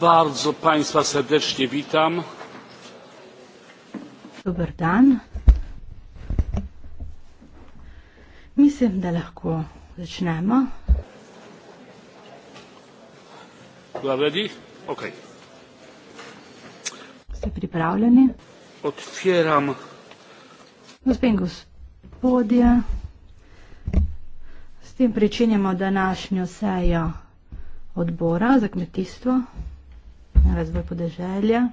Bardzo Państwa serdecznie witam. Dobry dan. Myślę, że lekko zaczynamy. You are ready? Ok. Jesteś przygotowany? Otwieram. Gospodzie i gospodzie tem pričenjamo današnjo sejo odbora za kmetijstvo in razvoj podeželja.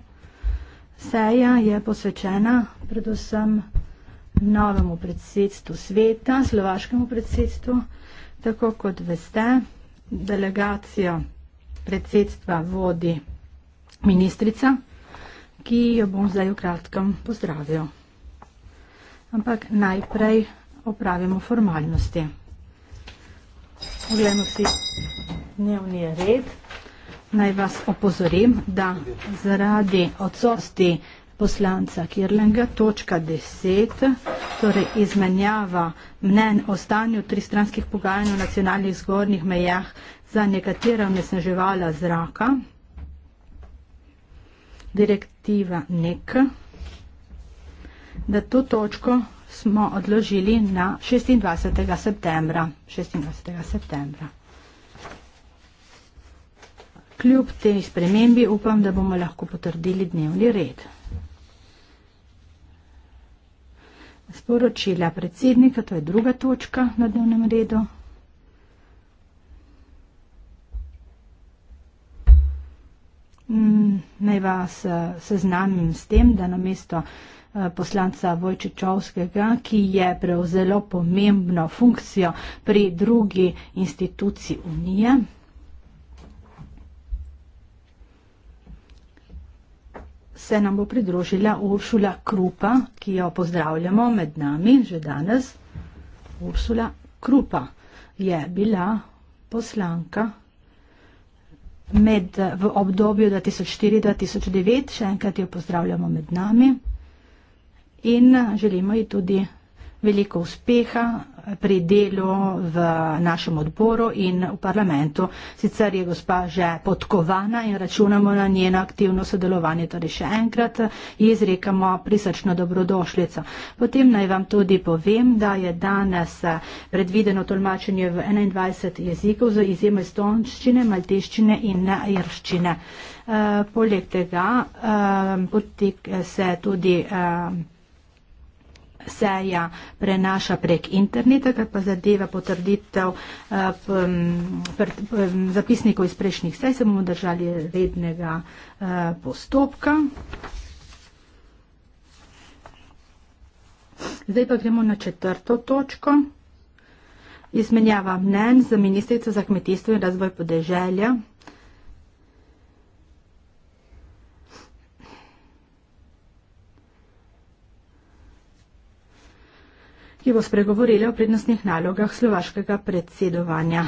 Seja je posvečena predvsem novemu predsedstvu sveta, slovaškemu predsedstvu. Tako kot veste, delegacijo predsedstva vodi ministrica, ki jo bom zdaj v kratkem pozdravil. Ampak najprej opravimo formalnosti. Poglejmo si dnevni red. Naj vas opozorim, da zaradi odsosti poslanca Kirlenga, točka 10, torej izmenjava mnen o stanju tristranskih pogajanj v nacionalnih zgornjih mejah za nekatera onesnaževala zraka, direktiva NEK, da to točko smo odložili na 26. septembra. 26. septembra. Kljub tej spremembi upam, da bomo lahko potrdili dnevni red. Sporočila predsednika, to je druga točka na dnevnem redu. Mm, naj vas eh, seznanim s tem, da na mesto Eh, poslanca Vojčičovskega, ki je prevzelo pomembno funkcijo pri drugi instituciji Unije. Se nam bo pridružila Uršula Krupa, ki jo pozdravljamo med nami že danes. Uršula Krupa je bila poslanka. Med, v obdobju 2004-2009 še enkrat jo pozdravljamo med nami in želimo ji tudi veliko uspeha pri delu v našem odboru in v parlamentu. Sicer je gospa že podkovana in računamo na njeno aktivno sodelovanje. Torej še enkrat izrekamo prisrčno dobrodošljico. Potem naj vam tudi povem, da je danes predvideno tolmačenje v 21 jezikov z izjemo estonščine, malteščine in irščine. Uh, poleg tega uh, potek se tudi uh, seja prenaša prek interneta, kar pa zadeva potrditev eh, zapisnikov iz prejšnjih sej, se bomo držali rednega eh, postopka. Zdaj pa gremo na četrto točko. Izmenjava mnen za ministrico za kmetijstvo in razvoj podeželja. ki bo spregovorila o prednostnih nalogah slovaškega predsedovanja.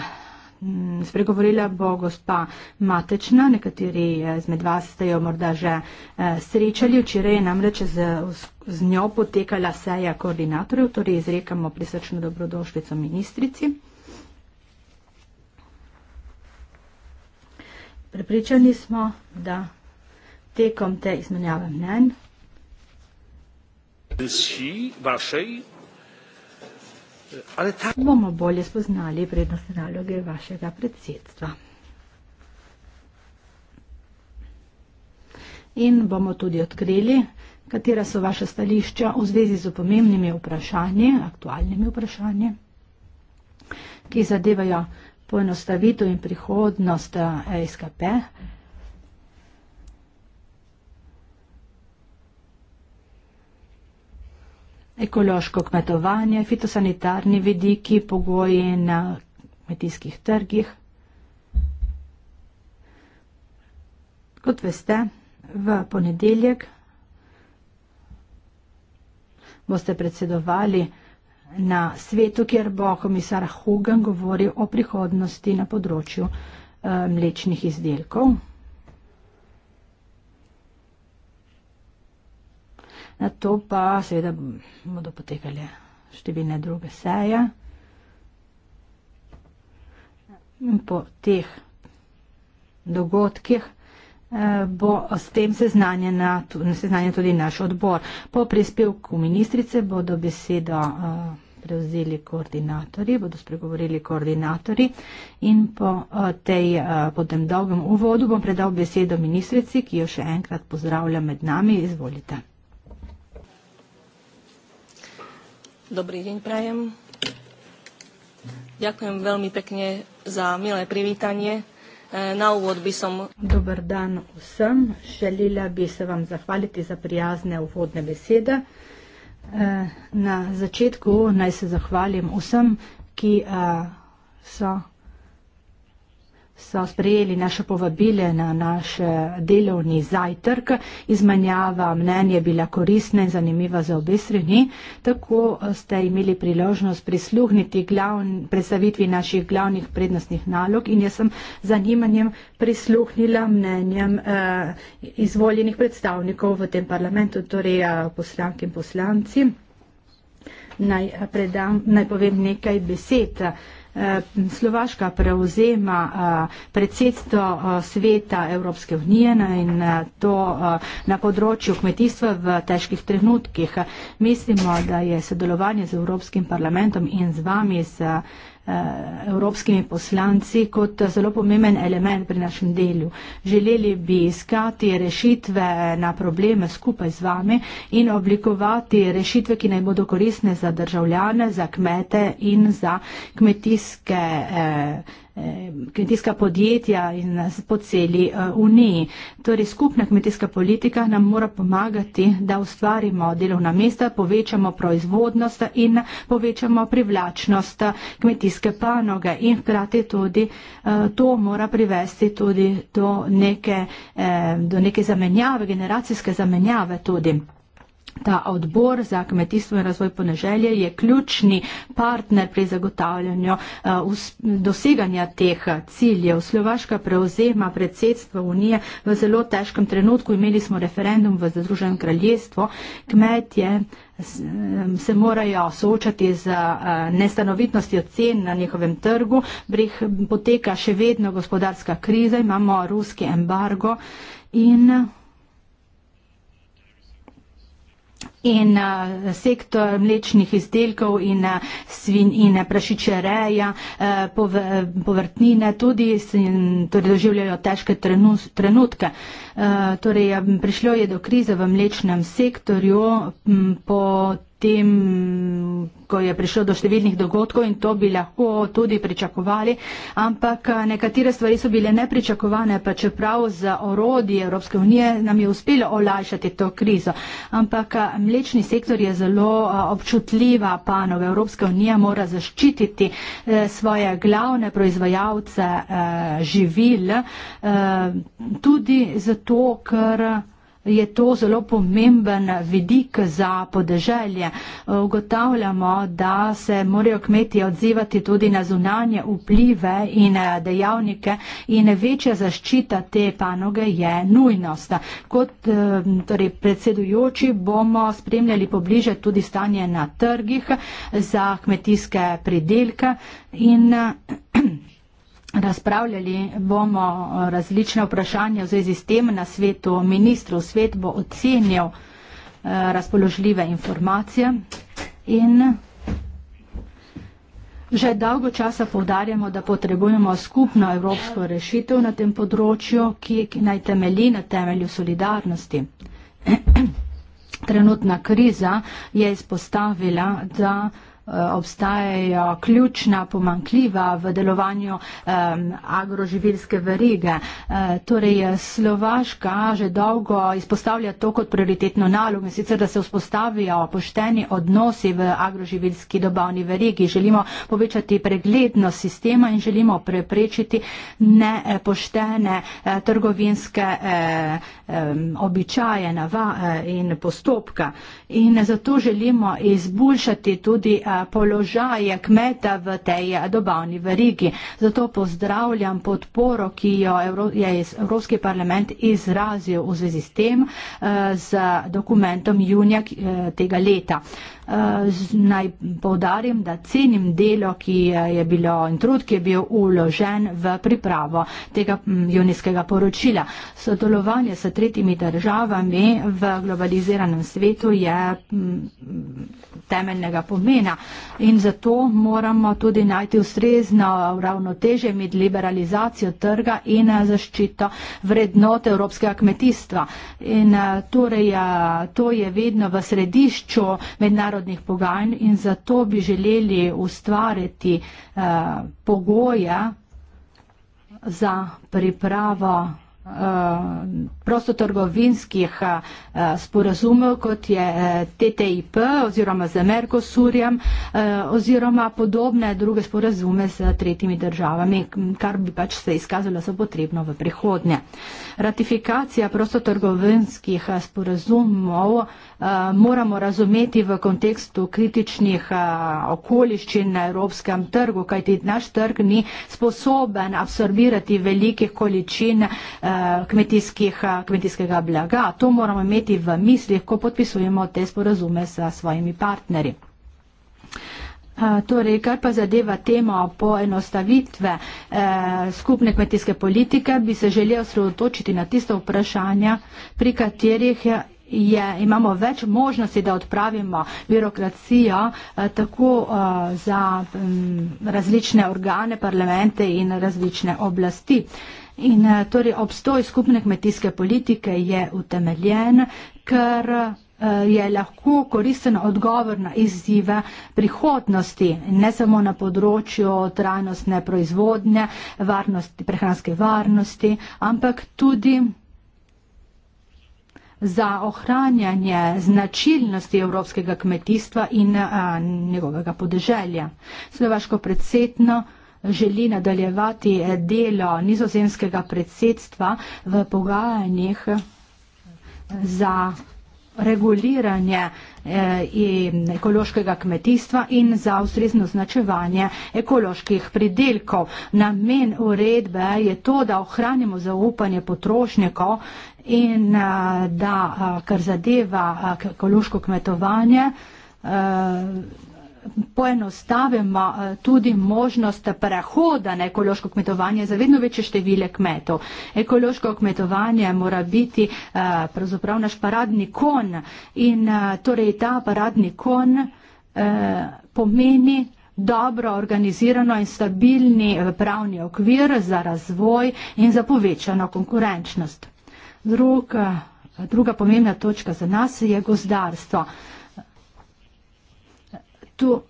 Mm, spregovorila bo gospa Matečna, nekateri eh, izmed vas ste jo morda že eh, srečali. Včeraj je namreč z, z njo potekala seja koordinatorjev, torej izrekamo prisrčno dobrodošlico ministrici. Prepričani smo, da tekom te izmenjave mnen. Vsi vašej Ali ta... bomo bolje spoznali vrednostne naloge vašega predsedstva. In bomo tudi odkrili, katera so vaše stališča v zvezi z pomembnimi vprašanji, aktualnimi vprašanji, ki zadevajo poenostavitev in prihodnost eh, SKP. ekološko kmetovanje, fitosanitarni vidiki, pogoji na kmetijskih trgih. Kot veste, v ponedeljek boste predsedovali na svetu, kjer bo komisar Hugen govoril o prihodnosti na področju eh, mlečnih izdelkov. Na to pa seveda bodo potekale številne druge seje. In po teh dogodkih eh, bo s tem seznanjen tudi naš odbor. Po prispevku ministrice bodo besedo eh, prevzeli koordinatorji, bodo spregovorili koordinatorji in po eh, tej, po tem dolgem uvodu bom predal besedo ministrici, ki jo še enkrat pozdravljam med nami. Izvolite. Dobrý deň prajem. Ďakujem veľmi pekne za milé privítanie. E, na úvod by som... Dobar dan vsem. Želila by se vam zahvaliti za prijazne uvodne besede. E, na začetku naj se zahvalim vsem, ki e, so so sprejeli naše povabile na naš eh, delovni zajtrk. Izmanjava mnenje je bila korisna in zanimiva za obe strani. Tako eh, ste imeli priložnost prisluhniti glavni, predstavitvi naših glavnih prednostnih nalog in jaz sem zanimanjem prisluhnila mnenjem eh, izvoljenih predstavnikov v tem parlamentu, torej eh, poslank in poslanci. Naj, predam, naj povem nekaj besed. Eh, Eh, Slovaška prevzema eh, predsedstvo eh, sveta Evropske unije in to na področju kmetijstva v težkih trenutkih. Mislimo, da je sodelovanje z Evropskim parlamentom in z vami, z Eh, evropskimi poslanci kot zelo pomemben element pri našem delu. Želeli bi iskati rešitve na probleme skupaj z vami in oblikovati rešitve, ki naj bodo koristne za državljane, za kmete in za kmetijske eh, Eh, kmetijska podjetja in po celi eh, uniji. Torej skupna kmetijska politika nam mora pomagati, da ustvarimo delovna mesta, povečamo proizvodnost in povečamo privlačnost kmetijske panoge in hkrati tudi eh, to mora privesti tudi do neke, do neke zamenjave, generacijske zamenjave tudi. Ta odbor za kmetijstvo in razvoj poneželje je ključni partner pri zagotavljanju uh, doseganja teh eh, ciljev. Slovaška prevzema predsedstvo Unije v zelo težkem trenutku. Imeli smo referendum v Združenem kraljestvu. Kmetje eh, se morajo soočati z nestanovitnostjo cen na njihovem trgu. Breh poteka še vedno gospodarska kriza, imamo ruski embargo in. in a, eh, sektor mlečnih izdelkov in a, eh, svin in eh, prašičereja, pov, povrtnine tudi in, torej doživljajo težke trenu, trenutke. A, torej, a, ja, prišlo je do krize v mlečnem sektorju m, po potem, ko je prišlo do številnih dogodkov in to bi lahko tudi pričakovali, ampak eh, nekatere stvari so bile nepričakovane, pa čeprav za orodi Evropske unije nam je uspelo olajšati to krizo. Ampak eh, mlečni sektor je zelo eh, občutljiva panoga. Evropska unija mora zaščititi svoje glavne proizvajalce živil, tudi zato, ker je to zelo pomemben vidik za podeželje. Ugotavljamo, da se morajo kmetije odzivati tudi na zunanje vplive in eh, dejavnike in večja zaščita te panoge je nujnost. Kot eh, torej, predsedujoči bomo spremljali pobliže tudi stanje na trgih za kmetijske pridelke in eh, Razpravljali bomo različne vprašanja v zvezi s tem na svetu. Ministrov svet bo ocenil eh, razpoložljive informacije in že dolgo časa povdarjamo, da potrebujemo skupno evropsko rešitev na tem področju, ki naj temelji na temelju solidarnosti. Trenutna kriza je izpostavila, da Eh, obstajajo ključna pomankljiva v delovanju um, agroživilske verige. Uh, torej, Slovaška že dolgo izpostavlja to kot prioritetno nalogo, sicer da se vzpostavijo pošteni odnosi v agroživilski dobavni verigi. Želimo povečati preglednost sistema in želimo preprečiti nepoštene eh, trgovinske eh, eh, običaje nava, eh, in postopka in zato želimo izboljšati tudi položaje kmeta v tej dobavni verigi. Zato pozdravljam podporo, ki jo je Evropski parlament izrazil v zvezi s tem z dokumentom junija tega leta. Naj povdarim, da cenim delo, ki je bilo in trud, ki je bil uložen v pripravo tega junijskega poročila. Sodelovanje s tretjimi državami v globaliziranem svetu je temeljnega pomena in zato moramo tudi najti ustrezno ravnoteže med liberalizacijo trga in eh, zaščito vrednot evropskega kmetijstva. In, eh, torej, eh, to je vedno v središču mednarodnega mednarodnih pogajanj in zato bi želeli ustvariti eh, pogoje za pripravo Eh, prostotrgovinskih eh, sporazumov, kot je eh, TTIP oziroma z Mercosurjem oziroma podobne druge sporazume s tretjimi državami, kar bi pač se izkazalo za potrebno v prihodnje. Ratifikacija prostotrgovinskih sporazumov moramo razumeti v kontekstu kritičnih okoliščin na evropskem trgu, kajti naš trg ni sposoben absorbirati velikih količin Eh, kmetijskih, eh, kmetijskega blaga. To moramo imeti v mislih, ko podpisujemo te sporazume s svojimi partnerji. Eh, torej, kar pa zadeva temo poenostavitve eh, skupne kmetijske politike, bi se želel sredotočiti na tisto vprašanje, pri katerih je, imamo več možnosti, da odpravimo birokracijo eh, tako eh, za hm, različne organe, parlamente in različne oblasti. Eh, In eh, torej obstoj skupne kmetijske politike je utemeljen, ker eh, je lahko koristen odgovor na izzive prihodnosti, ne samo na področju trajnostne proizvodnje, varnosti, prehranske varnosti, ampak tudi za ohranjanje značilnosti evropskega kmetijstva in a, eh, njegovega podeželja. Slovaško predsedno želi nadaljevati eh, delo nizozemskega predsedstva v pogajanjih eh, za reguliranje eh, in ekološkega kmetijstva in za ustrezno značevanje ekoloških pridelkov. Namen uredbe je to, da ohranimo zaupanje potrošnikov in da, kar zadeva ekološko kmetovanje, poenostavimo eh, tudi možnost prehoda na ekološko kmetovanje za vedno večje število kmetov. Ekološko kmetovanje mora biti eh, pravzaprav naš paradni kon in eh, torej ta paradni kon pomeni dobro organizirano in stabilni pravni okvir za razvoj in za povečano konkurenčnost. Druga, druga pomembna točka za nas je gozdarstvo to,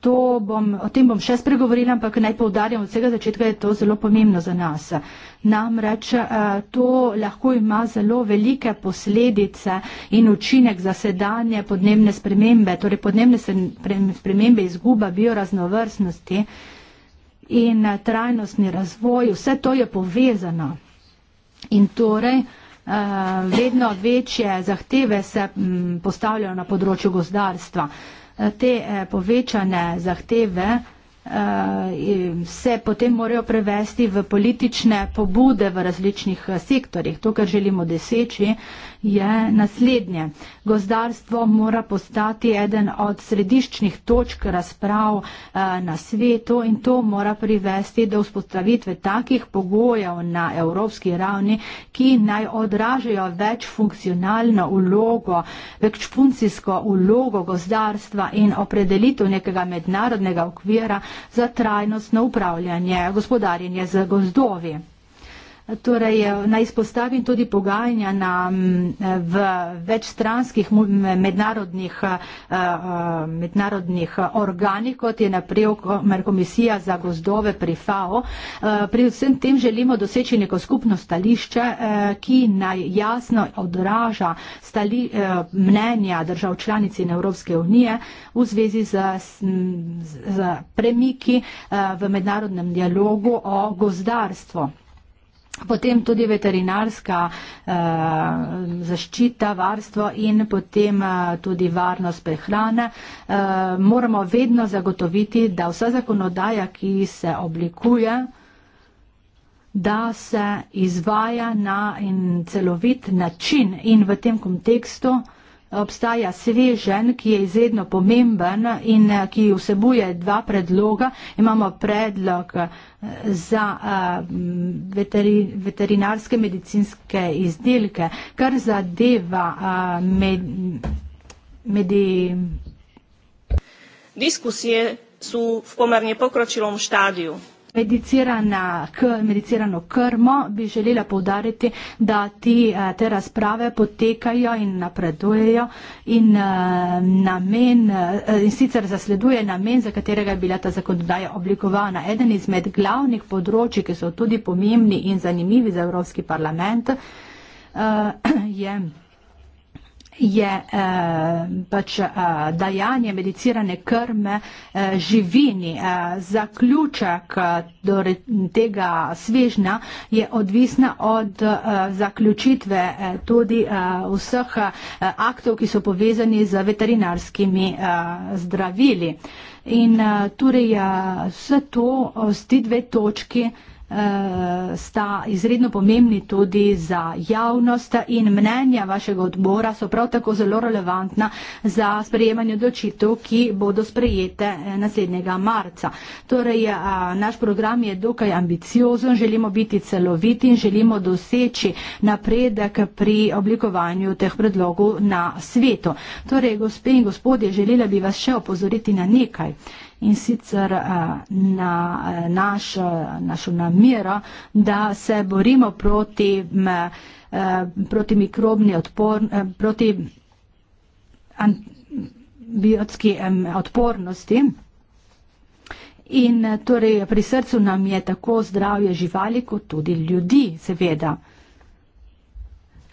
to bom, o tem bom še spregovorila, ampak naj povdarjam od vsega začetka, da je to zelo pomembno za nas. Namreč eh, to lahko ima zelo velike posledice in učinek za sedanje podnebne spremembe, torej podnebne spremembe izguba bioraznovrstnosti in eh, trajnostni razvoj. Vse to je povezano. In torej eh, vedno večje zahteve se mm, postavljajo na področju gozdarstva te eh, povečane zahteve eh, se potem morajo prevesti v politične pobude v različnih eh, sektorjih. To, kar želimo deseči, je naslednje. Gozdarstvo mora postati eden od središčnih točk razprav eh, na svetu in to mora privesti do vzpostavitve takih pogojev na evropski ravni, ki naj odražajo več funkcionalno ulogo, več funkcijsko ulogo gozdarstva in opredelitev nekega mednarodnega okvira za trajnostno upravljanje, gospodarjenje z gozdovi. Torej, eh, naj izpostavim tudi pogajanja na, mm, v večstranskih mednarodnih, eh, eh, mednarodnih organih, kot je naprimer Komisija za gozdove pri FAO. Pri vsem tem želimo doseči neko skupno stališče, ki naj jasno odraža stali, mnenja držav članici in Evropske unije v zvezi z, z premiki v mednarodnem dialogu o gozdarstvu. Potem tudi veterinarska eh, zaščita, varstvo in potem eh, tudi varnost prehrane. Eh, moramo vedno zagotoviti, da vsa zakonodaja, ki se oblikuje, da se izvaja na celovit način in v tem kontekstu eh, obstaja svežen, ki je izredno pomemben in eh, ki vsebuje dva predloga. Imamo predlog eh, za eh, veterinarske medicinske izdelke, kar zadeva med, medi. Diskusije su v pomerne pokročilom štadiju. Medicirana k, medicirano krmo bi želela povdariti, da ti, eh, te razprave potekajo in napredujejo in, eh, namen, eh, in sicer zasleduje namen, za katerega je bila ta zakonodaja oblikovana. Eden izmed glavnih področji, ki so tudi pomembni in zanimivi za Evropski parlament, je je eh, pač eh, dajanje medicirane krme eh, živini. Eh, zaključek eh, torej tega svežnja je odvisna od eh, zaključitve eh, tudi eh, vseh eh, aktov, ki so povezani z veterinarskimi eh, zdravili. In eh, torej eh, vse to, vse eh, te dve točki, eh, Eh, sta izredno pomembni tudi za javnost in mnenja vašega odbora so prav tako zelo relevantna za sprejemanje odločitev, ki bodo sprejete eh, naslednjega marca. Torej, eh, naš program je dokaj ambiciozen, želimo biti celoviti in želimo doseči napredek pri oblikovanju teh predlogov na svetu. Torej, gospe in gospodje, želela bi vas še opozoriti na nekaj in sicer eh, na eh, naš, eh, našo namero, da se borimo proti, mm, proti mikrobni odpor, proti biotski odpornosti. In torej pri srcu nam je tako zdravje živali kot tudi ljudi, seveda.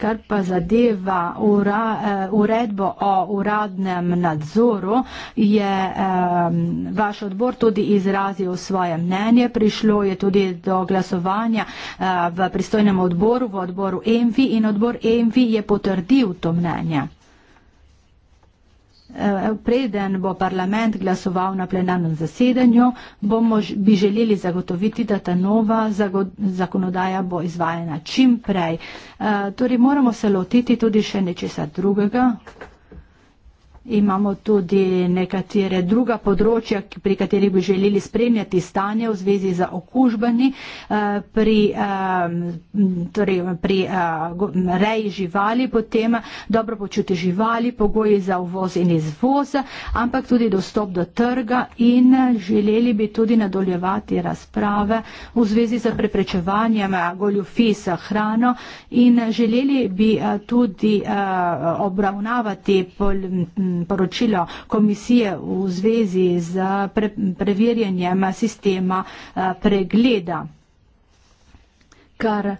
Kar pa zadeva ura, eh, uredbo o uradnem nadzoru, je ehm, vaš odbor tudi izrazil svoje mnenje. Prišlo je tudi do glasovanja eh, v pristojnem odboru, v odboru ENVI in odbor ENVI je potrdil to mnenje. Eh, preden bo parlament glasoval na plenarnem zasedanju, bomo, bi želeli zagotoviti, da ta nova zakonodaja bo izvajena čim prej. Eh, torej moramo se lotiti tudi še nečesa drugega, Imamo tudi nekatere druga področja, pri katerih bi želeli spremljati stanje v zvezi z okužbami eh, pri, eh, torej, pri eh, reji živali, potem dobro počutje živali, pogoji za uvoz in izvoz, ampak tudi dostop do trga in želeli bi tudi nadaljevati razprave v zvezi z preprečevanjem goljufij s hrano in želeli bi tudi obravnavati. Pol, poročilo komisije v zvezi z pre, preverjanjem sistema eh, pregleda, kar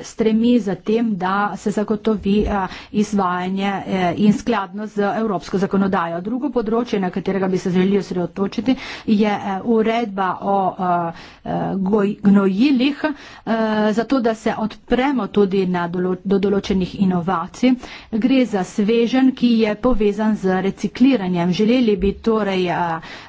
stremi za tem, da se zagotovi izvajanje e, in skladno z evropsko zakonodajo. Drugo področje, na katerega bi se želi osredotočiti, je e, uredba o e, gnojilih, zato da se odpremo tudi do določenih inovacij. Gre za svežen, ki je povezan z recikliranjem. Želeli bi torej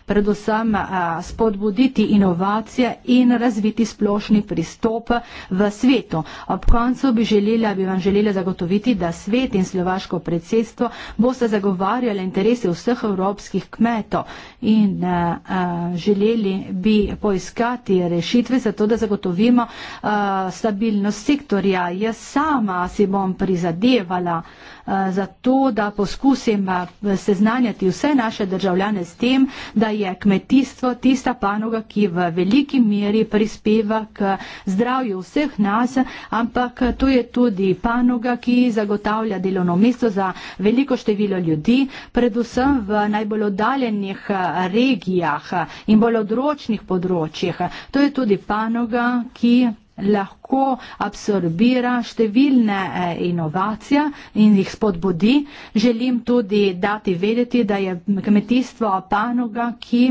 predvsem spodbuditi inovacije in razviti splošni pristop v svetu. Ob koncu bi, želela, bi vam želela zagotoviti, da svet in slovaško predsedstvo boste zagovarjali interese vseh evropskih kmetov in uh, želeli bi poiskati rešitve za to, da zagotovimo uh, stabilnost sektorja. Jaz sama si bom prizadevala uh, Eh, zato, da poskusim eh, seznanjati vse naše državljane s tem, da je kmetijstvo tista panoga, ki v veliki meri prispeva k zdravju vseh nas, ampak to je tudi panoga, ki zagotavlja delovno mesto za veliko število ljudi, predvsem v najbolj oddaljenih eh, regijah in bolj odročnih področjih. To je tudi panoga, ki lahko absorbira številne eh, inovacije in jih spodbudi. Želim tudi dati vedeti, da je kmetijstvo panoga, ki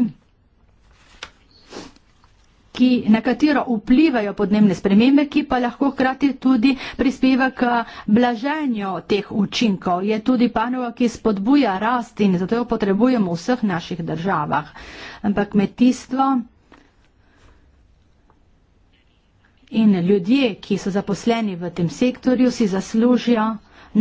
ki nekatero vplivajo podnebne spremembe, ki pa lahko hkrati tudi prispeva k blaženju teh učinkov. Je tudi panova, ki spodbuja rast in zato jo potrebujemo v vseh naših državah. Ampak kmetijstvo. In ljudje, ki so zaposleni v tem sektorju, si zaslužijo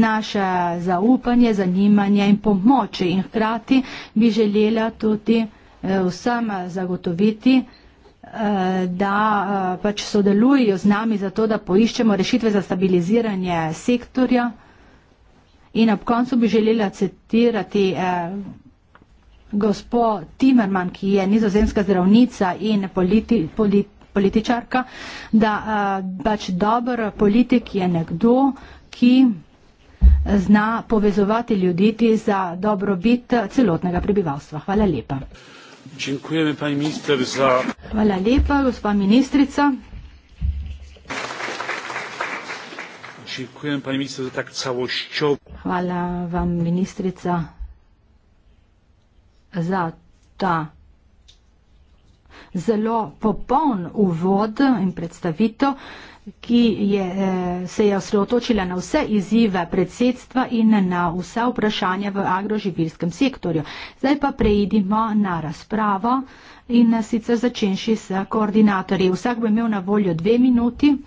naše zaupanje, zanimanje in pomoč. In hkrati bi želela tudi eh, vsem zagotoviti, eh, da eh, pač sodelujo z nami za to, da poiščemo rešitve za stabiliziranje sektorja. In ob koncu bi želela citirati eh, gospod Timerman, ki je nizozemska zdravnica in politi, politi, političarka, da eh, pač dober politik je nekdo, ki zna povezovati ljudi za dobrobit celotnega prebivalstva. Hvala lepa. Čekujeme, pani minister, za. Hvala lepa, gospa ministrica. Čekujem, pani minister, za tak celoščov. Hvala vam, ministrica, za ta zelo popoln uvod in predstavitev, ki je, eh, se je osredotočila na vse izzive predsedstva in na vse vprašanja v agroživilskem sektorju. Zdaj pa preidimo na razpravo in sicer začenši s koordinatorji. Vsak bo imel na voljo dve minuti.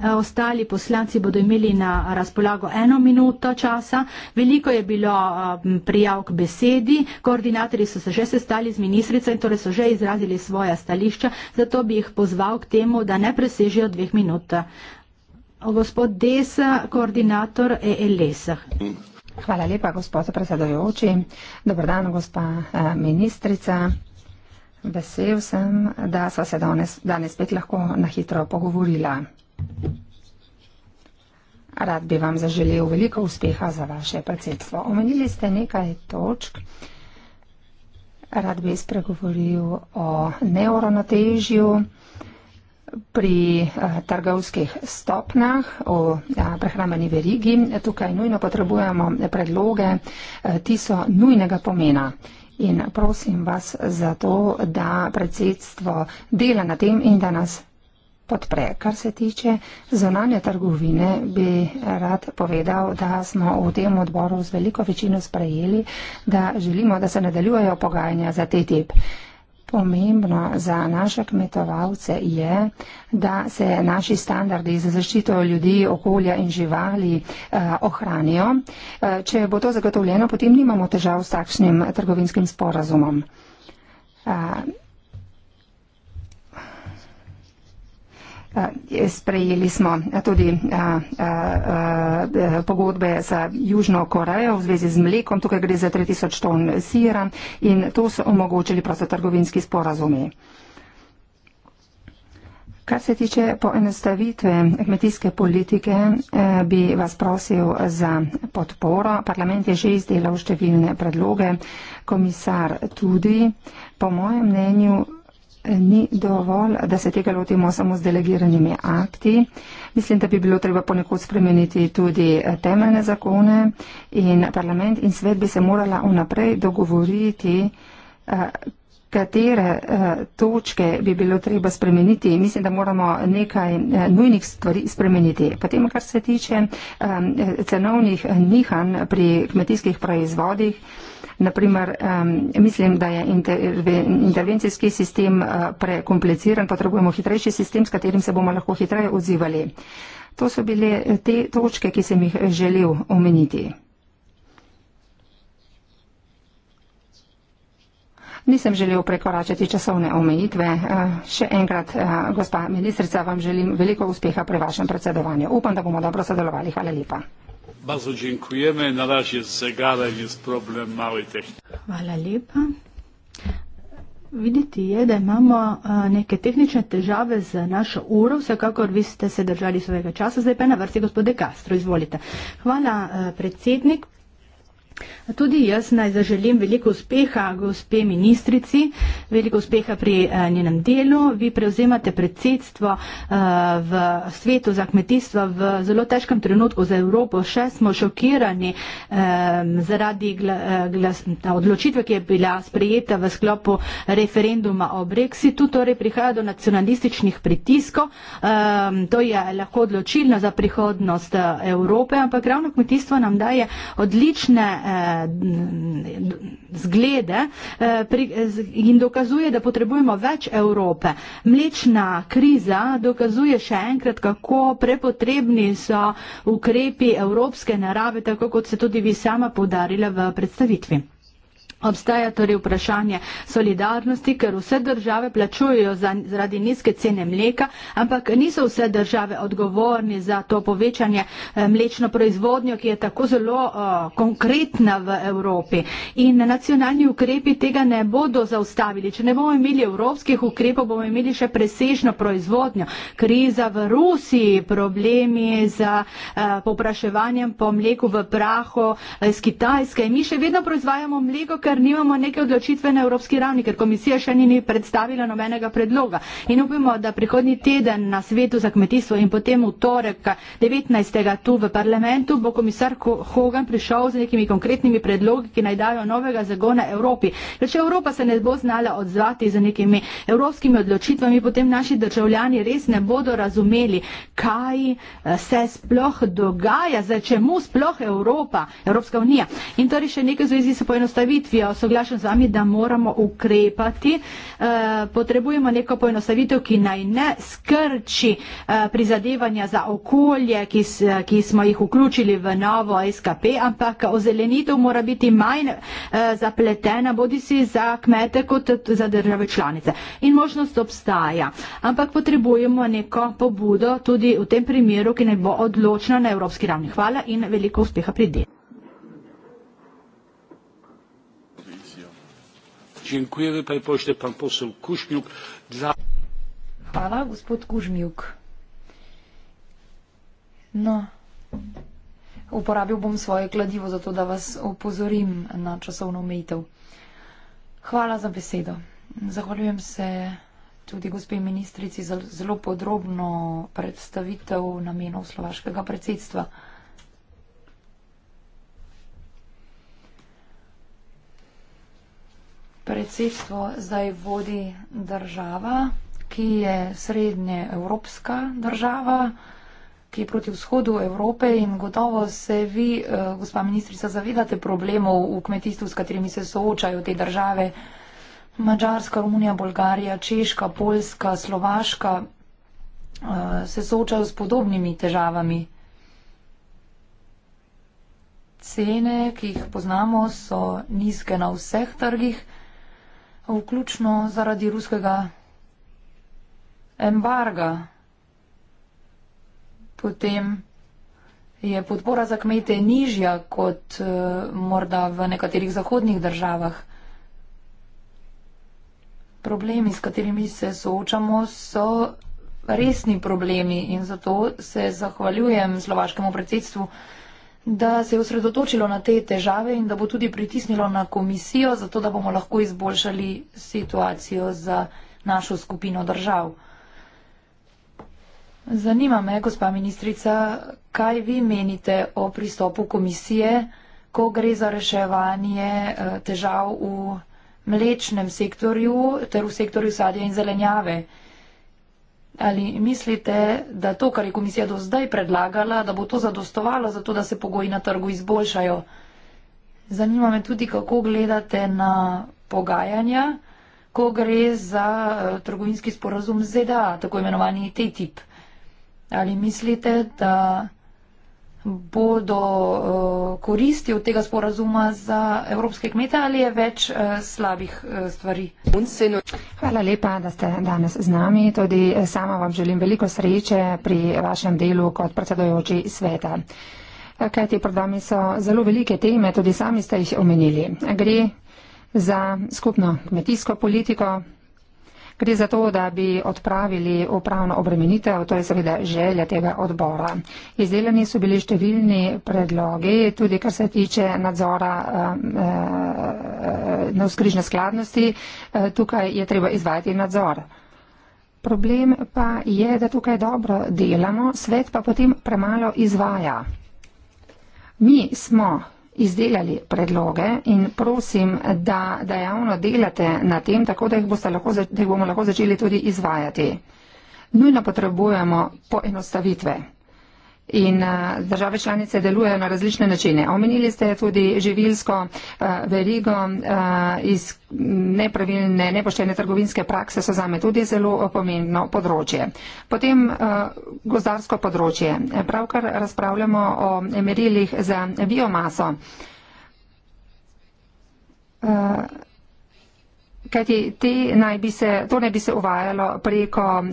Eh, ostali poslanci bodo imeli na razpolago eno minuto časa. Veliko je bilo eh, prijav k besedi. Koordinatorji so se že sestali z ministrice in torej so že izrazili svoja stališča, zato bi jih pozval k temu, da ne presežijo dveh minut. Eh, gospod Desa, koordinator ELS. Hvala lepa, gospod predsedujoči. Dobar dan, gospa ministrica. Vesel sem, da so se danes, danes spet lahko na hitro pogovorila. Rad bi vam zaželel veliko uspeha za vaše predsedstvo. Omenili ste nekaj točk. Rad bi spregovoril o neuronotežju pri eh, trgovskih stopnjah v eh, prehrambeni verigi. Tukaj nujno potrebujemo predloge, eh, ti so nujnega pomena. In prosim vas za to, da predsedstvo dela na tem in da nas podpre. Kar se tiče zonanje trgovine, bi rad povedal, da smo v tem odboru z veliko večino sprejeli, da želimo, da se nadaljujejo pogajanja za TTIP. Pomembno za naše kmetovalce je, da se naši standardi za zaščito ljudi, okolja in živali eh, ohranijo. Eh, če bo to zagotovljeno, potem nimamo težav s takšnim trgovinskim sporazumom. Eh, Eh, sprejeli smo eh, tudi a, a, a, pogodbe za Južno Korejo v zvezi z mlekom, tukaj gre za 3000 ton sira in to so omogočili prostotrgovinski sporazumi. Kar se tiče poenostavitve kmetijske politike, eh, bi vas prosil za podporo. Parlament je že izdelal številne predloge, komisar tudi. Po mojem mnenju ni dovolj, da se tega lotimo samo z delegiranimi akti. Mislim, da bi bilo treba ponekud spremeniti tudi eh, temeljne zakone in parlament in svet bi se morala unaprej dogovoriti, eh, katere eh, točke bi bilo treba spremeniti. Mislim, da moramo nekaj eh, nujnih stvari spremeniti. Potem, kar se tiče eh, cenovnih nihanj pri kmetijskih proizvodih. Naprimer, um, mislim, da je interve, intervencijski sistem uh, prekompliciran, potrebujemo hitrejši sistem, s katerim se bomo lahko hitreje odzivali. To so bile te točke, ki sem jih želel omeniti. Nisem želel prekoračati časovne omejitve. Eh, še enkrat, eh, gospa ministrica, vam želim veliko uspeha pri vašem predsedovanju. Upam, da bomo dobro sodelovali. Hvala lepa. Hvala lepa. Videti je, da imamo eh, neke tehnične težave z našo uro, vsekakor vi ste se držali svojega časa, zdaj pa na vrsti gospode Castro. Izvolite. Hvala, predsednik. Tudi jaz naj zaželim veliko uspeha gospe ministrici, veliko uspeha pri eh, njenem delu. Vi prevzemate predsedstvo eh, v svetu za kmetijstvo v zelo težkem trenutku za Evropo. Še smo šokirani eh, zaradi odločitve, ki je bila sprejeta v sklopu referenduma o Brexitu. Torej prihaja do nacionalističnih pritiskov. To je lahko odločilno za prihodnost Evrope, ampak ravno kmetijstvo nam daje odlične eh, zglede eh, pri, in dokazuje, da potrebujemo več Evrope. Mlečna kriza dokazuje še enkrat, kako prepotrebni so ukrepi evropske narave, tako kot se tudi vi sama podarila v predstavitvi. Obstaja torej vprašanje solidarnosti, ker vse države plačujejo za, zaradi nizke cene mleka, ampak niso vse države odgovorni za to povečanje eh, mlečno proizvodnjo, ki je tako zelo o, eh, konkretna v Evropi. In nacionalni ukrepi tega ne bodo zaustavili. Če ne bomo imeli evropskih ukrepov, bomo imeli še presežno proizvodnjo. Kriza v Rusiji, problemi z eh, popraševanjem po mleku v prahu iz Kitajske. Mi še vedno proizvajamo mleko, ker nimamo neke odločitve na evropski ravni, ker komisija še ni predstavila nobenega predloga. In upimo, da prihodnji teden na svetu za kmetijstvo in potem v torek 19. tu v parlamentu bo komisar Hogan prišel z nekimi konkretnimi predlogi, ki naj dajo novega zagona Evropi. Ker če Evropa se ne bo znala odzvati z nekimi evropskimi odločitvami, potem naši državljani res ne bodo razumeli, kaj eh, se sploh dogaja, za čemu sploh Evropa, Evropska unija. In torej še nekaj v zvezi s poenostavitvijo ja soglašam z vami, da moramo ukrepati. E, potrebujemo neko poenostavitev, ki naj ne skrči e, prizadevanja za okolje, ki, s, eh, ki smo jih vključili v novo SKP, ampak ozelenitev mora biti manj e, zapletena, bodi si za kmete kot za države članice. In možnost obstaja. Ampak potrebujemo neko pobudo tudi v tem primeru, ki ne bo odločna na evropski ravni. Hvala in veliko uspeha pri delu. dziękujemy panie pośle pan poseł kuźmiuk za Hvala, gospod Kužmjuk. No, uporabil bom svoje kladivo, zato da vas opozorim na časovno omejitev. Hvala za besedo. Zahvaljujem se tudi gospe ministrici za zelo podrobno predstavitev namenov slovaškega predsedstva. predsedstvo zdaj vodi država, ki je srednje evropska država, ki je proti vzhodu Evrope in gotovo se vi, eh, gospa ministrica, zavedate problemov v kmetijstvu, s katerimi se soočajo te države. Mačarska, Romunija, Bolgarija, Češka, Poljska, Slovaška eh, se soočajo s podobnimi težavami. Cene, ki jih poznamo, so nizke na vseh trgih vključno zaradi ruskega embarga. Potem je podpora za kmete nižja kot eh, morda v nekaterih zahodnih državah. Problemi, s katerimi se soočamo, so resni problemi in zato se zahvaljujem slovaškemu predsedstvu, da se je osredotočilo na te težave in da bo tudi pritisnilo na komisijo, zato da bomo lahko izboljšali situacijo za našo skupino držav. Zanima me, gospa ministrica, kaj vi menite o pristopu komisije, ko gre za reševanje eh, težav v mlečnem sektorju ter v sektorju sadja in zelenjave. Ali mislite, da to, kar je komisija do zdaj predlagala, da bo to zadostovalo za to, da se pogoji na trgu izboljšajo? Zanima me tudi, kako gledate na pogajanja, ko gre za eh, trgovinski sporazum ZDA, tako imenovani TTIP. Ali mislite, da bodo eh, koristi od tega sporazuma za evropske kmete ali je več eh, slabih eh, stvari. Hvala lepa, da ste danes z nami. Tudi sama vam želim veliko sreče pri vašem delu kot predsedojoči sveta. Kaj ti pred vami so zelo velike teme, tudi sami ste jih omenili. Gre za skupno kmetijsko politiko, Gre za to, da bi odpravili upravno obremenitev, to je seveda želja tega odbora. Izdelani so bili številni predlogi, tudi kar se tiče nadzora um, eh, eh, na vzkrižne skladnosti. Eh, tukaj je treba izvajati nadzor. Problem pa je, da tukaj dobro delamo, svet pa potem premalo izvaja. Mi smo izdelali predloge in prosim, da, da javno delate na tem, tako da jih, lahko, da jih bomo lahko začeli tudi izvajati. Nujno potrebujemo poenostavitve in države članice delujejo na različne načine. Omenili ste tudi živilsko verigo iz nepravilne, nepoštene trgovinske prakse so zame tudi zelo pomembno področje. Potem gozdarsko področje. Pravkar razpravljamo o merilih za biomaso. Kajti te naj bi se, to naj bi se uvajalo preko um,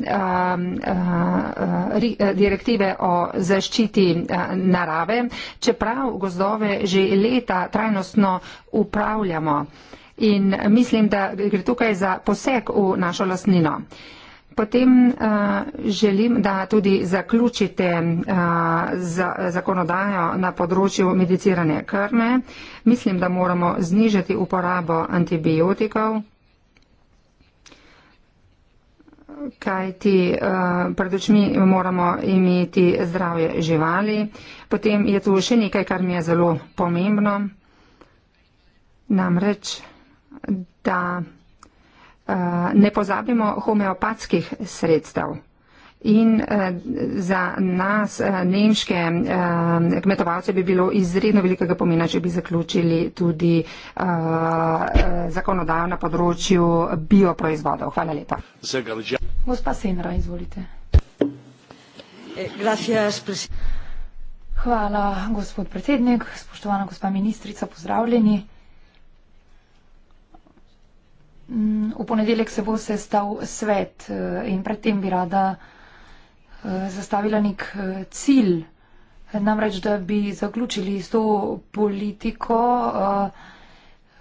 uh, direktive o zaščiti uh, narave, čeprav gozdove že leta trajnostno upravljamo. In mislim, da gre tukaj za poseg v našo lastnino. Potem uh, želim, da tudi zaključite uh, za, zakonodajo na področju medicirane krme. Mislim, da moramo znižati uporabo antibiotikov kaj ti uh, eh, pred očmi moramo imeti zdravje živali. Potem je tu še nekaj, kar mi je zelo pomembno, namreč, da uh, ne pozabimo homeopatskih sredstev in eh, za nas, eh, nemške eh, kmetovalce, bi bilo izredno velikega pomena, če bi zaključili tudi eh, eh zakonodajo na področju bioproizvodov. Hvala lepa. Gospa Senra, izvolite. Hvala, gospod predsednik, spoštovana gospa ministrica, pozdravljeni. Mm, v ponedeljek se bo sestal svet eh, in predtem bi rada zastavila nek eh, cilj, namreč da bi zaključili s to politiko eh,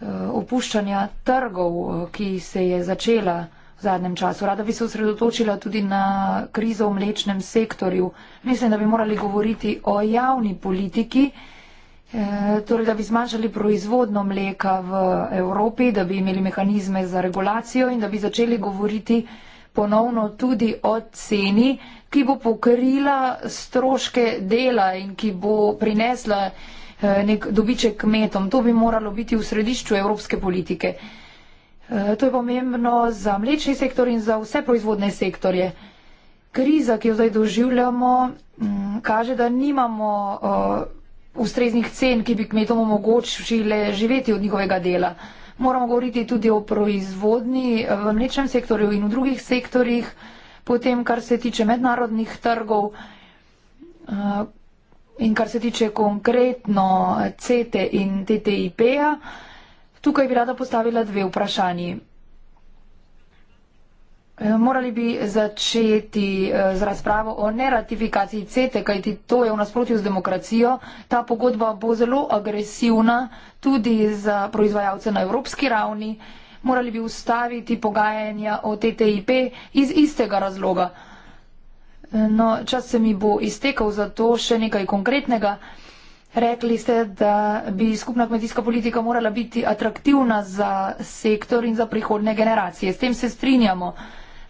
eh, opuščanja trgov, ki se je začela v zadnjem času. Rada bi se osredotočila tudi na krizo v mlečnem sektorju. Mislim, da bi morali govoriti o javni politiki, torej da bi zmanjšali proizvodno mleka v Evropi, da bi imeli mehanizme za regulacijo in da bi začeli govoriti ponovno tudi o ceni, ki bo pokrila stroške dela in ki bo prinesla eh, nek dobiček kmetom. To bi moralo biti v središču evropske politike. Eh, to je pomembno za mlečni sektor in za vse proizvodne sektorje. Kriza, ki jo zdaj doživljamo, mm, kaže, da nimamo eh, ustreznih cen, ki bi kmetom omogočile živeti od njihovega dela. Moramo govoriti tudi o proizvodni v mlečnem sektorju in v drugih sektorjih. Potem, kar se tiče mednarodnih trgov eh, in kar se tiče konkretno CETE in TTIP-a, tukaj bi rada postavila dve vprašanji. Eh, morali bi začeti eh, z razpravo o neratifikaciji CETE, kajti to je v nasprotju z demokracijo. Ta pogodba bo zelo agresivna tudi za proizvajalce na evropski ravni morali bi ustaviti pogajanja o TTIP iz istega razloga. No, čas se mi bo iztekal za to še nekaj konkretnega. Rekli ste, da bi skupna kmetijska politika morala biti atraktivna za sektor in za prihodne generacije. S tem se strinjamo.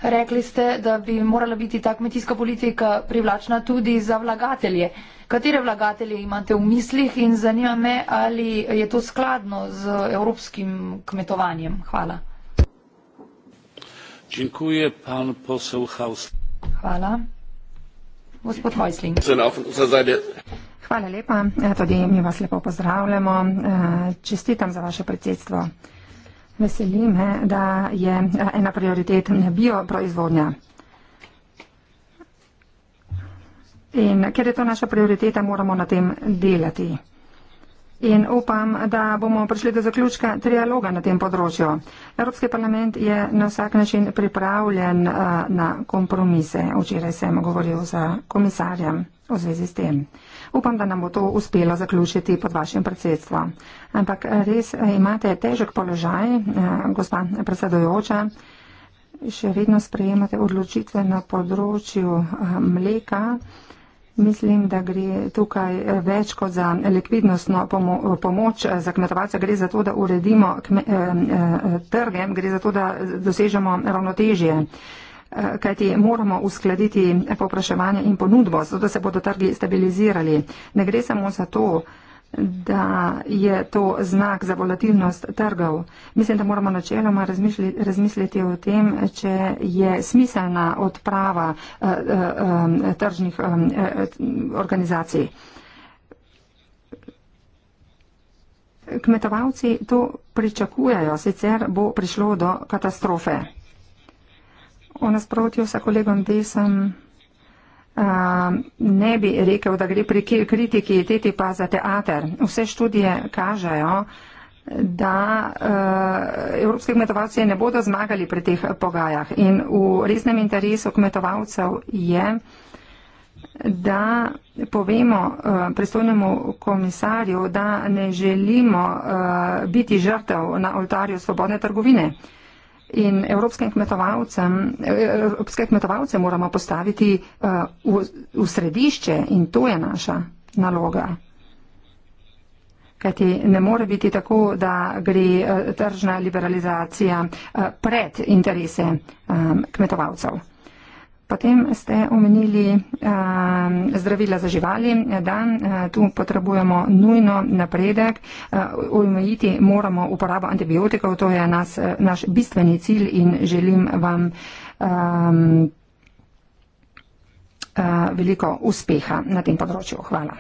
Rekli ste, da bi morala biti ta kmetijska politika privlačna tudi za vlagatelje. Katere vlagatelje imate v mislih in zanima me, ali je to skladno z evropskim kmetovanjem? Hvala. Dziękuję, pan poseł Haus. Hvala. Gospod Hojsling. Hvala lepa. Ja, tudi mi vas lepo pozdravljamo. Eh, čestitam za vaše predsedstvo. Veseli me, da je eh, ena prioritet bioproizvodnja. In ker je to naša prioriteta, moramo na tem delati. In upam, da bomo prišli do zaključka trialoga na tem področju. Evropski parlament je na vsak način pripravljen eh, na kompromise. Včeraj sem govoril za komisarja v zvezi s tem. Upam, da nam bo to uspelo zaključiti pod vašim predsedstvom. Ampak eh, res eh, imate težek položaj, gospa predsedojoča. Še vedno sprejemate odločitve na področju mleka. Mislim, da gre tukaj eh, več kot za likvidnostno pomo pomoč eh, za kmetovalce, gre za to, da uredimo eh, trge, gre za to, da dosežemo ravnotežje kajti moramo uskladiti popraševanje in ponudbo, zato da se bodo trgi stabilizirali. Ne gre samo za to, da je to znak za volatilnost trgov. Mislim, da moramo načeloma razmišljati, razmisliti o tem, če je smiselna odprava eh, eh, eh, tržnih organizacij. Kmetovalci to pričakujejo, sicer bo prišlo do katastrofe. O nasprotju sa kolegom desam ne bi rekel, da gre pri kritiki TTIP-a za teater. Vse študije kažejo, da uh, evropski kmetovalci ne bodo zmagali pri teh pogajah. In v resnem interesu kmetovalcev je, da povemo uh, pristojnemu komisarju, da ne želimo uh, biti žrtev na oltarju svobodne trgovine. Uh, in evropskim kmetovalcem, evropske kmetovalce moramo postaviti uh, v, v središče in to je naša naloga. Kajti ne more biti tako, da gre uh, tržna liberalizacija uh, pred interese um, kmetovalcev. Potem ste omenili uh, zdravila za živali, da uh, tu potrebujemo nujno napredek, uh, omejiti moramo uporabo antibiotikov, to je nas, uh, naš bistveni cilj in želim vam um, uh, veliko uspeha na tem področju. Hvala.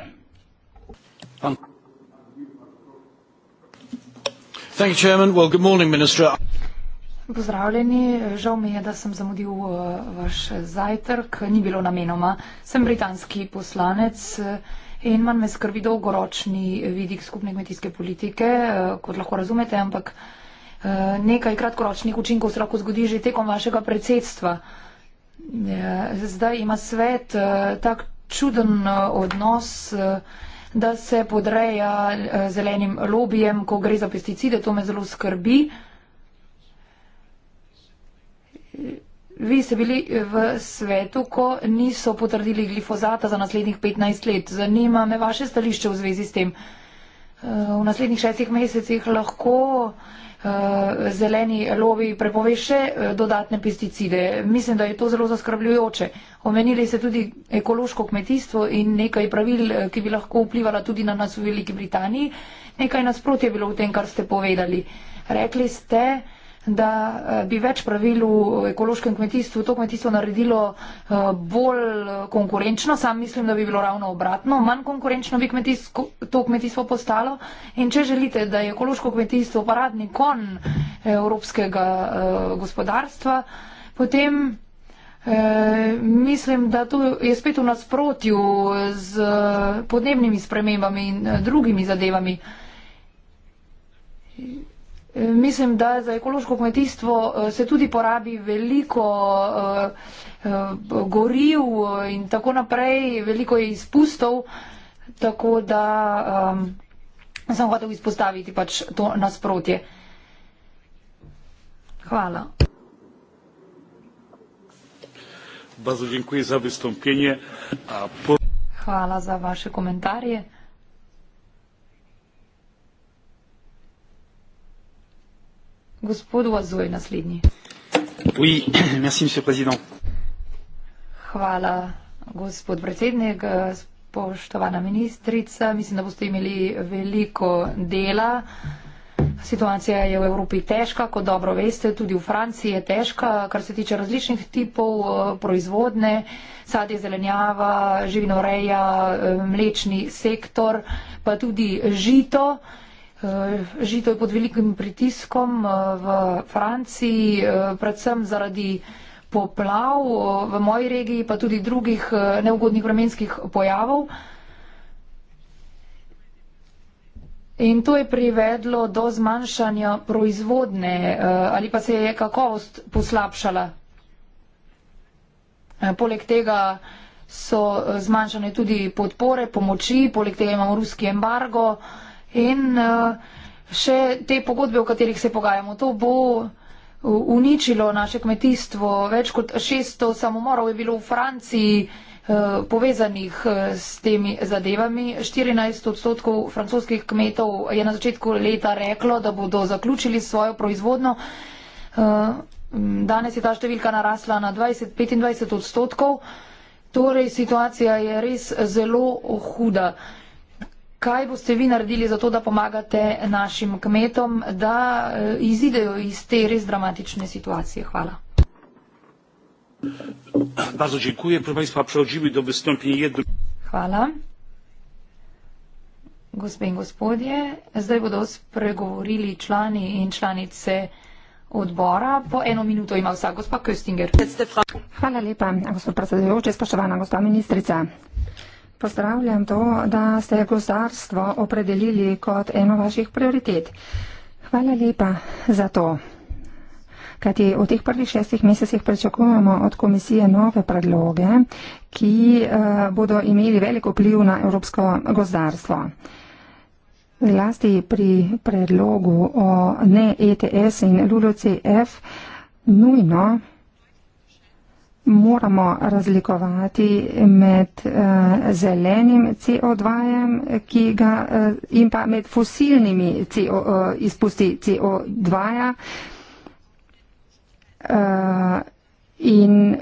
Thank you, Chairman. Well, good morning, Minister. Pozdravljeni, žal mi je, da sem zamudil eh, vaš zajtrk, ni bilo namenoma. Sem britanski poslanec eh, in manj me skrbi dolgoročni vidik skupne kmetijske politike, eh, kot lahko razumete, ampak nekaj kratkoročnih učinkov se lahko zgodi že tekom vašega predsedstva. Zdaj ima svet tak čuden odnos, da se podreja zelenim lobijem, ko gre za pesticide, to me zelo skrbi. Vi ste bili v svetu, ko niso potrdili glifozata za naslednjih 15 let. Zanima me vaše stališče v zvezi s tem. Eh, v naslednjih šestih mesecih lahko eh, zeleni lobi prepove še eh, dodatne pesticide. Mislim, da je to zelo zaskrbljujoče. Omenili ste tudi ekološko kmetijstvo in nekaj pravil, ki bi lahko vplivala tudi na nas v Veliki Britaniji. Nekaj nasprotje je bilo v tem, kar ste povedali. Rekli ste, da eh, bi več pravil v ekološkem kmetijstvu to kmetijstvo naredilo eh, bolj eh, konkurenčno. Sam mislim, da bi bilo ravno obratno. Manj konkurenčno bi kmetijsko, to kmetijstvo postalo. In če želite, da je ekološko kmetijstvo paradni kon evropskega eh, gospodarstva, potem eh, mislim, da to je spet v nasprotju z eh, podnebnimi spremembami in eh, drugimi zadevami. Eh, Mislim, da za ekološko kmetijstvo eh, se tudi porabi veliko eh, eh, goriv in tako naprej, veliko je izpustov, tako da um, sem hotel izpostaviti pač to nasprotje. Hvala. Hvala za vaše komentarje. Gospod Oazo je naslednji. Oui, merci, Hvala, gospod predsednik. Spoštovana ministrica, mislim, da boste imeli veliko dela. Situacija je v Evropi težka, kot dobro veste, tudi v Franciji je težka, kar se tiče različnih tipov eh, proizvodne, sadje, zelenjava, živinoreja, eh, mlečni sektor, pa tudi žito. Eh, Židov pod velikim pritiskom eh, v Franciji, eh, predvsem zaradi poplav v moji regiji, pa tudi drugih neugodnih vremenskih pojavov. In to je privedlo do zmanjšanja proizvodne ali pa se je kakovost poslabšala. Poleg tega so zmanjšane tudi podpore, pomoči, poleg tega imamo ruski embargo, In uh, še te pogodbe, o katerih se pogajamo, to bo uničilo naše kmetijstvo. Več kot 600 samomorov je bilo v Franciji uh, povezanih eh, s temi zadevami. 14 odstotkov francoskih kmetov je na začetku leta reklo, da bodo zaključili svojo proizvodno. Uh, danes je ta številka narasla na 20-25 odstotkov. Torej, situacija je res zelo huda. Uh, Kaj boste vi naredili za to, da pomagate našim kmetom, da eh, izidejo iz te res dramatične situacije? Hvala. Hvala. Gospe in gospodje, zdaj bodo spregovorili člani in članice odbora. Po eno minuto ima vsak gospod Köstinger. Hvala lepa, gospod predsedujoči, spoštovana gospa ministrica. Pozdravljam to, da ste gozdarstvo opredelili kot eno vaših prioritet. Hvala lepa za to. Kajti v teh prvih šestih mesecih pričakujemo od komisije nove predloge, ki uh, bodo imeli veliko vpliv na evropsko gozdarstvo. Zlasti pri predlogu o ne ETS in LULUCF nujno moramo razlikovati med uh, zelenim CO2 ga, uh, in pa med fosilnimi CO, uh, eh, izpusti CO2 uh, in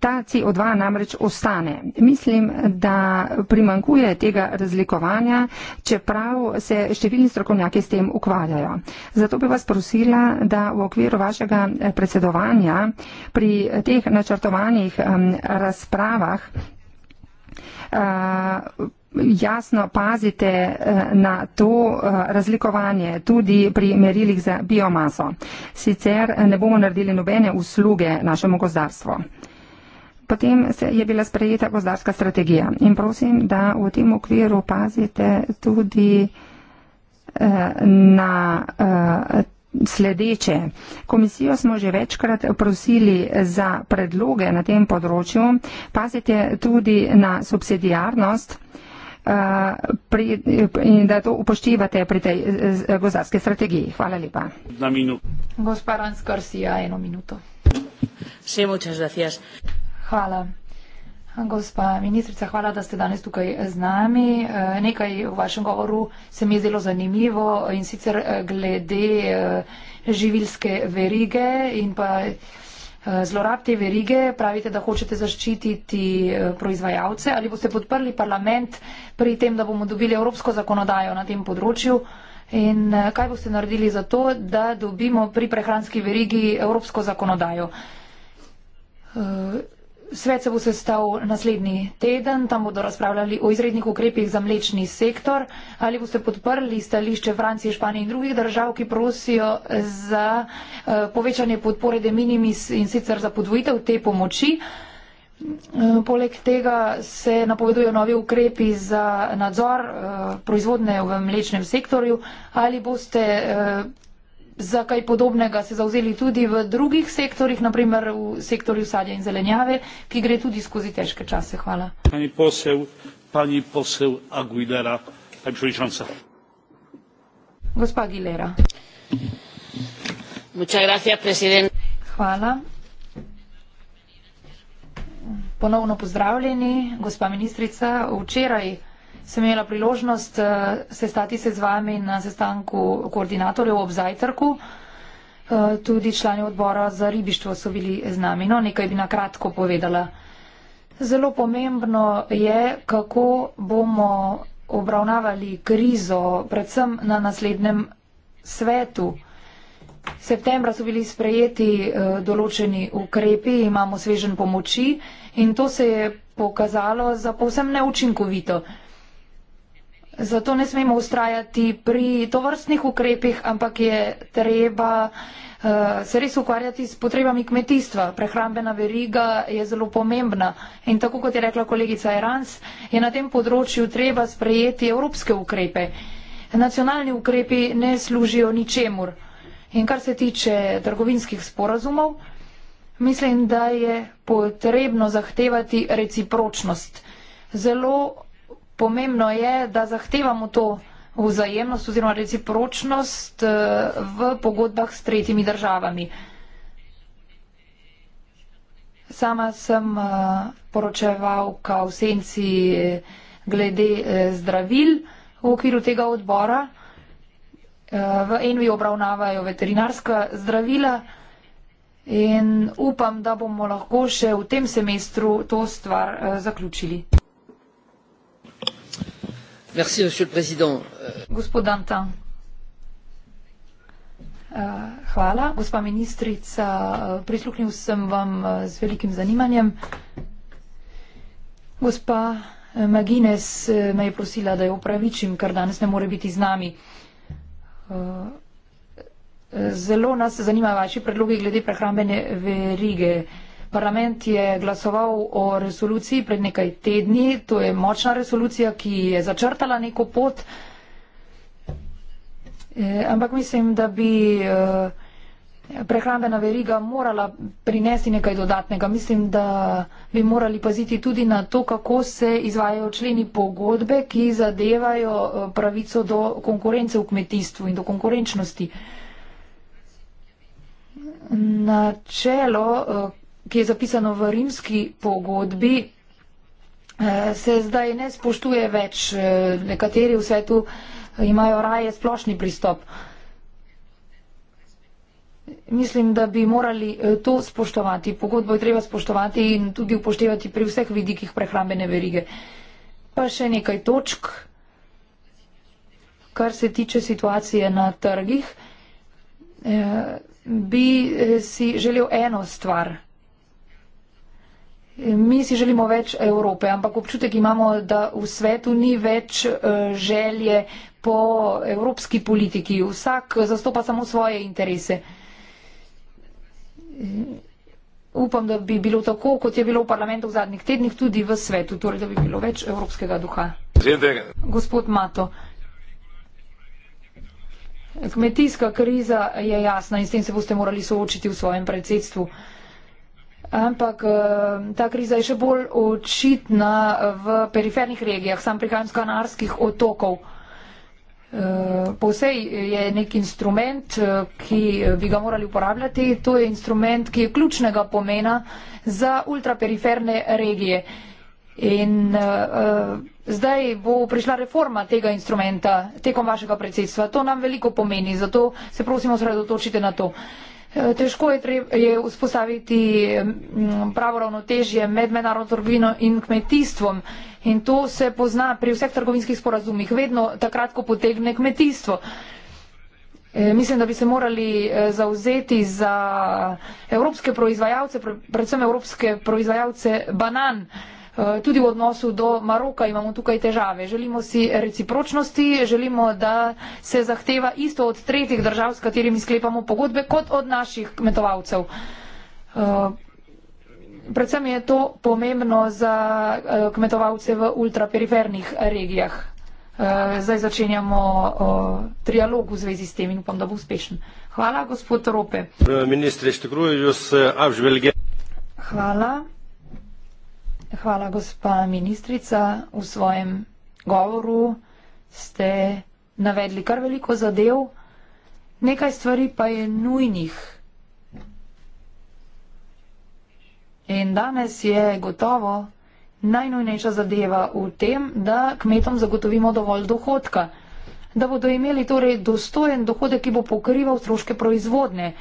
ta CO2 namreč ostane. Mislim, da primankuje tega razlikovanja, čeprav se številni strokovnjaki s tem ukvarjajo. Zato bi vas prosila, da v okviru vašega eh, predsedovanja pri teh načrtovanih razpravah eh, jasno pazite eh, na to razlikovanje tudi pri merilih za biomaso. Sicer ne bomo naredili nobene usluge našemu gozdarstvu. Potem je bila sprejeta gozdarska strategija in prosim, da v tem okviru pazite tudi eh, na eh, sledeče. Komisijo smo že večkrat prosili za predloge na tem področju. Pazite tudi na subsidijarnost eh, pri, in da to upoštevate pri tej eh, gozdarski strategiji. Hvala lepa. Gospa Ranskarsija, eno minuto. Sí, muchas gracias. Hvala. Gospa ministrica, hvala, da ste danes tukaj z nami. Eh, nekaj v vašem govoru se mi je zelo zanimivo in sicer eh, glede eh, živilske verige in pa zlorab te verige. Pravite, da hočete zaščititi proizvajalce. Ali boste podprli parlament pri tem, da bomo dobili evropsko zakonodajo na tem področju? In kaj boste naredili za to, da dobimo pri prehranski verigi evropsko zakonodajo? Svet se bo sestal naslednji teden, tam bodo razpravljali o izrednih ukrepih za mlečni sektor. Ali boste podprli stališče Francije, Španije in drugih držav, ki prosijo za eh, povečanje podpore de minimis in sicer za podvojitev te pomoči? Eh, poleg tega se napovedujejo novi ukrepi za nadzor eh, proizvodne v mlečnem sektorju. Ali boste za kaj podobnega se zauzeli tudi v drugih sektorjih, naprimer v sektorju sadja in zelenjave, ki gre tudi skozi težke čase. Hvala. Pani posel, pani posel Aguilera, pani predsedujoča. Gospa Aguilera. Hvala. Ponovno pozdravljeni, gospa ministrica. Včeraj sem imela priložnost eh, sestati se z vami na sestanku koordinatorjev ob zajtrku. Eh, tudi člani odbora za ribištvo so bili z nami. No, nekaj bi nakratko povedala. Zelo pomembno je, kako bomo obravnavali krizo, predvsem na naslednjem svetu. Septembra so bili sprejeti eh, določeni ukrepi, imamo svežen pomoči in to se je pokazalo za povsem neučinkovito. Zato ne smemo ustrajati pri tovrstnih ukrepih, ampak je treba eh, se res ukvarjati s potrebami kmetijstva. Prehrambena veriga je zelo pomembna in tako kot je rekla kolegica Erans, je na tem področju treba sprejeti evropske ukrepe. Nacionalni ukrepi ne služijo ničemur. In kar se tiče trgovinskih sporazumov, mislim, da je potrebno zahtevati recipročnost. Zelo pomembno je, da zahtevamo to vzajemnost oziroma recipročnost eh, v pogodbah s tretjimi državami. Sama sem eh, poročevalka v senci eh, glede zdravil v okviru tega odbora. V Envi obravnavajo veterinarska zdravila in upam, da bomo lahko še v tem semestru to stvar zaključili monsieur le président gospod Antan. Eh, hvala, gospa ministrica, eh, prisluhnil sem vam eh, z velikim zanimanjem. Gospa Magines me je prosila, da jo upravičim, ker danes ne more biti z nami. Zelo nas zanima vaši predlogi glede prehrambene verige. Parlament je glasoval o resoluciji pred nekaj tedni. To je močna resolucija, ki je začrtala neko pot. E, ampak mislim, da bi e, prehrambena veriga morala prinesti nekaj dodatnega. Mislim, da bi morali paziti tudi na to, kako se izvajajo členi pogodbe, ki zadevajo e, pravico do konkurence v kmetijstvu in do konkurenčnosti. Načelo, ki je zapisano v rimski pogodbi, eh, se zdaj ne spoštuje več. Eh, nekateri v svetu eh, imajo raje splošni pristop. Mislim, da bi morali to spoštovati. Pogodbo je treba spoštovati in tudi upoštevati pri vseh vidikih prehrambene verige. Pa še nekaj točk, kar se tiče situacije na trgih. Bi si želel eno stvar, Mi si želimo več Evrope, ampak občutek imamo, da v svetu ni več eh, želje po evropski politiki. Vsak zastopa samo svoje interese. Eh, upam, da bi bilo tako, kot je bilo v parlamentu v zadnjih tednih, tudi v svetu, torej da bi bilo več evropskega duha. Gospod Mato. Kmetijska kriza je jasna in s tem se boste morali soočiti v svojem predsedstvu. Ampak eh, ta kriza je še bolj očitna v perifernih regijah. Sam prihajam z kanarskih otokov. Eh, Posej je nek instrument, eh, ki bi ga morali uporabljati. To je instrument, ki je ključnega pomena za ultraperiferne regije. In uh, zdaj bo prišla reforma tega instrumenta tekom vašega predsedstva. To nam veliko pomeni, zato se prosimo, sredotočite na to. Uh, Težko je, je vzpostaviti mm, pravo ravnotežje med mednarodno trgovino in kmetijstvom. In to se pozna pri vseh trgovinskih sporazumih. Vedno takrat, ko potegne kmetijstvo. E, mislim, da bi se morali e, zauzeti za evropske proizvajalce, predvsem evropske proizvajalce banan. Eh, tudi v odnosu do Maroka imamo tukaj težave. Želimo si recipročnosti, želimo, da se zahteva isto od tretjih držav, s katerimi sklepamo pogodbe, kot od naših kmetovalcev. Eh, predvsem je to pomembno za eh, kmetovalce v ultrapirifernih regijah. Zdaj začenjamo trialog v zvezi s tem in upam, da bo uspešen. Hvala, gospod Rope. Hvala. Hvala, gospa ministrica. V svojem govoru ste navedli kar veliko zadev, nekaj stvari pa je nujnih. In danes je gotovo najnujnejša zadeva v tem, da kmetom zagotovimo dovolj dohodka, da bodo imeli torej dostojen dohodek, ki bo pokrival stroške proizvodne.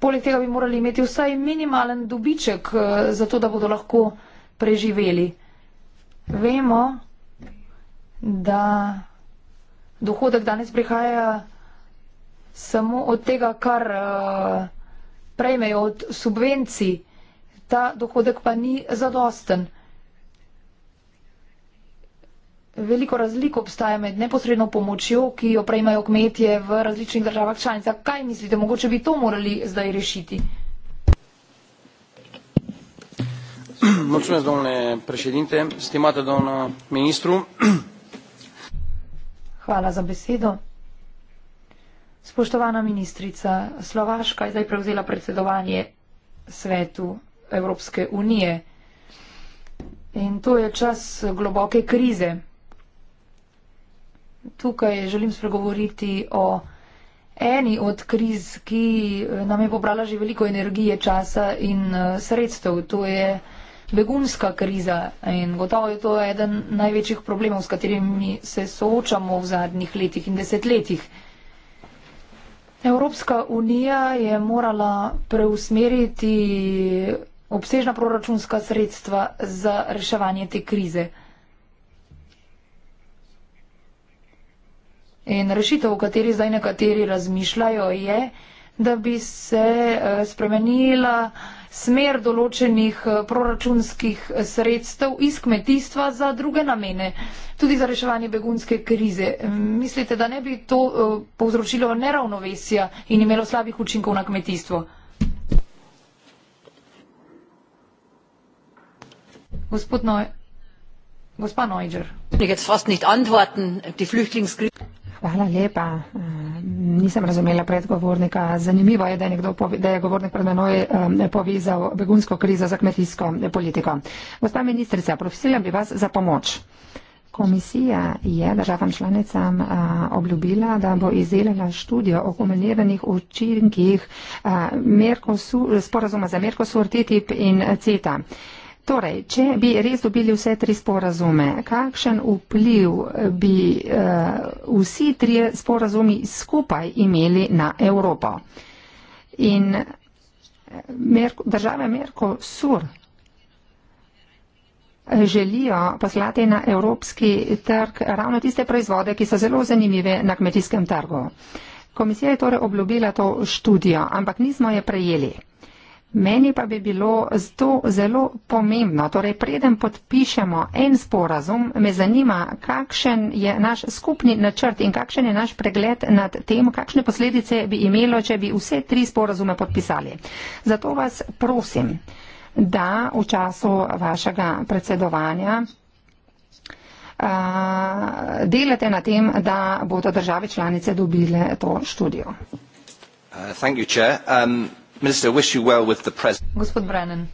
Poleg tega bi morali imeti vsaj minimalen dobiček, eh, zato da bodo lahko preživeli. Vemo, da dohodek danes prihaja samo od tega, kar eh, prejmejo od subvencij. Ta dohodek pa ni zadosten veliko razlik obstaja med neposredno pomočjo, ki jo prejmajo kmetje v različnih državah članicah. Kaj mislite, mogoče bi to morali zdaj rešiti? Mulțumesc, domnule președinte. Stimată doamnă ministru. Hvala za besedo. Spoštovana ministrica, Slovaška je zdaj prevzela predsedovanje svetu Evropske unije. In to je čas globoke krize. Tukaj želim spregovoriti o eni od kriz, ki eh, nam je pobrala že veliko energije, časa in eh, sredstev. To je begunska kriza in gotovo je to eden največjih problemov, s katerimi se soočamo v zadnjih letih in desetletjih. Evropska unija je morala preusmeriti obsežna proračunska sredstva za reševanje te krize. In rešitev, o kateri zdaj nekateri razmišljajo, je, da bi se eh, spremenila smer določenih eh, proračunskih sredstev iz kmetijstva za druge namene, tudi za reševanje begunske krize. Mislite, da ne bi to eh, povzročilo neravnovesja in imelo slabih učinkov na kmetijstvo? Gospod Noj, gospa Neuger. Hvala lepa. Nisem razumela predgovornika. Zanimivo je, da je, da je govornik pred menoj povezal begunsko krizo za kmetijsko politiko. Gospa ministrica, prosilam bi vas za pomoč. Komisija je državam članicam a, obljubila, da bo izdelala študijo o kumuliranih učinkih a, Merkosu, sporazuma za Merkosur, TTIP in CETA. A, Torej, če bi res dobili vse tri sporazume, kakšen vpliv bi uh, vsi tri sporazumi skupaj imeli na Evropo? In eh, Merko, države Merkosur eh, želijo poslati na evropski trg ravno tiste proizvode, ki so zelo zanimive na kmetijskem trgu. Komisija je torej obljubila to študijo, ampak nismo je prejeli. Meni pa bi bilo to zelo pomembno. Torej, preden podpišemo en sporazum, me zanima, kakšen je naš skupni načrt in kakšen je naš pregled nad tem, kakšne posledice bi imelo, če bi vse tri sporazume podpisali. Zato vas prosim, da v času vašega predsedovanja. Uh, delate na tem, da bodo države članice dobile to študijo. Uh, Gospod Brennan,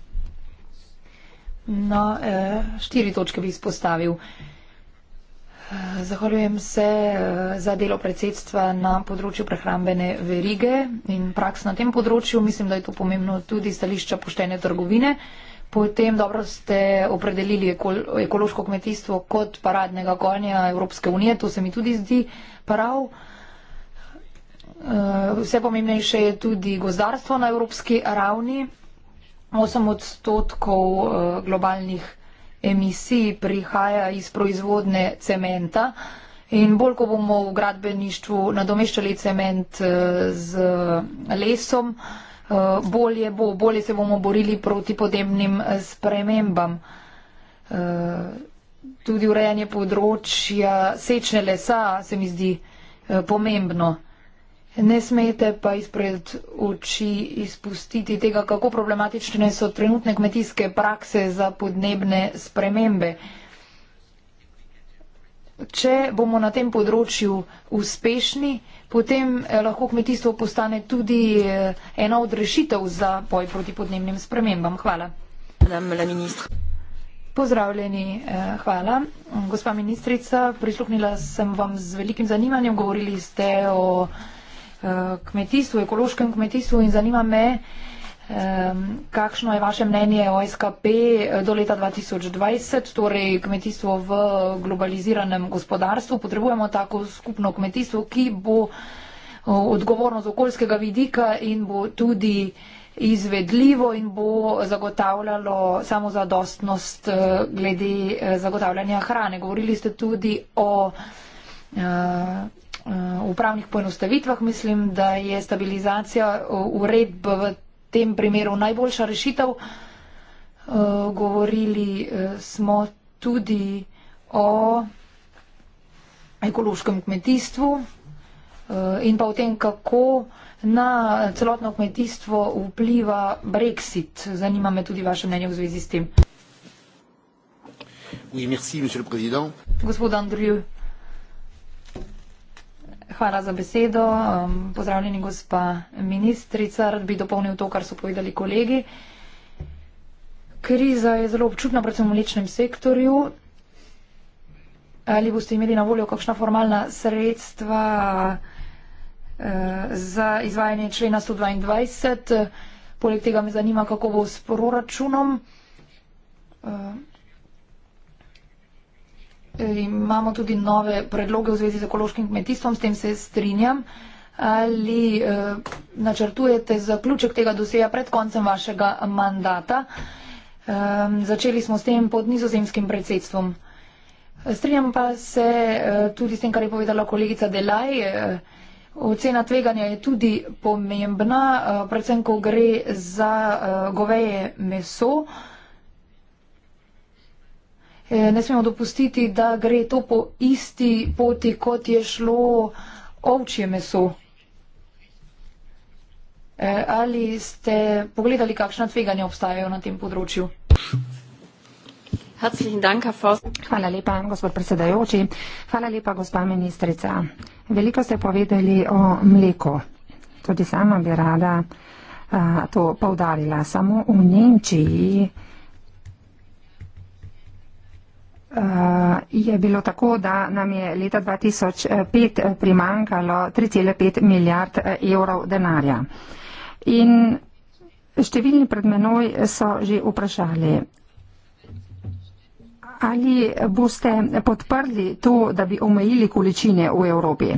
no, eh, štiri točke bi izpostavil. Eh, zahvaljujem se eh, za delo predsedstva na področju prehrambene verige in praks na tem področju. Mislim, da je to pomembno tudi stališča poštene trgovine. Potem dobro ste opredelili ekološko kmetijstvo kot paradnega konja Evropske unije. To se mi tudi zdi prav. Eh, vse pomembnejše je tudi gozdarstvo na evropski ravni. 8 odstotkov eh, globalnih emisij prihaja iz proizvodne cementa in bolj, ko bomo v gradbeništvu nadomeščali cement eh, z lesom, bolje, bo, bolje se bomo borili proti podnebnim spremembam. Tudi urejanje področja sečne lesa se mi zdi pomembno. Ne smete pa izpred oči izpustiti tega, kako problematične so trenutne kmetijske prakse za podnebne spremembe. Če bomo na tem področju uspešni, potem eh, lahko kmetijstvo postane tudi eh, ena od rešitev za boj proti podnebnim spremembam. Hvala. Pozdravljeni, eh, hvala. Gospa ministrica, prisluhnila sem vam z velikim zanimanjem, govorili ste o Eh, kmetijstvu, ekološkem kmetijstvu in zanima me, kakšno je vaše mnenje o SKP eh, do leta 2020, torej kmetijstvo v globaliziranem gospodarstvu. Potrebujemo tako skupno kmetijstvo, ki bo eh, odgovorno z okoljskega vidika in bo tudi izvedljivo in bo zagotavljalo samozadostnost glede zagotavljanja hrane. Govorili ste tudi o upravnih poenostavitvah mislim, da je stabilizacija eh, ureb v tem primeru najboljša rešitev. Eh, govorili eh, smo tudi o ekološkem kmetijstvu in pa o tem, kako na celotno kmetijstvo vpliva Brexit. Zanima me tudi vaše mnenje v zvezi s tem. Oui, merci, monsieur le président. Gospod Andrew. Hvala za besedo. Um, pozdravljeni, gospa ministrica. Rad bi dopolnil to, kar so povedali kolegi. Kriza je zelo občutna, predvsem v mlečnem sektorju. Ali boste imeli na voljo kakšna formalna sredstva uh, za izvajanje člena 122? Poleg tega me zanima, kako bo s proračunom. Uh, imamo tudi nove predloge v zvezi z ekološkim kmetijstvom, s tem se strinjam. Ali eh, načrtujete zaključek tega doseja pred koncem vašega mandata? Eh, začeli smo s tem pod nizozemskim predsedstvom. Strinjam pa se eh, tudi s tem, kar je povedala kolegica Delaj. Eh, ocena tveganja je tudi pomembna, eh, predvsem, ko gre za eh, goveje meso. Eh, Eh, ne smemo dopustiti, da gre to po isti poti, kot je šlo ovčje meso. Eh, ali ste pogledali, kakšna tveganja obstajajo na tem področju? Hvala lepa, gospod predsedajoči. Hvala lepa, gospa ministrica. Veliko ste povedali o mleku. Tudi sama bi rada uh, to povdarila. Samo v Nemčiji uh, Eh, je bilo tako, da nam je leta 2005 primankalo 3,5 milijard eh, evrov denarja. In številni pred menoj so že vprašali, ali boste podprli to, da bi omejili količine v Evropi.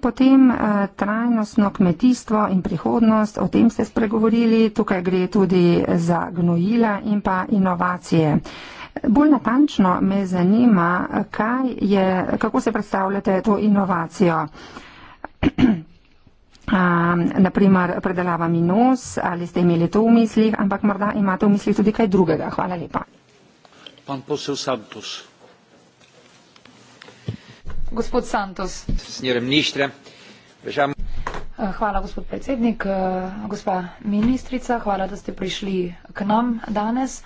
Potem eh, trajnostno kmetijstvo in prihodnost, o tem ste spregovorili, tukaj gre tudi za gnojila in pa inovacije. Bolj natančno me zanima, je, kako se predstavljate to inovacijo. Naprimer, predelava minus, ali ste imeli to v mislih, ampak morda imate v mislih tudi kaj drugega. Hvala lepa. Pan posel Santos. Gospod Santos. Snirem ništre. Vežam. Hvala, gospod predsednik. Gospa ministrica, hvala, da ste prišli k nam danes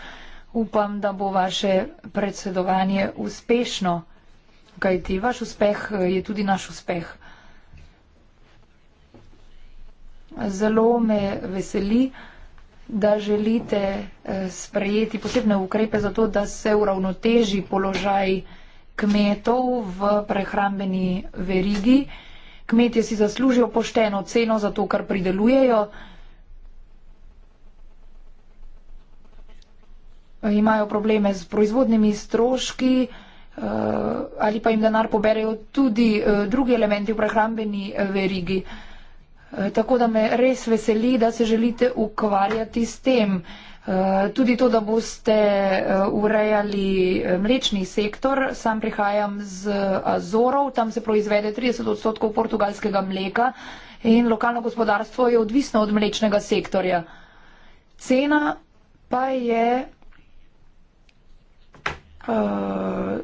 upam, da bo vaše predsedovanje uspešno, kajti vaš uspeh eh, je tudi naš uspeh. Zelo me veseli, da želite eh, sprejeti posebne ukrepe za to, da se uravnoteži položaj kmetov v prehrambeni verigi. Kmetje si zaslužijo pošteno ceno za to, kar pridelujejo. imajo probleme z proizvodnimi stroški eh, ali pa jim denar poberejo tudi eh, drugi elementi v prehrambeni eh, verigi. Tako da me res veseli, da se želite ukvarjati s tem. Tudi to, da boste urejali mlečni sektor, sam prihajam z Azorov, tam se proizvede 30 odstotkov portugalskega mleka in lokalno gospodarstvo je odvisno od mlečnega sektorja. Cena pa je Eh,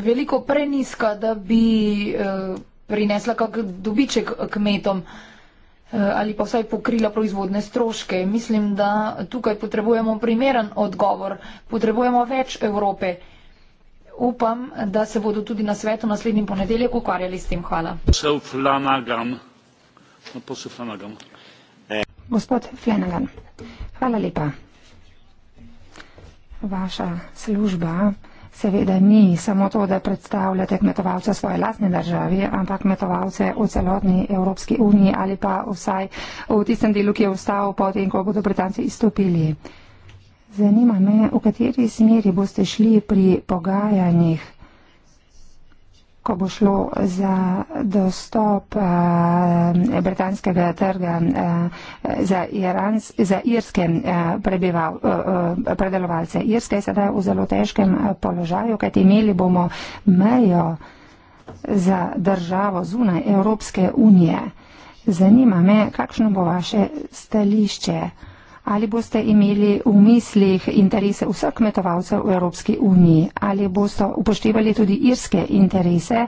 veliko preniska, da bi uh, prinesla kak dobiček kmetom eh, ali pa vsaj pokrila proizvodne stroške. Mislim, da tukaj potrebujemo primeren odgovor, potrebujemo več Evrope. Upam, da se bodo tudi na svetu naslednji ponedeljek ukvarjali s tem. Hvala. Gospod Flanagan, hvala lepa vaša služba seveda ni samo to, da predstavljate kmetovalce svoje lastne državi, ampak kmetovalce v celotni Evropski uniji ali pa vsaj v tistem delu, ki je ostal potem, ko bodo Britanci izstopili. Zanima me, v kateri smeri boste šli pri pogajanjih ko bo šlo za dostop eh, britanskega trga eh, za, Irans, za irske eh, prebival, eh, eh, predelovalce. Irska je sedaj v zelo težkem eh, položaju, kajti imeli bomo mejo za državo zunaj Evropske unije. Zanima me, kakšno bo vaše stališče ali boste imeli v mislih interese vseh kmetovalcev v Evropski uniji, ali boste upoštevali tudi irske interese,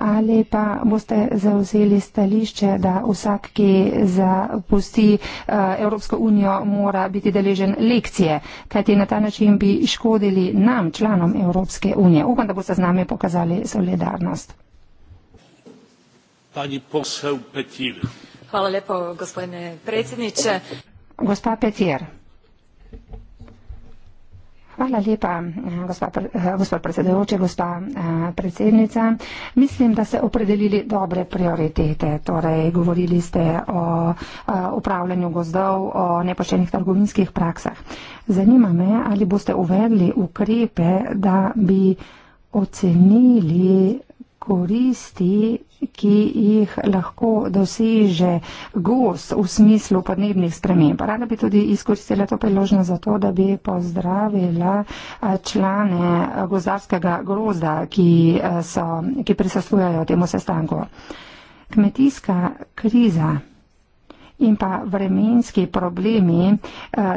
ali pa boste zauzeli stališče, da vsak, ki zapusti eh, Evropsko unijo, mora biti deležen lekcije, kajti na ta način bi škodili nam, članom Evropske unije. Upam, da boste z nami pokazali solidarnost. Pani posel Petir. Hvala lepo, gospodine predsjedniče. Gospa Petir. Hvala lepa, gospod gospa predsedujoče, gospa predsednica. Mislim, da ste opredelili dobre prioritete. Torej, govorili ste o upravljanju gozdov, o nepoštenih trgovinskih praksah. Zanima me, ali boste uvedli ukrepe, da bi ocenili koristi ki jih lahko doseže gost v smislu podnebnih sprememb. Rada bi tudi izkoristila to priložnost za to, da bi pozdravila eh, člane eh, gozdarskega grozda, ki, eh, so, ki prisostujajo temu sestanku. Kmetijska kriza in pa vremenski problemi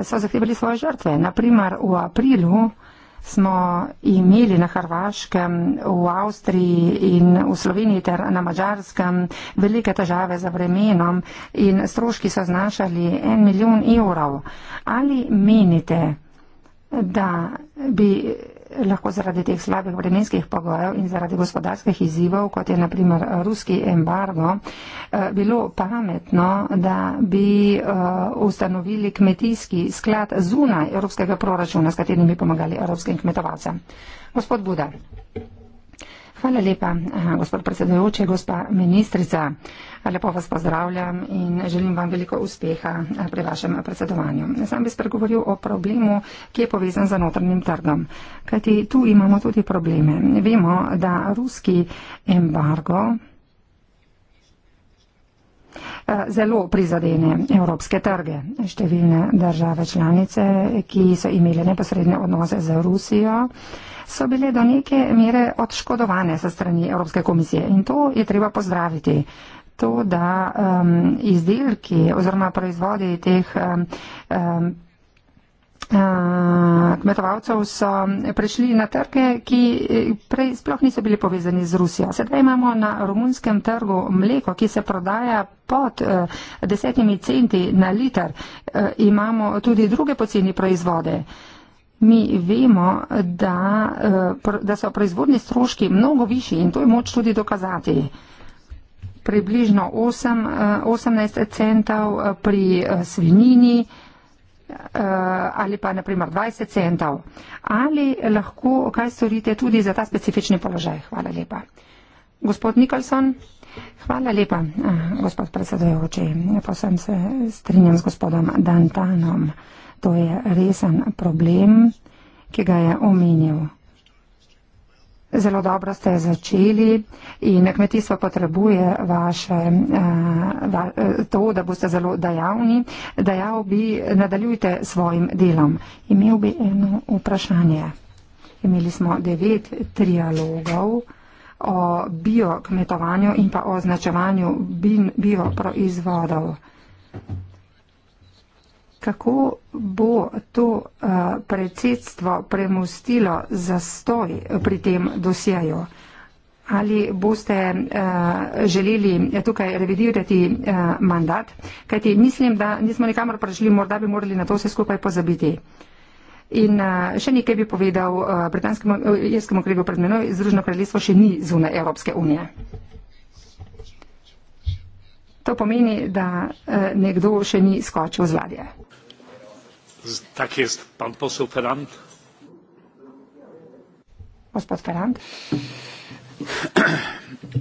so zahtevali svoje žrtve. Naprimer, v aprilu smo imeli na Hrvaškem, v Avstriji in v Sloveniji ter na Mačarskem velike težave za vremenom in stroški so znašali en milijon evrov. Ali menite, da bi lahko zaradi teh slabih vremenskih pogojev in zaradi gospodarskih izzivov, kot je naprimer ruski embargo, eh, bilo pametno, da bi eh, ustanovili kmetijski sklad zunaj evropskega proračuna, s katerimi bi pomagali evropskim kmetovalcem. Gospod Budar. Hvala lepa, gospod predsedujoči, gospa ministrica. Lepo vas pozdravljam in želim vam veliko uspeha eh, pri vašem predsedovanju. Sam bi spregovoril o problemu, ki je povezan z notrnim trgom. Kajti tu imamo tudi probleme. Vemo, da ruski embargo eh, zelo prizadene evropske trge. Številne države članice, ki so imele neposredne odnose z Rusijo, so bile do neke mere odškodovane sa strani Evropske komisije in to je treba pozdraviti. To, da um, izdelki oziroma proizvodi teh um, um uh, kmetovalcev so prišli na trge, ki prej sploh niso bili povezani z Rusijo. Sedaj imamo na romunskem trgu mleko, ki se prodaja pod uh, desetimi centi na liter. Uh, imamo tudi druge poceni proizvode. Um, Mi vemo, da, eh, da so proizvodni stroški mnogo višji in to je moč tudi dokazati. Približno 8, 18 eh, centov eh, pri svinjini ali pa naprimer 20 centov. Ali lahko kaj storite tudi za ta specifični položaj? Hvala lepa. Gospod Nikolson. Hvala lepa, gospod predsedujoči. Pa sem se strinjam s gospodom Dantanom. To je resen problem, ki ga je omenil. Zelo dobro ste začeli in kmetijstvo potrebuje vaše, eh, eh, to, da boste zelo dejavni. Dejal bi, nadaljujte svojim delom. Imel bi eno vprašanje. Imeli smo devet trialogov o biokmetovanju in pa označevanju bioproizvodov. Kako bo to eh, predsedstvo premustilo zastoj pri tem dosjeju? Ali boste uh, želeli tukaj revidirati uh, mandat? Kajti mislim, da nismo nikamor prišli, morda bi morali na to vse skupaj pozabiti. In uh, še nekaj bi povedal uh, britanskemu uh, jeskemu krivu pred menoj, Združeno kraljestvo še ni zunaj Evropske unije. To pomeni, da uh, nekdo še ni skočil z ladje.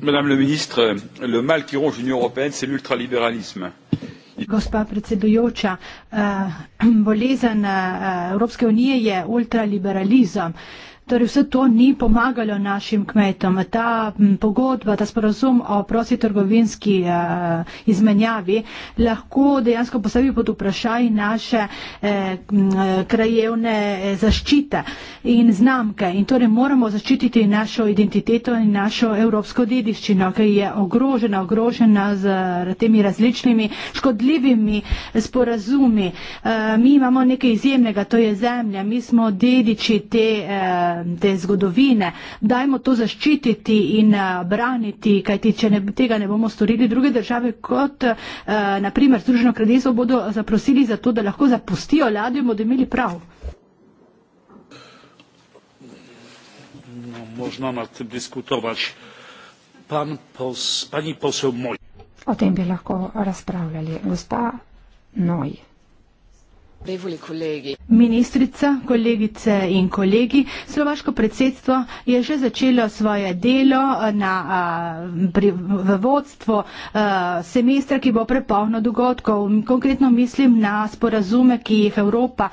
madame la ministre le mal qui ronge l'union européenne c'est l'ultralibéralisme gospa predsedujoča eh, bolezen eh, evropske unije je ultraliberalizem. Torej vse to ni pomagalo našim kmetom. Ta pogodba, ta sporozum o prosti trgovinski uh, eh, izmenjavi lahko dejansko postavi pod vprašaj naše uh, krajevne zaščite in znamke. In torej moramo zaščititi našo identiteto in našo evropsko dediščino, ki je ogrožena, ogrožena z temi različnimi škodljivimi sporazumi. Uh, mi imamo nekaj izjemnega, to je zemlja, mi smo dediči te. Uh, Eh, te zgodovine. Dajmo to zaščititi in eh, braniti, kajti če ne, tega ne bomo storili, druge države kot eh, naprimer Združeno kraljestvo bodo zaprosili za to, da lahko zapustijo ladjo in bodo imeli prav. No, možno nad tem diskutovati. Pan pos, pani posel moj. O tem bi lahko razpravljali. Gospa Noj. Ministrica, kolegice in kolegi, slovaško predsedstvo je že začelo svoje delo eh, na, eh, pri, v vodstvo eh, semestra, ki bo prepolno dogodkov. Konkretno mislim na sporazume, ki jih Evropa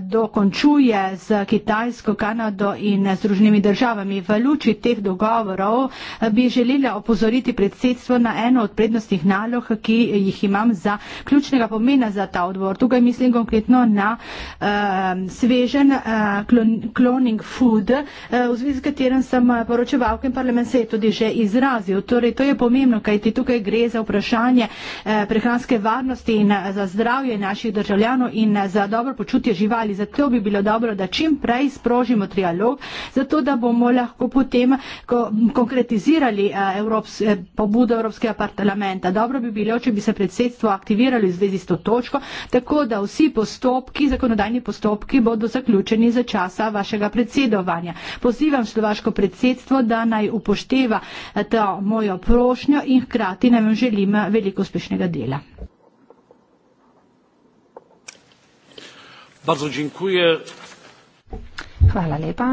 dokončuje z Kitajsko, Kanado in Združenimi državami. V luči teh dogovorov bi želela opozoriti predsedstvo na eno od prednostnih nalog, ki jih imam za ključnega pomena za ta odbor konkretno na um, svežen uh, cloning food, uh, v zvezi s katerim sem eh, poročeval, ki parlament se je tudi že izrazil. Torej, to je pomembno, kajti tukaj gre za vprašanje uh, prehranske varnosti in za zdravje naših državljanov in za dobro počutje živali. Zato bi bilo dobro, da čim prej sprožimo trialog, zato da bomo lahko potem ko, konkretizirali uh, Evrops, eh, pobudo Evropskega parlamenta. Dobro bi bilo, če bi se predsedstvo aktiviralo v zvezi s to točko, tako da vsi poslušajo postopki, zakonodajni postopki bodo zaključeni za časa vašega predsedovanja. Pozivam slovaško predsedstvo, da naj upošteva eh, to mojo prošnjo in hkrati naj vam želim eh, veliko uspešnega dela. Bardzo dziękuję. Hvala lepa.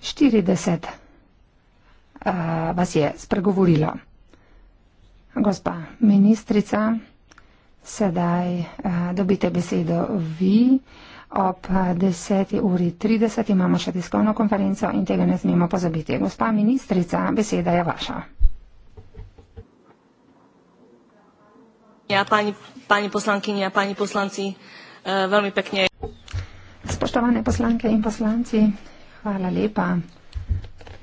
40 uh, eh, vas je spregovorilo. Gospa ministrica. Sedaj eh, dobite besedo vi. Ob 10.30 eh, imamo še tiskovno konferenco in tega ne smemo pozabiti. Gospa ministrica, beseda je vaša. Ja, pani, pani poslankinja, pani poslanci, eh, veljmi pekne. Spoštovane poslanke in poslanci, hvala lepa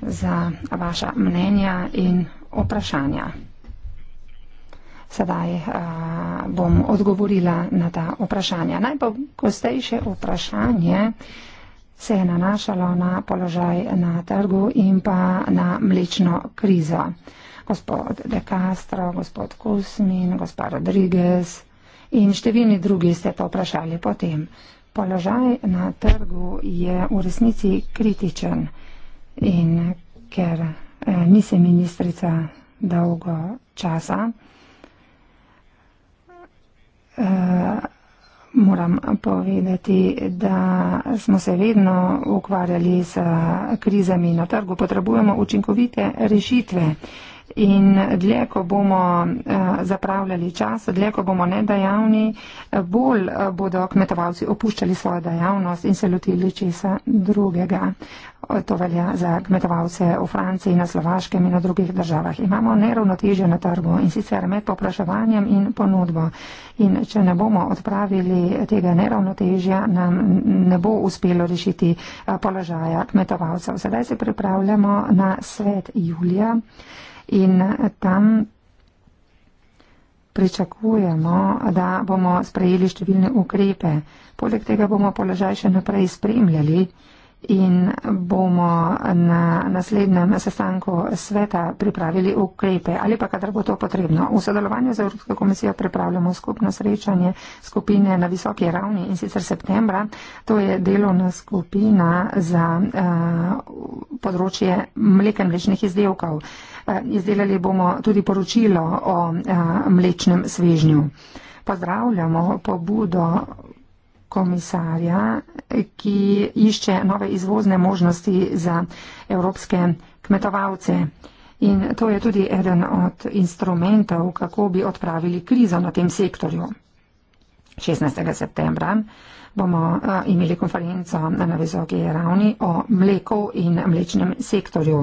za vaša mnenja in vprašanja. Sedaj a, eh, bom odgovorila na ta vprašanja. Najpogostejše vprašanje se je nanašalo na položaj na trgu in pa na mlečno krizo. Gospod De Castro, gospod Kusmin, gospod Rodriguez in številni drugi ste to vprašali potem. Položaj na trgu je v resnici kritičen in ker eh, nisem ministrica dolgo časa, Eh, moram povedati, da smo se vedno ukvarjali z krizami na trgu, potrebujemo učinkovite rešitve. Uh, In dlje, ko bomo eh, zapravljali čas, dlje, ko bomo nedajavni, eh, bolj eh, bodo kmetovalci opuščali svojo dejavnost in se lotili česa drugega. To velja za kmetovalce v Franciji, na Slovaškem in na drugih državah. Imamo neravnotežje na trgu in sicer med popraševanjem in ponudbo. In če ne bomo odpravili tega neravnotežja, nam ne bo uspelo rešiti položaja kmetovalcev. Sedaj se pripravljamo na svet julija. In eh, tam pričakujemo, da bomo sprejeli številne ukrepe. Poleg tega bomo položaj še naprej spremljali in bomo na naslednjem sestanku sveta pripravili ukrepe ali pa kadar bo to potrebno. V sodelovanju z Evropsko komisijo pripravljamo skupno srečanje skupine na visoki ravni in sicer septembra. To je delovna skupina za uh, področje mleka in mlečnih izdelkov. Uh, izdelali bomo tudi poročilo o uh, mlečnem svežnju. Pozdravljamo pobudo komisarja, ki išče nove izvozne možnosti za evropske kmetovalce. In to je tudi eden od instrumentov, kako bi odpravili krizo na tem sektorju. 16. septembra bomo eh, imeli konferenco na visoki ravni o mleku in mlečnem sektorju.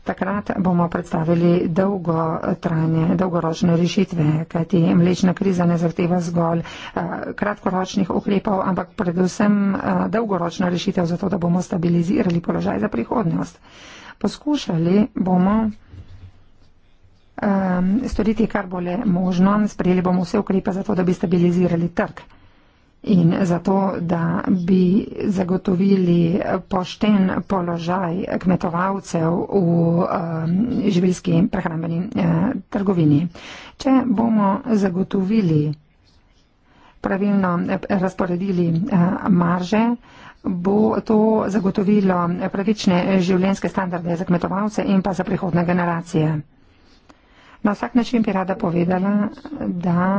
Takrat bomo predstavili dolgotrajne, dolgoročne rešitve, kajti mlečna kriza ne zahteva zgolj eh, kratkoročnih ukrepov, ampak predvsem eh, dolgoročna rešitev za to, da bomo stabilizirali položaj za prihodnost. Poskušali bomo eh, storiti, kar bo le možno, sprejeli bomo vse ukrepe za to, da bi stabilizirali trg. In zato, da bi zagotovili pošten položaj kmetovalcev v um, živilski prehrambeni eh, trgovini. Če bomo zagotovili, pravilno eh, razporedili eh, marže, bo to zagotovilo pravične življenjske standarde za kmetovalce in pa za prihodne generacije. Na vsak način bi rada povedala, da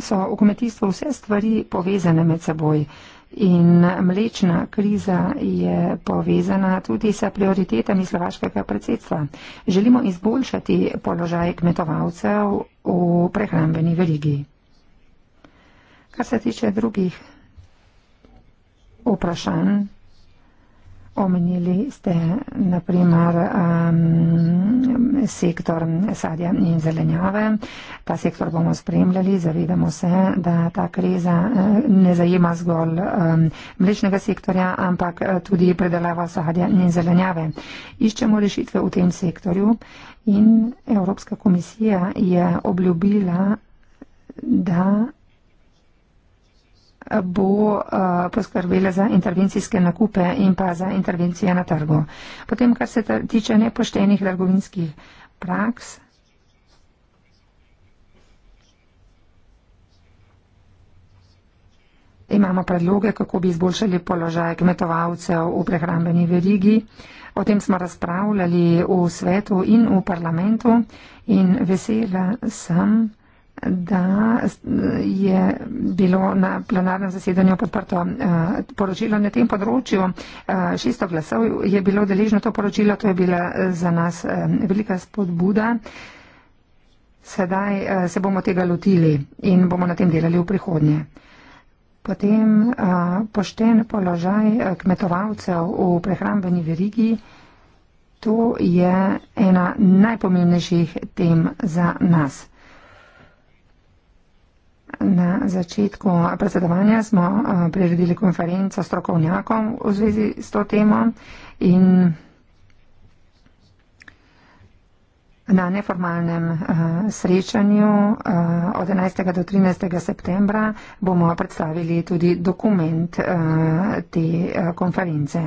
so v kmetijstvu vse stvari povezane med seboj. In mlečna kriza je povezana tudi sa prioritetami slovaškega predsedstva. Želimo izboljšati položaj kmetovalcev v prehrambeni verigi. Kar se tiče drugih vprašanj, Omenili ste naprimer um, sektor sadja in zelenjave. Ta sektor bomo spremljali. Zavedamo se, da ta kriza ne zajema zgolj um, mlečnega sektorja, ampak e, tudi predelava sadja in zelenjave. Iščemo rešitve v tem sektorju in Evropska komisija je obljubila, da bo eh, poskrbela za intervencijske nakupe in pa za intervencije na trgu. Potem, kar se tiče nepoštenih trgovinskih praks. Imamo predloge, kako bi izboljšali položaj kmetovalcev v prehrambeni verigi. O tem smo razpravljali v svetu in v parlamentu in vesela sem da je bilo na plenarnem zasedanju podprto uh, poročilo na tem področju. Uh, eh, 600 glasov je bilo deležno to poročilo, to je bila eh, za nas uh, velika spodbuda. Sedaj uh, se bomo tega lotili in bomo na tem delali v prihodnje. Potem uh, pošten položaj kmetovalcev v prehrambeni verigi. To je ena najpomembnejših tem za nas na začetku predsedovanja smo priredili konferenco strokovnjakom v zvezi s to temo in na neformalnem srečanju od 11. do 13. septembra bomo predstavili tudi dokument te konference.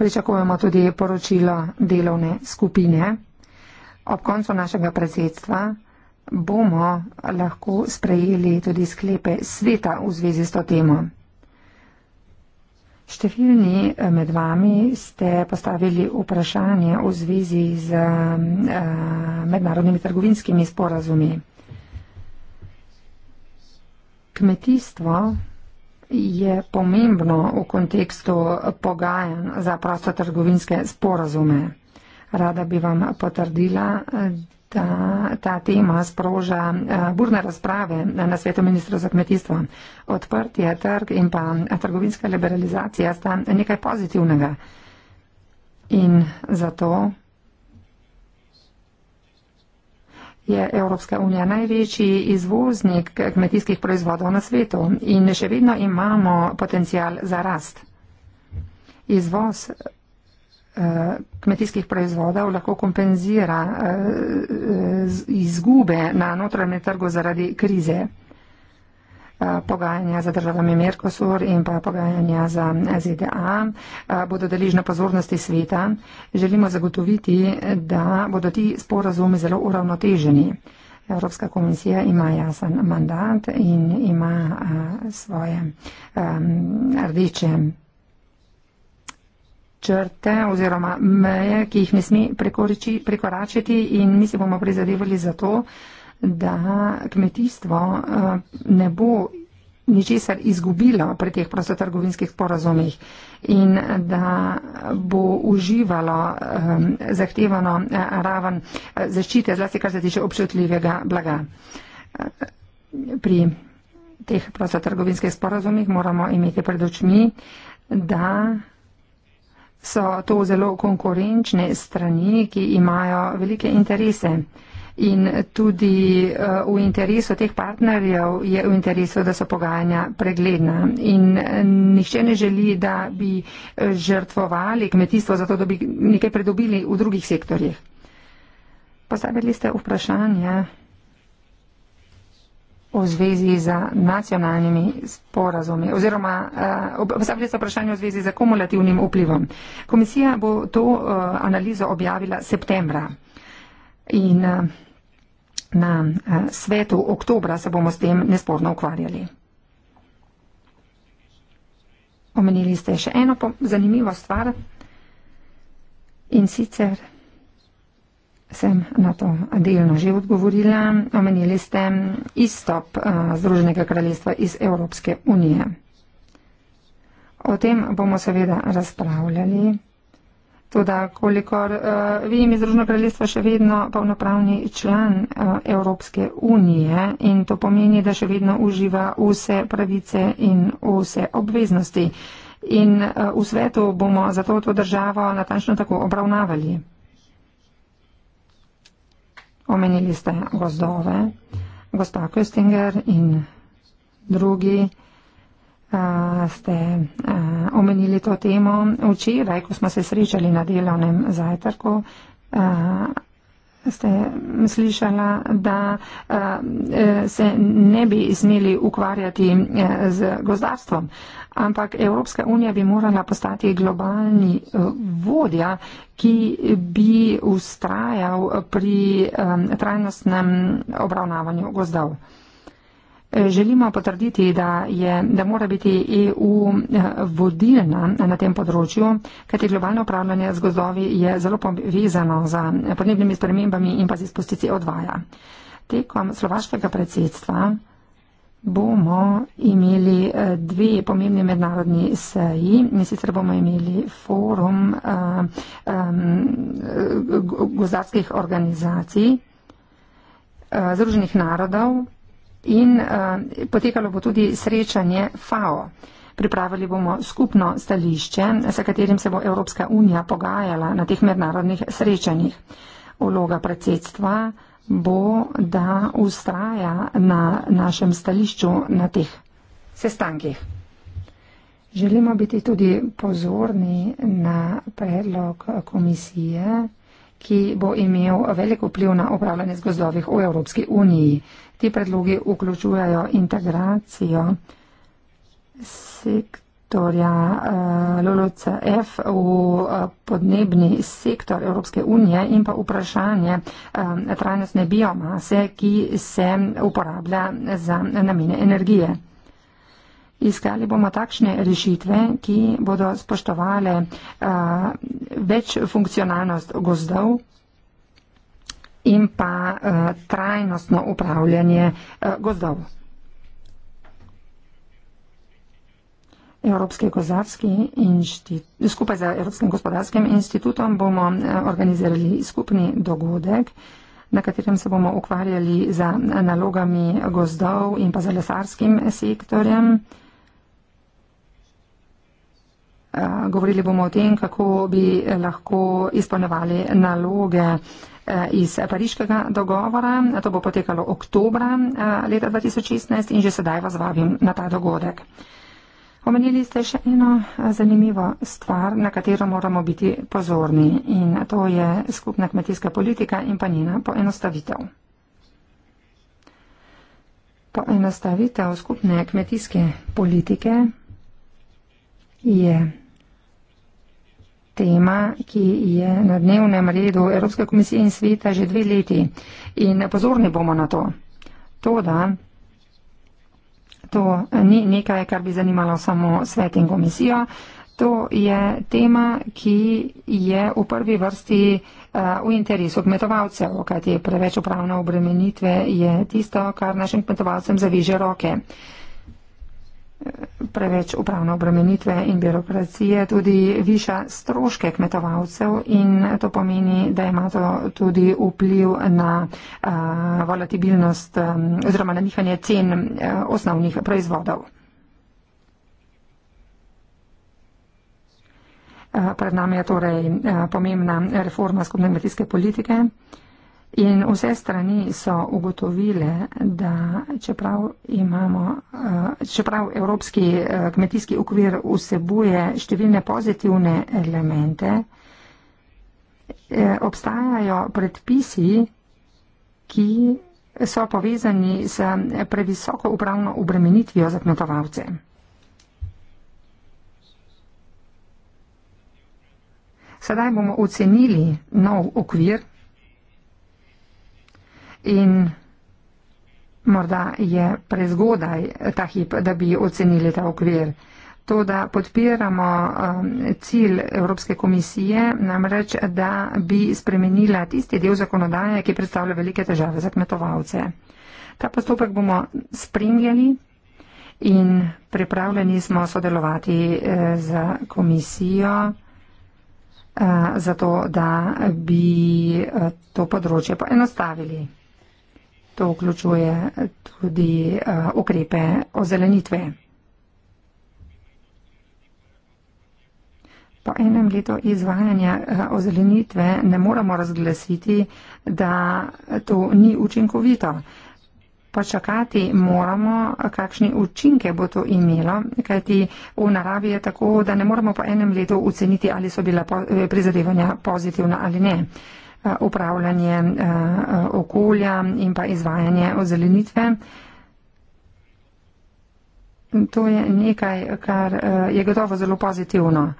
Pričakujemo tudi poročilo delovne skupine. Ob koncu našega predsedstva bomo lahko sprejeli tudi sklepe sveta v zvezi s to temo. Številni eh, med vami ste postavili vprašanje v zvezi z eh, mednarodnimi trgovinskimi sporazumi. Kmetijstvo je pomembno v kontekstu pogajanj za prostotrgovinske sporazume rada bi vam potrdila, da ta tema sproža eh, burne razprave na svetu ministra za kmetijstvo. Odprtje trg in pa trgovinska liberalizacija sta nekaj pozitivnega. In zato je Evropska unija največji izvoznik kmetijskih proizvodov na svetu in še vedno imamo potencial za rast. Izvoz Eh, kmetijskih proizvodov lahko kompenzira eh, izgube na notranjem trgu zaradi krize eh, pogajanja za državami Merkosur in pa pogajanja za ZDA bodo deležne pozornosti sveta. Želimo zagotoviti, da bodo ti sporazumi zelo uravnoteženi. Evropska komisija ima jasen mandat in ima svoje rdeče črte oziroma meje, ki jih ne sme prekoračiti in mi se bomo prizadevali za to, da kmetijstvo eh, ne bo ničesar izgubilo pri teh prostotrgovinskih porazumih in da bo uživalo eh, zahtevano eh, raven zaščite, zlasti kar se tiče občutljivega blaga. Pri teh prostotrgovinskih porazumih moramo imeti pred očmi, da so to zelo konkurenčne strani, ki imajo velike interese. In tudi eh, v interesu teh partnerjev je v interesu, da so pogajanja pregledna. In eh, nihče ne želi, da bi eh, žrtvovali kmetijstvo, zato da bi nekaj pridobili v drugih sektorjih. Postavili ste vprašanje. Ja v zvezi z nacionalnimi sporazumi oziroma uh, postavili so vprašanje v zvezi z akumulativnim vplivom. Komisija bo to uh, analizo objavila septembra in uh, na uh, svetu oktobra se bomo s tem nesporno ukvarjali. Omenili ste še eno zanimivo stvar in sicer sem na to delno že odgovorila. Omenili ste izstop eh, Združenega kraljestva iz Evropske unije. O tem bomo seveda razpravljali. Tudi, kolikor uh, eh, vidim, je Združeno kraljestvo še vedno polnopravni član uh, Evropske unije in to pomeni, da še vedno uživa vse pravice in vse obveznosti. In uh, v svetu bomo zato to državo natančno tako obravnavali. Omenili ste gozdove, gospa Köstinger in drugi eh, ste eh, omenili to temo včeraj, ko smo se srečali na delovnem zajtrku. Eh, ste slišala, da eh, eh, se ne bi smeli ukvarjati eh, z gozdarstvom, ampak Evropska unija bi morala postati globalni vodja, ki bi ustrajal pri trajnostnem obravnavanju gozdov. Želimo potrditi, da, je, da mora biti EU eh, vodilna na tem področju, kajti globalno upravljanje z gozdovi je zelo povezano z podnebnimi spremembami in pa z izpustici odvaja. Tekom slovaškega predsedstva bomo imeli eh, dve pomembni mednarodni seji, in sicer bomo imeli forum uh, um, gozdarskih organizacij uh, Združenih narodov in uh, potekalo bo tudi srečanje FAO. Pripravili bomo skupno stališče, s katerim se bo Evropska unija pogajala na teh mednarodnih srečanjih. Uloga predsedstva bo, da ustraja na našem stališču na teh sestankih. Želimo biti tudi pozorni na predlog komisije, ki bo imel veliko vpliv na upravljanje z gozdovih v Evropski uniji. Ti predlogi vključujejo integracijo sektorja eh, LOLCF v eh, podnebni sektor Evropske unije in pa vprašanje eh, trajnostne biomase, ki se uporablja za namene energije. Iskali bomo takšne rešitve, ki bodo spoštovale uh, več funkcionalnost gozdov, in pa eh, trajnostno upravljanje eh, gozdov. Evropski gozdarski inštitut, skupaj z Evropskim gospodarskim inštitutom bomo eh, organizirali skupni dogodek, na katerem se bomo ukvarjali z nalogami gozdov in pa z lesarskim sektorjem. Eh, govorili bomo o tem, kako bi lahko izpolnjevali naloge eh, iz pariškega dogovora. To bo potekalo oktobra eh, leta 2016 in že sedaj vas vabim na ta dogodek. Omenili ste še eno zanimivo stvar, na katero moramo biti pozorni in to je skupna kmetijska politika in pa njena poenostavitev. Poenostavitev skupne kmetijske politike je. Yeah tema, ki je na dnevnem redu Evropske komisije in sveta že dve leti in pozorni bomo na to. To, da to ni nekaj, kar bi zanimalo samo svet in komisijo, to je tema, ki je v prvi vrsti eh, v interesu kmetovalcev, kajti preveč upravna obremenitve je tisto, kar našim kmetovalcem zaviže roke preveč upravne obremenitve in birokracije, tudi viša stroške kmetovalcev in to pomeni, da ima to tudi vpliv na uh, volatibilnost um, oziroma na nihanje cen uh, osnovnih proizvodov. Uh, pred nami je torej uh, pomembna reforma skupne kmetijske politike. Uh, In vse strani so ugotovile, da čeprav, imamo, eh, čeprav evropski eh, kmetijski okvir vsebuje številne pozitivne elemente, eh, obstajajo predpisi, ki so povezani s previsoko upravno obremenitvijo za kmetovalce. Sedaj bomo ocenili nov okvir in morda je prezgodaj ta hip, da bi ocenili ta okvir. To, da podpiramo um, cilj Evropske komisije, namreč, da bi spremenila tisti del zakonodaje, ki predstavlja velike težave za kmetovalce. Ta postopek bomo spremljali in pripravljeni smo sodelovati eh, z komisijo eh, za to, da bi eh, to področje poenostavili. To vključuje tudi uh, ukrepe ozelenitve. Po enem letu izvajanja eh, ozelenitve ne moramo razglasiti, da to ni učinkovito. Pa čakati moramo, kakšni učinke bo to imelo, kajti v naravi je tako, da ne moramo po enem letu oceniti, ali so bila prizadevanja pozitivna ali ne. Uh, Eh, upravljanje eh, okolja in pa izvajanje ozelenitve. To je nekaj, kar eh, je gotovo zelo pozitivno.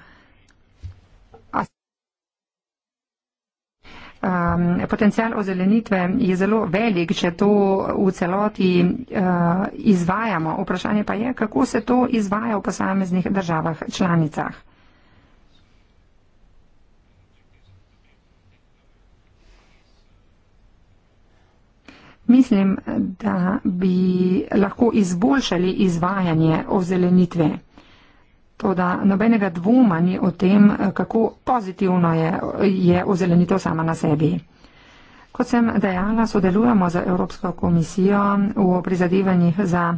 Ehm, Potencijal ozelenitve je zelo velik, če to v celoti izvajamo. Vprašanje pa je, kako se to izvaja v posameznih državah članicah. Mislim, da bi lahko izboljšali izvajanje ozelenitve. Toda nobenega dvoma ni o tem, kako pozitivno je, je ozelenitev sama na sebi. Kot sem dejala, sodelujemo z Evropsko komisijo v prizadevanjih za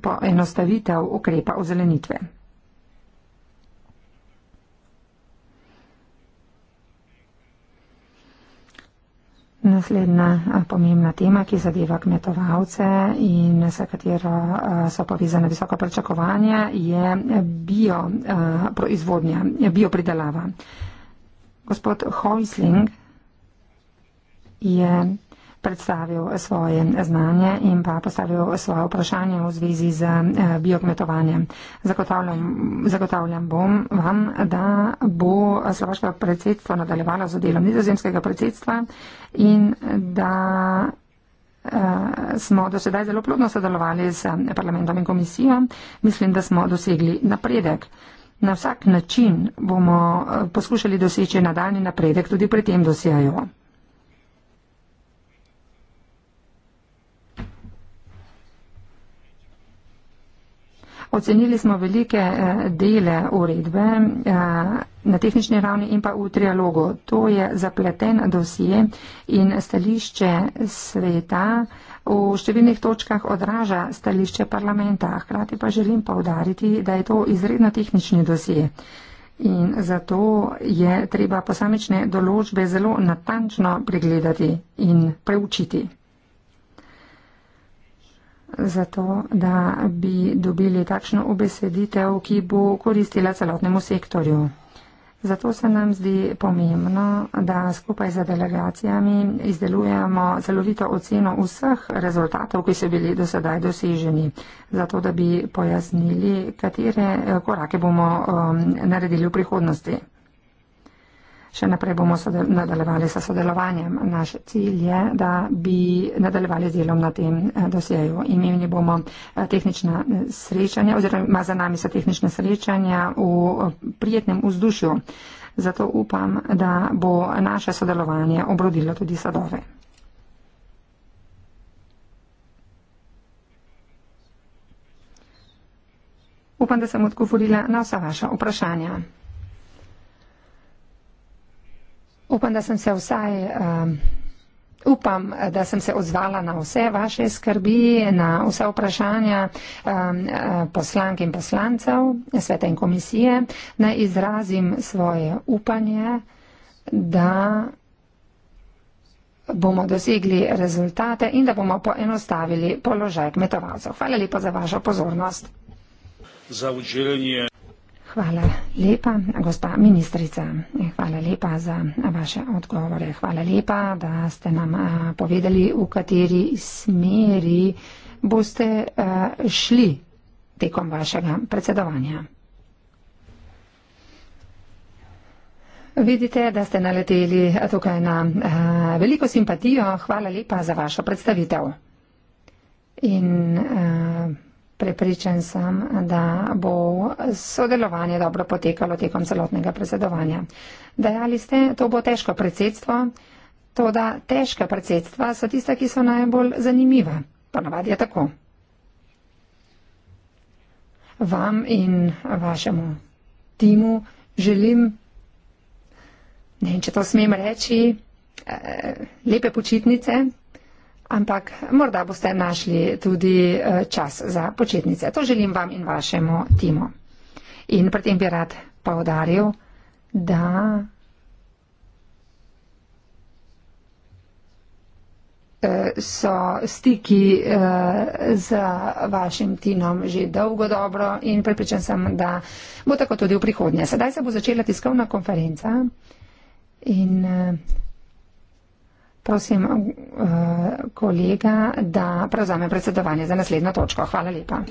poenostavitev ukrepa ozelenitve. Naslednja pomembna tema, ki zadeva kmetovalce in s katero so povezane visoka pričakovanja, je bioproizvodnja, biopridelava. Gospod Hoisling je predstavil svoje znanje in pa postavil svoje vprašanje v zvezi z eh, biokmetovanjem. Zagotavljam, zagotavljam bom vam, da bo slovaško predsedstvo nadaljevalo z delom nizozemskega predsedstva in da eh, smo do sedaj zelo plodno sodelovali z parlamentom in komisijo. Mislim, da smo dosegli napredek. Na vsak način bomo eh, poskušali doseči nadaljni napredek tudi pri tem dosjeju. Ocenili smo velike eh, dele uredbe eh, na tehnični ravni in pa v trialogu. To je zapleten dosije in stališče sveta v številnih točkah odraža stališče parlamenta. Hkrati pa želim povdariti, da je to izredno tehnični dosije. In zato je treba posamične določbe zelo natančno pregledati in preučiti zato, da bi dobili takšno obeseditev, ki bo koristila celotnemu sektorju. Zato se nam zdi pomembno, da skupaj z delegacijami izdelujemo celovito oceno vseh rezultatov, ki so bili do sedaj doseženi, zato da bi pojasnili, katere korake bomo um, naredili v prihodnosti. Še naprej bomo nadaljevali sa sodelovanjem. Naš cilj je, da bi nadaljevali z delom na tem eh, dosjeju. Imeli bomo eh, tehnična eh, srečanja oziroma za nami so tehnična srečanja v prijetnem vzdušju. Zato upam, da bo naše sodelovanje obrodilo tudi sadove. Upam, da sem odgovorila na vsa vaša vprašanja. Upam, da sem se vsaj. Um, Upam, da sem se odzvala na vse vaše skrbi, na vse vprašanja um, uh, poslank in poslancev Sveta in komisije. Naj izrazim svoje upanje, da bomo dosegli rezultate in da bomo poenostavili položaj kmetovalcev. Hvala lepa za vašo pozornost. Za Hvala lepa, gospa ministrica. Hvala lepa za vaše odgovore. Hvala lepa, da ste nam povedali, v kateri smeri boste šli tekom vašega predsedovanja. Vidite, da ste naleteli tukaj na veliko simpatijo. Hvala lepa za vašo predstavitev. In, uh, Prepričan sem, da bo sodelovanje dobro potekalo tekom celotnega predsedovanja. Dejali ste, to bo težko predsedstvo, to da težka predsedstva so tista, ki so najbolj zanimiva. Ponavadi je tako. Vam in vašemu timu želim, ne vem, če to smem reči, eh, lepe počitnice ampak morda boste našli tudi eh, čas za počitnice. To želim vam in vašemu timu. In pri tem bi rad povdaril, da. so stiki eh, z vašim tinom že dolgo dobro in pripričan sem, da bo tako tudi v prihodnje. Sedaj se bo začela tiskovna konferenca in eh, prosim uh, kolega, da prevzame predsedovanje za naslednjo točko. Hvala lepa.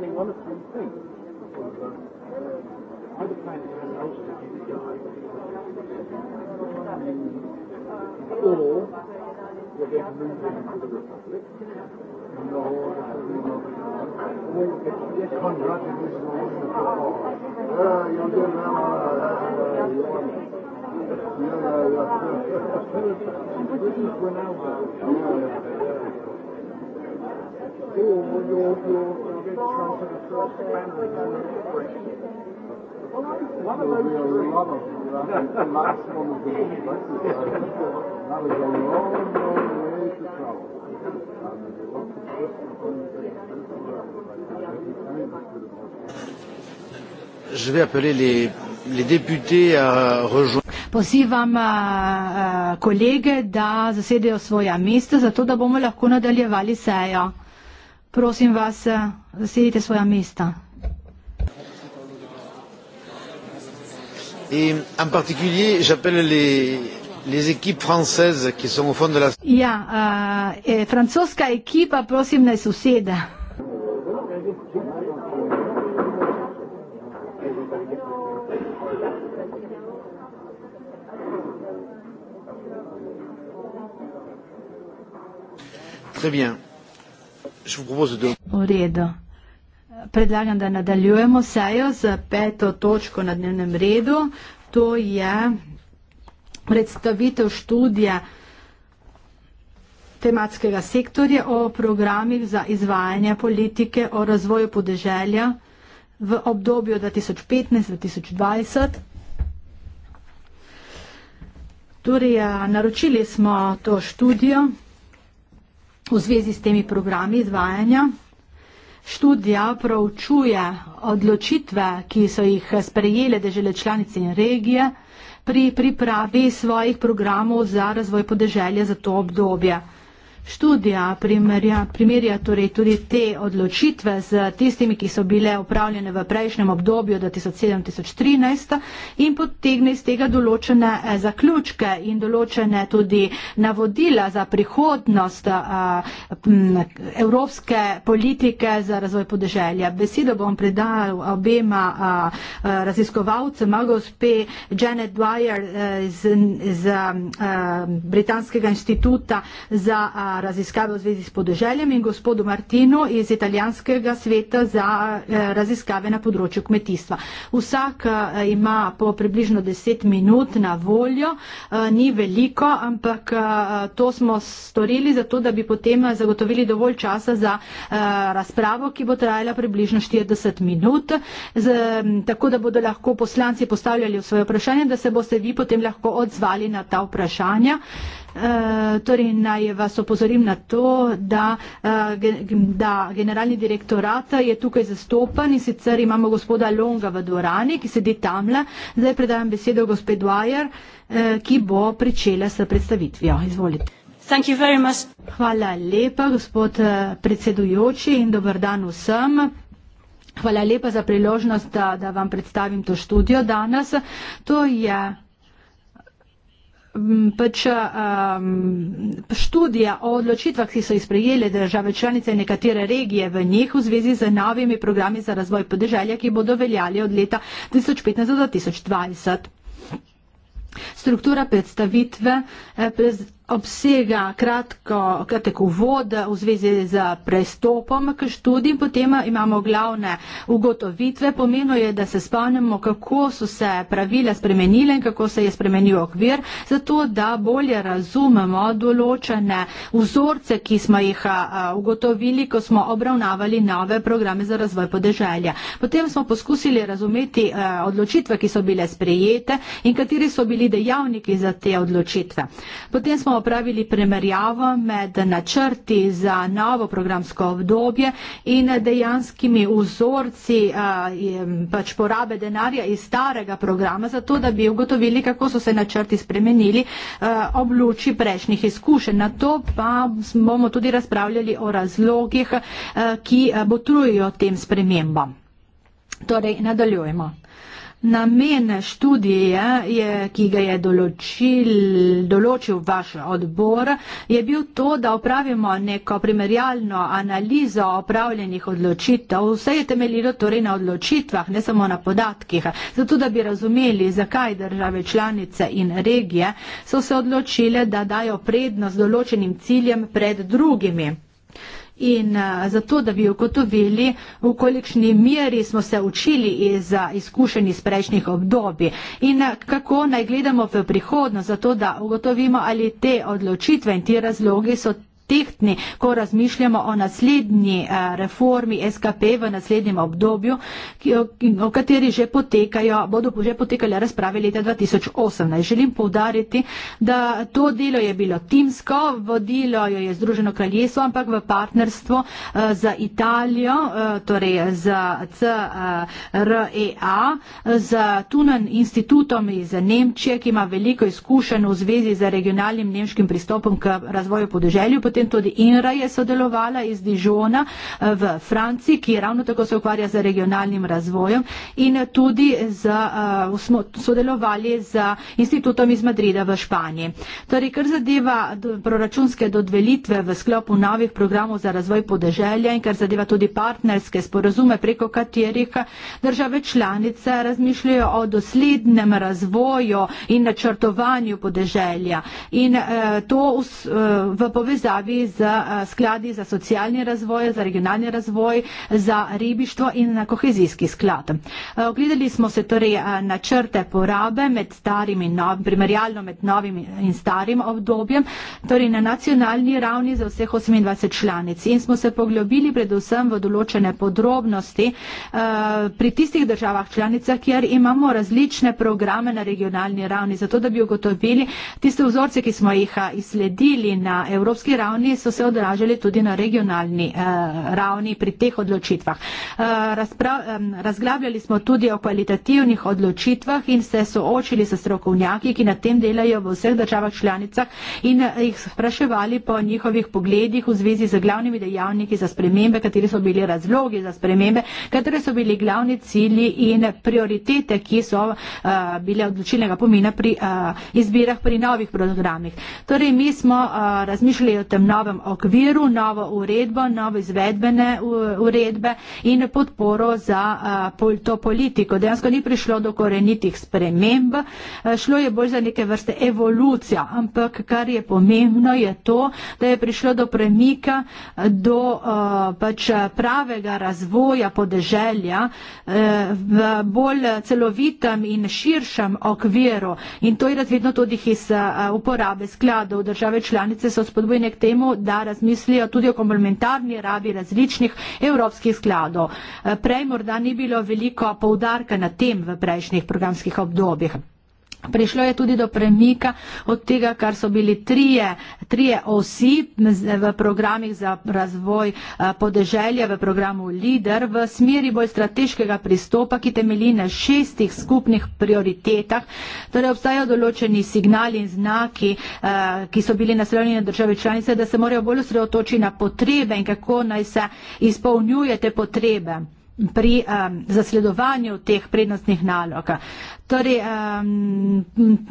standing on its own feet. Or we're going to move into the Republic. No, we get congratulations. Ah, you're doing now. Yeah, yeah, yeah. Oh, you're, you're One of those three. One of them. The last one of the That is a long, long way to travel. And there's lots of questions on Je vais appeler les, les députés à rejoindre. Pozivam uh, kolege, da zasedejo svoja mesta, zato da bomo lahko nadaljevali sejo. Prosim vas, zasedite eh, svoja mesta. In particulier, j'appelle les, les équipes françaises qui sont au fond de la. Ja, uh, eh, francoska ekipa, prosim, ne soseda. Très bien še kako bo zadev. V redu. Predlagam, da nadaljujemo sejo z peto točko na dnevnem redu. To je predstavitev študija tematskega sektorja o programih za izvajanje politike o razvoju podeželja v obdobju 2015-2020. Torej, ja, naročili smo to študijo v zvezi s temi programi izvajanja. Študija proučuje odločitve, ki so jih sprejele države članice in regije pri pripravi svojih programov za razvoj podeželja za to obdobje študija primerja, primerja torej tudi te odločitve z tistimi, ki so bile upravljene v prejšnjem obdobju 2007-2013 in potegne iz tega določene eh, zaključke in določene tudi navodila za prihodnost a, eh, m, evropske politike za razvoj podeželja. Besedo bom predal obema a, eh, a, raziskovalcema, gospe Janet Dwyer a, z, z a, a, Britanskega inštituta za a, raziskave v zvezi s podeželjem in gospodu Martinu iz italijanskega sveta za eh, raziskave na področju kmetijstva. Vsak eh, ima po približno deset minut na voljo, eh, ni veliko, ampak to smo storili zato, da bi potem zagotovili dovolj časa za razpravo, ki bo trajala približno 40 minut, tako da bodo lahko poslanci postavljali svoje vprašanje, da se boste vi potem lahko odzvali na ta vprašanja. Eh, torej naj vas opozorim na to, da, eh, da generalni direktorat je tukaj zastopan in sicer imamo gospoda Longa v dvorani, ki sedi tamle. Zdaj predajam besedo gospe Dwyer, eh, ki bo pričela s predstavitvijo. Izvolite. Hvala lepa, gospod predsedujoči in dober dan vsem. Hvala lepa za priložnost, da, da vam predstavim to študijo danes. To je pač um, študija o odločitvah, ki so jih sprejeli države članice in nekatere regije v njih v zvezi z novimi programi za razvoj podeželja, ki bodo veljali od leta 2015 do 2020. Struktura predstavitve. Eh, prez, obsega kratko, kratek uvod v zvezi z prestopom k študijem, potem imamo glavne ugotovitve. Pomeno je, da se spomnimo, kako so se pravila spremenile in kako se je spremenil okvir, zato da bolje razumemo določene vzorce, ki smo jih ugotovili, ko smo obravnavali nove programe za razvoj podeželja. Potem smo poskusili razumeti odločitve, ki so bile sprejete in kateri so bili dejavniki za te odločitve. Potem smo opravili primerjavo med načrti za novo programsko obdobje in dejanskimi vzorci pač porabe denarja iz starega programa, zato da bi ugotovili, kako so se načrti spremenili ob luči prejšnjih izkušenj. Na to pa bomo tudi razpravljali o razlogih, ki botrujo tem spremembam. Torej, nadaljujemo. Namen študije, je, ki ga je določil, določil vaš odbor, je bil to, da opravimo neko primerjalno analizo opravljenih odločitev. Vse je temeljilo torej na odločitvah, ne samo na podatkih, zato da bi razumeli, zakaj države članice in regije so se odločile, da dajo prednost določenim ciljem pred drugimi. In zato, da bi ugotovili, v kolikšni meri smo se učili iz izkušenj iz prejšnjih obdobij in kako naj gledamo v prihodnost, zato da ugotovimo, ali te odločitve in ti razlogi so tehtni, ko razmišljamo o naslednji eh, reformi SKP v naslednjem obdobju, o kateri že potekajo, bodo že potekale razprave leta 2018. Želim povdariti, da to delo je bilo timsko, vodilo jo je Združeno kraljestvo, ampak v partnerstvu eh, z Italijo, eh, torej z CREA, z Tunan institutom iz Nemčije, ki ima veliko izkušenj v zvezi z regionalnim nemškim pristopom k razvoju podeželju. Potem potem tudi INRA je sodelovala iz Dižona eh, v Franciji, ki ravno tako se ukvarja z regionalnim razvojem in tudi z, uh, smo sodelovali z institutom iz Madrida v Španiji. Torej, kar zadeva proračunske dodvelitve v sklopu novih programov za razvoj podeželja in kar zadeva tudi partnerske sporozume, preko katerih države članice razmišljajo o doslednem razvoju in načrtovanju podeželja. In uh, to v, uh, v povezavi državi, z skladi za socialni razvoj, za regionalni razvoj, za ribištvo in na kohezijski sklad. Ogledali smo se torej na črte porabe med starim in novim, primerjalno med novim in starim obdobjem, torej na nacionalni ravni za vseh 28 članic. In smo se poglobili predvsem v določene podrobnosti pri tistih državah članicah, kjer imamo različne programe na regionalni ravni, zato da bi ugotovili tiste vzorce, ki smo jih izsledili na evropski ravni ravni so se odražali tudi na regionalni eh, ravni pri teh odločitvah. Eh, razprav, eh, razglabljali smo tudi o kvalitativnih odločitvah in se soočili s strokovnjaki, ki na tem delajo v vseh državah članicah in eh, jih spraševali po njihovih pogledih v zvezi z glavnimi dejavniki za spremembe, kateri so bili razlogi za spremembe, kateri so bili glavni cilji in prioritete, ki so eh, bile odločilnega pomena pri eh, izbirah pri novih programih. Torej, mi smo eh, razmišljali o tem, nekem novem okviru, novo uredbo, novo izvedbene uredbe in podporo za to politiko. Dejansko ni prišlo do korenitih sprememb, šlo je bolj za neke vrste evolucija, ampak kar je pomembno je to, da je prišlo do premika, do pač pravega razvoja podeželja v bolj celovitem in širšem okviru. In to je razvidno tudi iz uporabe skladov. Države članice so spodbojene k tej temu, da razmislijo tudi o komplementarni rabi različnih evropskih skladov. Eh, prej morda ni bilo veliko poudarka na tem v prejšnjih programskih obdobjih. Prišlo je tudi do premika od tega, kar so bili trije, trije osi v programih za razvoj eh, podeželja v programu LIDER v smeri bolj strateškega pristopa, ki temelji na šestih skupnih prioritetah. Torej obstajajo določeni signali in znaki, eh, ki so bili naslovljeni na države članice, da se morajo bolj osredotočiti na potrebe in kako naj se izpolnjuje te potrebe pri um, zasledovanju teh prednostnih nalog. Torej, um,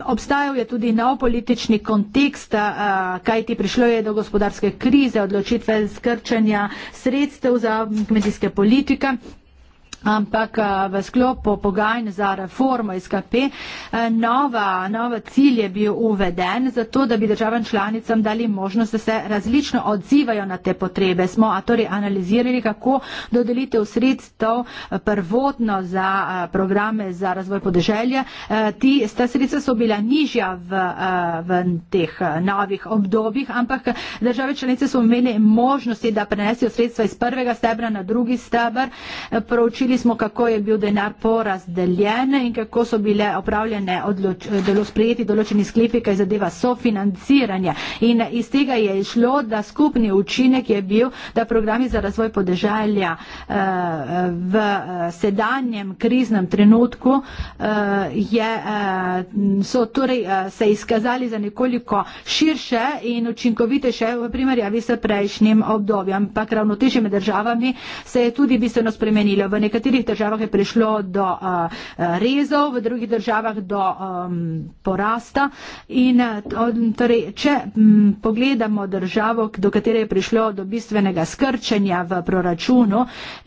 obstajal je tudi nov politični kontekst, uh, kajti prišlo je do gospodarske krize, odločitve skrčanja sredstev za kmetijske politike ampak eh, v sklopu pogajanj za reformo SKP eh, nova, nova cilj je bil uveden, zato da bi državam članicam dali možnost, da se različno odzivajo na te potrebe. Smo torej analizirali, kako dodelitev sredstev eh, prvotno za programe za razvoj podeželja. Ti, ta sredstva so bila nižja v, v teh novih obdobjih, ampak države članice so imeli možnosti, da prenesijo sredstva iz prvega stebra na drugi stebr. Proučili videli smo, kako je bil denar porazdeljen in kako so bile opravljene odloč, delo sprejeti določeni sklepi, kaj zadeva sofinanciranje. In iz tega je šlo, da skupni učinek je bil, da programi za razvoj podeželja eh, v eh, sedanjem kriznem trenutku eh, je, so torej se izkazali za nekoliko širše in učinkovitejše v primerjavi s prejšnjim obdobjem. Pak ravnotežje med državami se je tudi bistveno spremenilo nekaterih državah je prišlo do uh, rezov, v drugih državah do um, porasta. In, eh, torej, če um, pogledamo državo, do katere je prišlo do bistvenega skrčenja v proračunu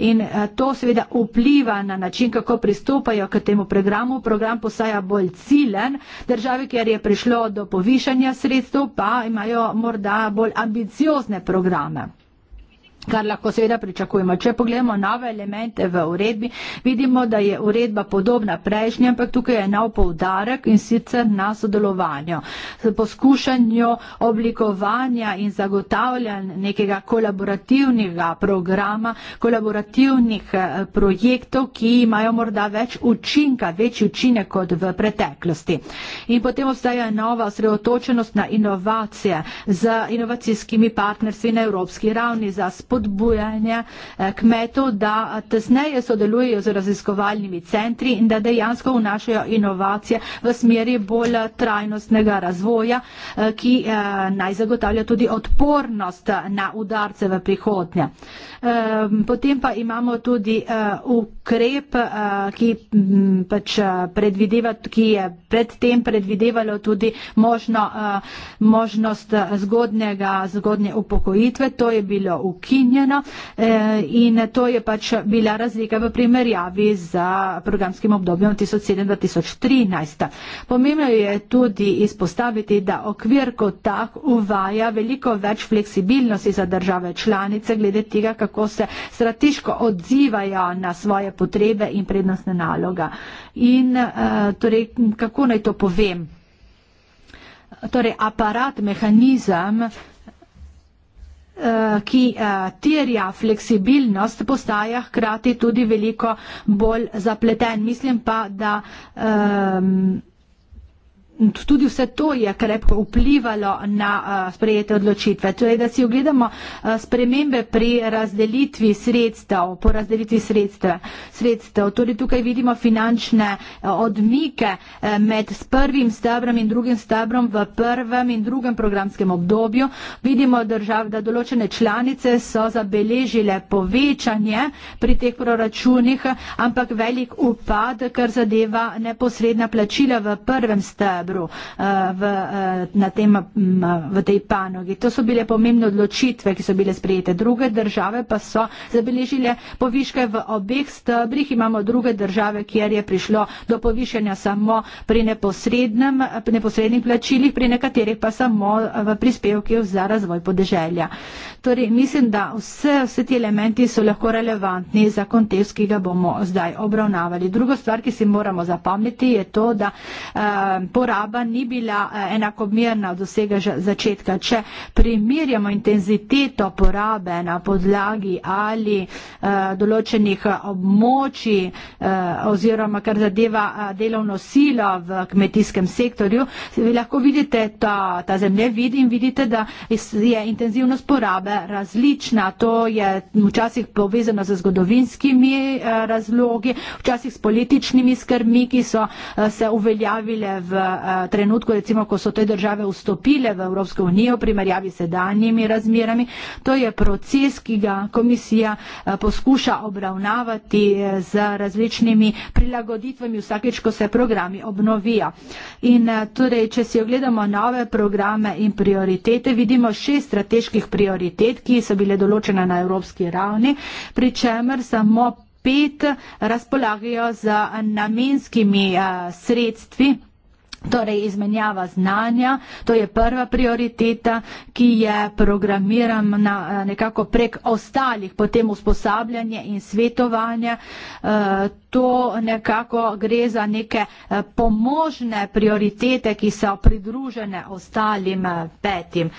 in uh, to seveda vpliva na način, kako pristopajo k temu programu, program postaja bolj ciljen, države, kjer je prišlo do povišanja sredstev, pa imajo morda bolj ambiciozne programe kar lahko seveda pričakujemo. Če pogledamo nove elemente v uredbi, vidimo, da je uredba podobna prejšnji, ampak tukaj je nov poudarek in sicer na sodelovanju, poskušanju oblikovanja in zagotavljanja nekega kolaborativnega programa, kolaborativnih eh, projektov, ki imajo morda več učinka, večji učinek kot v preteklosti. In potem obstaja nova osredotočenost na inovacije z inovacijskimi partnerstvi na evropski ravni za spolnost spodbujanja eh, kmetov, da eh, tesneje sodelujejo z raziskovalnimi centri in da dejansko vnašajo inovacije v smeri bolj eh, trajnostnega razvoja, ki naj zagotavlja tudi odpornost na udarce v prihodnje. Ehm, potem pa imamo tudi ukrep, ki, mm, pač predvideva, ki je predtem predvidevalo tudi možno, možnost zgodnega, zgodne upokojitve, to je bilo ukinjeno prekinjeno eh, in to je pač bila razlika v primerjavi z programskim obdobjem 2007-2013. Pomembno je tudi izpostaviti, da okvir kot tak uvaja veliko več fleksibilnosti za države članice glede tega, kako se strateško odzivajo na svoje potrebe in prednostne naloga. In eh, torej, kako naj to povem? Torej, aparat, mehanizem, Eh, ki eh, terja fleksibilnost, postaja hkrati tudi veliko bolj zapleten. Mislim pa, da um, tudi vse to je krepko vplivalo na eh, sprejete odločitve. Torej, da si ogledamo eh, spremembe pri razdelitvi sredstev, po razdelitvi sredstev. sredstev. Torej, tukaj vidimo finančne eh, odmike med prvim stebrom in drugim stebrom v prvem in drugem programskem obdobju. Vidimo, držav, da določene članice so zabeležile povečanje pri teh proračunih, ampak velik upad, kar zadeva neposredna plačila v prvem stebru kadru eh, v, eh, na tem, mm, v tej panogi. To so bile pomembne odločitve, ki so bile sprejete. Druge države pa so zabeležile poviške v obeh stebrih. Imamo druge države, kjer je prišlo do povišanja samo pri neposrednih plačilih, pri nekaterih pa samo eh, v prispevkih za razvoj podeželja. Torej, mislim, da vse, vse ti elementi so lahko relevantni za kontekst, ki ga bomo zdaj obravnavali. Druga stvar, ki si moramo zapomniti, je to, da uh, porabimo slaba, ni bila eh, enakomerna od vsega začetka. Če primerjamo intenziteto porabe na podlagi ali eh, določenih območij eh, oziroma kar zadeva delovno silo v kmetijskem sektorju, vi lahko vidite ta, ta zemlje vidi in vidite, da je intenzivnost porabe različna. To je včasih povezano z zgodovinskimi razlogi, včasih s političnimi skrbmi, ki so se uveljavile v Eh, trenutku, recimo, ko so te države vstopile v Evropsko unijo, primerjavi s danjimi razmerami. To je proces, ki ga komisija eh, poskuša obravnavati eh, z različnimi prilagoditvami vsakeč, ko se programi obnovijo. In torej, če si ogledamo nove programe in prioritete, vidimo šest strateških prioritet, ki so bile določene na evropski ravni, pri čemer samo pet razpolagajo z namenskimi sredstvi Torej izmenjava znanja, to je prva prioriteta, ki je programirana eh, nekako prek ostalih, potem usposabljanje in svetovanje. Eh, to nekako gre za neke eh, pomožne prioritete, ki so pridružene ostalim petim.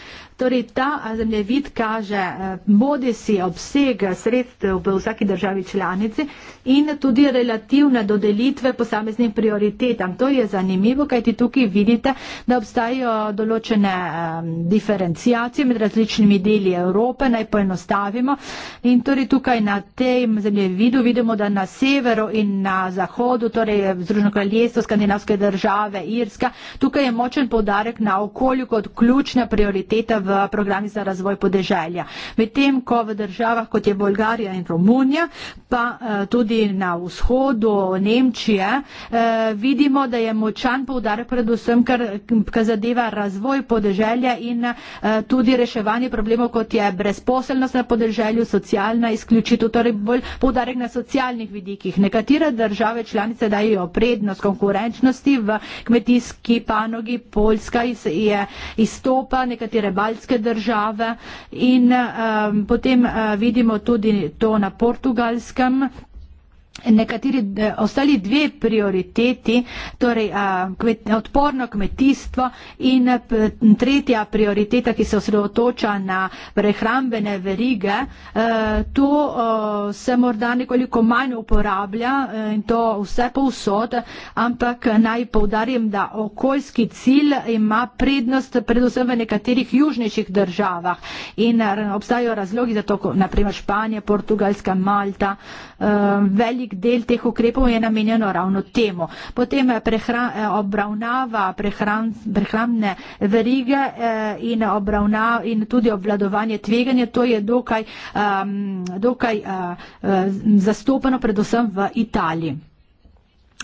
Torej, ta eh, zemljevid kaže eh, bodi si obseg sredstev v vsaki državi članici in tudi relativne dodelitve posameznim prioritetam. To je zanimivo, kajti tukaj vidite, da obstajajo določene eh, diferencijacije med različnimi deli Evrope, naj poenostavimo. In torej tukaj na tem zemljevidu vidimo, da na severu in na zahodu, torej Združeno kraljestvo, skandinavske države, Irska, tukaj je močen podarek na okolju kot ključna prioriteta v programih za razvoj podeželja. Medtem ko v državah, kot je Bolgarija in Romunija, pa eh, tudi na vzhodu Nemčije, eh, vidimo, da je močan poudarek predvsem, kar, kar zadeva razvoj podeželja in eh, tudi reševanje problemov, kot je brezposelnost na podeželju, socialna izključitev, torej bolj poudarek na socialnih vidikih. Nekatere države članice dajo prednost konkurenčnosti v kmetijski panogi, Poljska iz, je izstopa, nekatere Balci evropske države in um, potem uh, vidimo tudi to na portugalskem. Nekateri, eh, ostali dve prioriteti, torej a, kvet, odporno kmetijstvo in eh, p, tretja prioriteta, ki se osredotoča na prehrambene verige, a, eh, to a, se morda nekoliko manj uporablja a, in to vse povsod, ampak naj povdarim, da okoljski cilj ima prednost predvsem v nekaterih južnejših državah in a, obstajajo razlogi za to, naprimer Španija, Portugalska, Malta. A, Ehm, velik del teh ukrepov je namenjeno ravno temu. Potem eh, eh, obravnava prehran, prehranne verige eh, in, obravnav, in tudi obvladovanje tveganja, to je dokaj, ehm, dokaj zastopeno predvsem v Italiji.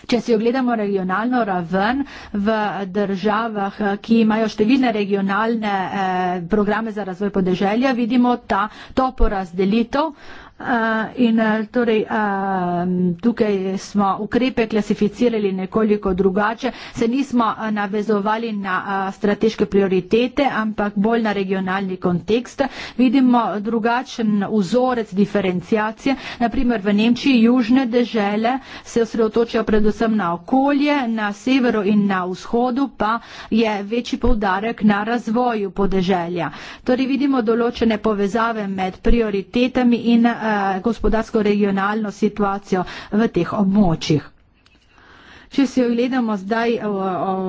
Če si ogledamo regionalno raven v državah, ki imajo številne regionalne programe za razvoj podeželja, vidimo ta, to porazdelitev. Eh, in eh, torej ehm, tukaj smo ukrepe klasificirali nekoliko drugače, se nismo eh, navezovali na strateške prioritete, ampak bolj na regionalni kontekst. Vidimo drugačen vzorec diferencijacije, naprimer v Nemčiji južne dežele se osredotočajo predvsem na okolje, na severu in na vzhodu pa je večji povdarek na razvoju podeželja. Torej vidimo določene povezave med prioritetami in Eh, gospodarsko regionalno situacijo v teh območjih. Če se ogledamo zdaj eh,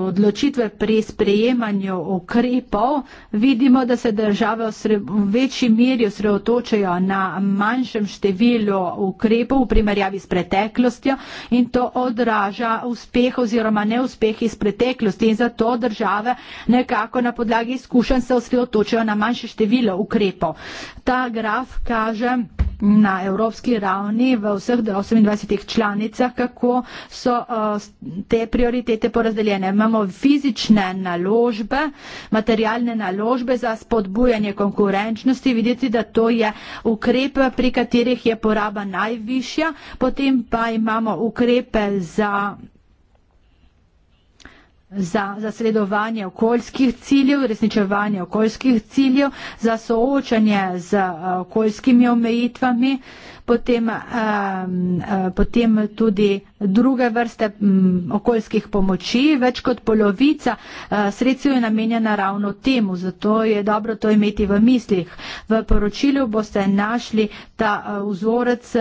odločitve pri sprejemanju ukrepov, vidimo, da se države v, sre, v večji meri osredotočajo na manjšem številu ukrepov v primerjavi s preteklostjo in to odraža uspeh oziroma neuspeh iz preteklosti in zato države nekako na podlagi izkušenj se osredotočajo na manjše število ukrepov. Ta graf kaže, na evropski ravni v vseh 28 članicah, kako so uh, te prioritete porazdeljene. Imamo fizične naložbe, materialne naložbe za spodbujanje konkurenčnosti. Vidite, da to je ukrep, pri katerih je poraba najvišja. Potem pa imamo ukrepe za za zasledovanje okoljskih ciljev, uresničevanje okoljskih ciljev, za soočanje z eh, okoljskimi omejitvami, potem, eh, potem tudi druge vrste m, okoljskih pomoči, več kot polovica sredstev je namenjena ravno temu, zato je dobro to imeti v mislih. V poročilu boste našli ta vzorec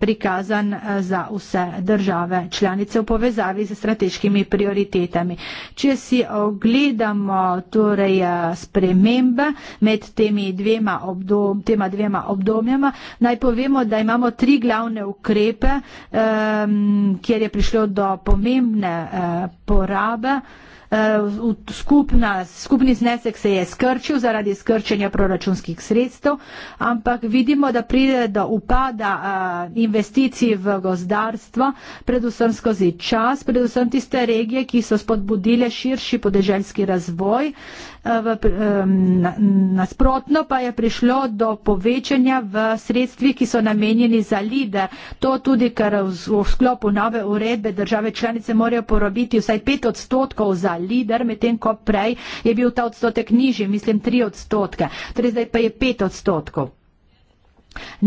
prikazan za vse države članice v povezavi z strateškimi prioritetami. Če si ogledamo torej spremembe med temi dvema, obdob, tema dvema obdobjama, naj povemo, da imamo tri glavne ukrepe. Um, kjer je prišlo do pomembne eh, porabe. Eh, skupna, skupni znesek se je skrčil zaradi skrčenja proračunskih sredstev, ampak vidimo, da pride do upada eh, investicij v gozdarstvo, predvsem skozi čas, predvsem tiste regije, ki so spodbudile širši podeželjski razvoj nasprotno pa je prišlo do povečanja v sredstvih, ki so namenjeni za lide. To tudi, ker v sklopu nove uredbe države članice morajo porobiti vsaj pet odstotkov za lider, medtem ko prej je bil ta odstotek nižji, mislim tri odstotke. Torej zdaj pa je pet odstotkov.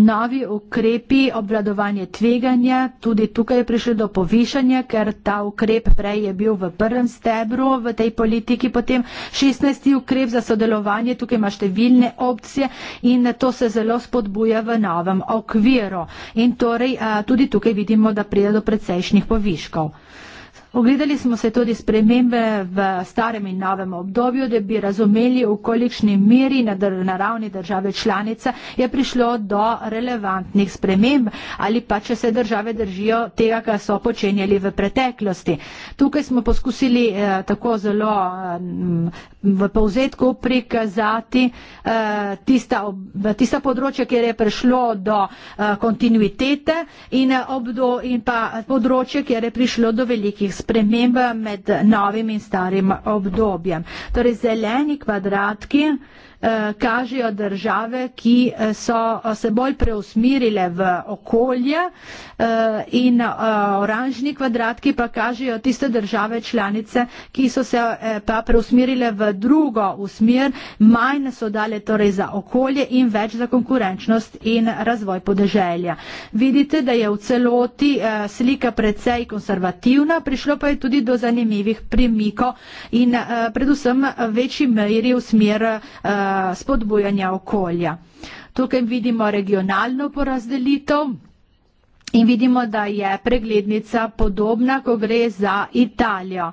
Novi ukrepi obvladovanje tveganja, tudi tukaj je prišlo do povišanja, ker ta ukrep prej je bil v prvem stebru v tej politiki, potem 16. ukrep za sodelovanje, tukaj ima številne opcije in to se zelo spodbuja v novem okviru. In torej tudi tukaj vidimo, da prije do precejšnjih poviškov. Ogledali smo se tudi spremembe v starem in novem obdobju, da bi razumeli, v kolikšni meri na, dr na ravni države članica je prišlo do relevantnih sprememb ali pa če se države držijo tega, kar so počenjali v preteklosti. Tukaj smo poskusili eh, tako zelo eh, v povzetku prikazati eh, tista, ob, tista področja, kjer je prišlo do eh, kontinuitete in, eh, obdo, in pa področja, kjer je prišlo do velikih sprememb sprememba med novim in starim obdobjem. Torej zeleni kvadratki, Eh, kažejo države, ki eh, so eh, se bolj preusmirile v okolje in oranžni kvadratki pa kažejo tiste države članice, ki so se pa preusmirile v drugo usmer, manj so dale torej za okolje in več za konkurenčnost in razvoj podeželja. Vidite, da je v celoti slika precej konservativna, prišlo pa je tudi do zanimivih premikov in predvsem večji meri usmer spodbujanja okolja. Tukaj vidimo regionalno porazdelitev in vidimo, da je preglednica podobna, ko gre za Italijo.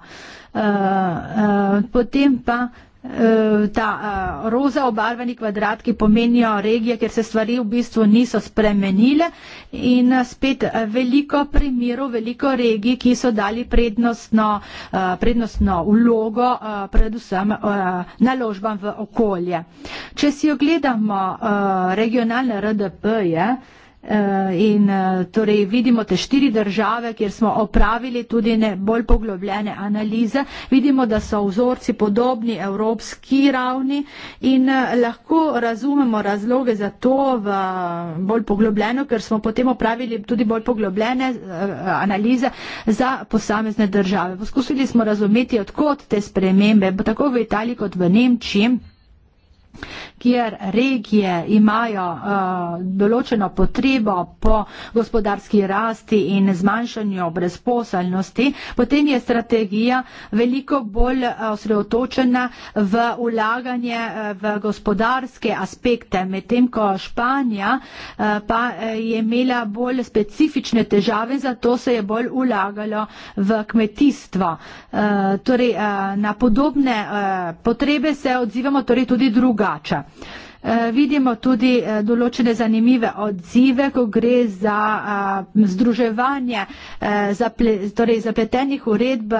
Eh, eh, potem pa Eh, ta eh, roza obarvani kvadrat, ki pomenijo regije, ker se stvari v bistvu niso spremenile in eh, spet veliko primerov, veliko regij, ki so dali prednostno, prednostno vlogo predvsem naložbam v okolje. Če si ogledamo regionalne RDP-je, Eh, in eh, torej vidimo te štiri države, kjer smo opravili tudi ne bolj poglobljene analize. Vidimo, da so vzorci podobni evropski ravni in eh, lahko razumemo razloge za to bolj poglobljeno, ker smo potem opravili tudi bolj poglobljene analize za posamezne države. Poskusili smo razumeti, odkot te spremembe, tako v Italiji kot v Nemčiji kjer regije imajo uh, določeno potrebo po gospodarski rasti in zmanjšanju brezposelnosti, potem je strategija veliko bolj eh, osredotočena v ulaganje eh, v gospodarske aspekte, medtem ko Španija uh, pa je imela bolj specifične težave, zato se je bolj ulagalo v kmetijstvo. Uh, torej, uh, na podobne uh, potrebe se odzivamo torej tudi druga drugača. Eh, vidimo tudi eh, določene zanimive odzive, ko gre za eh, združevanje torej zapletenih uredb.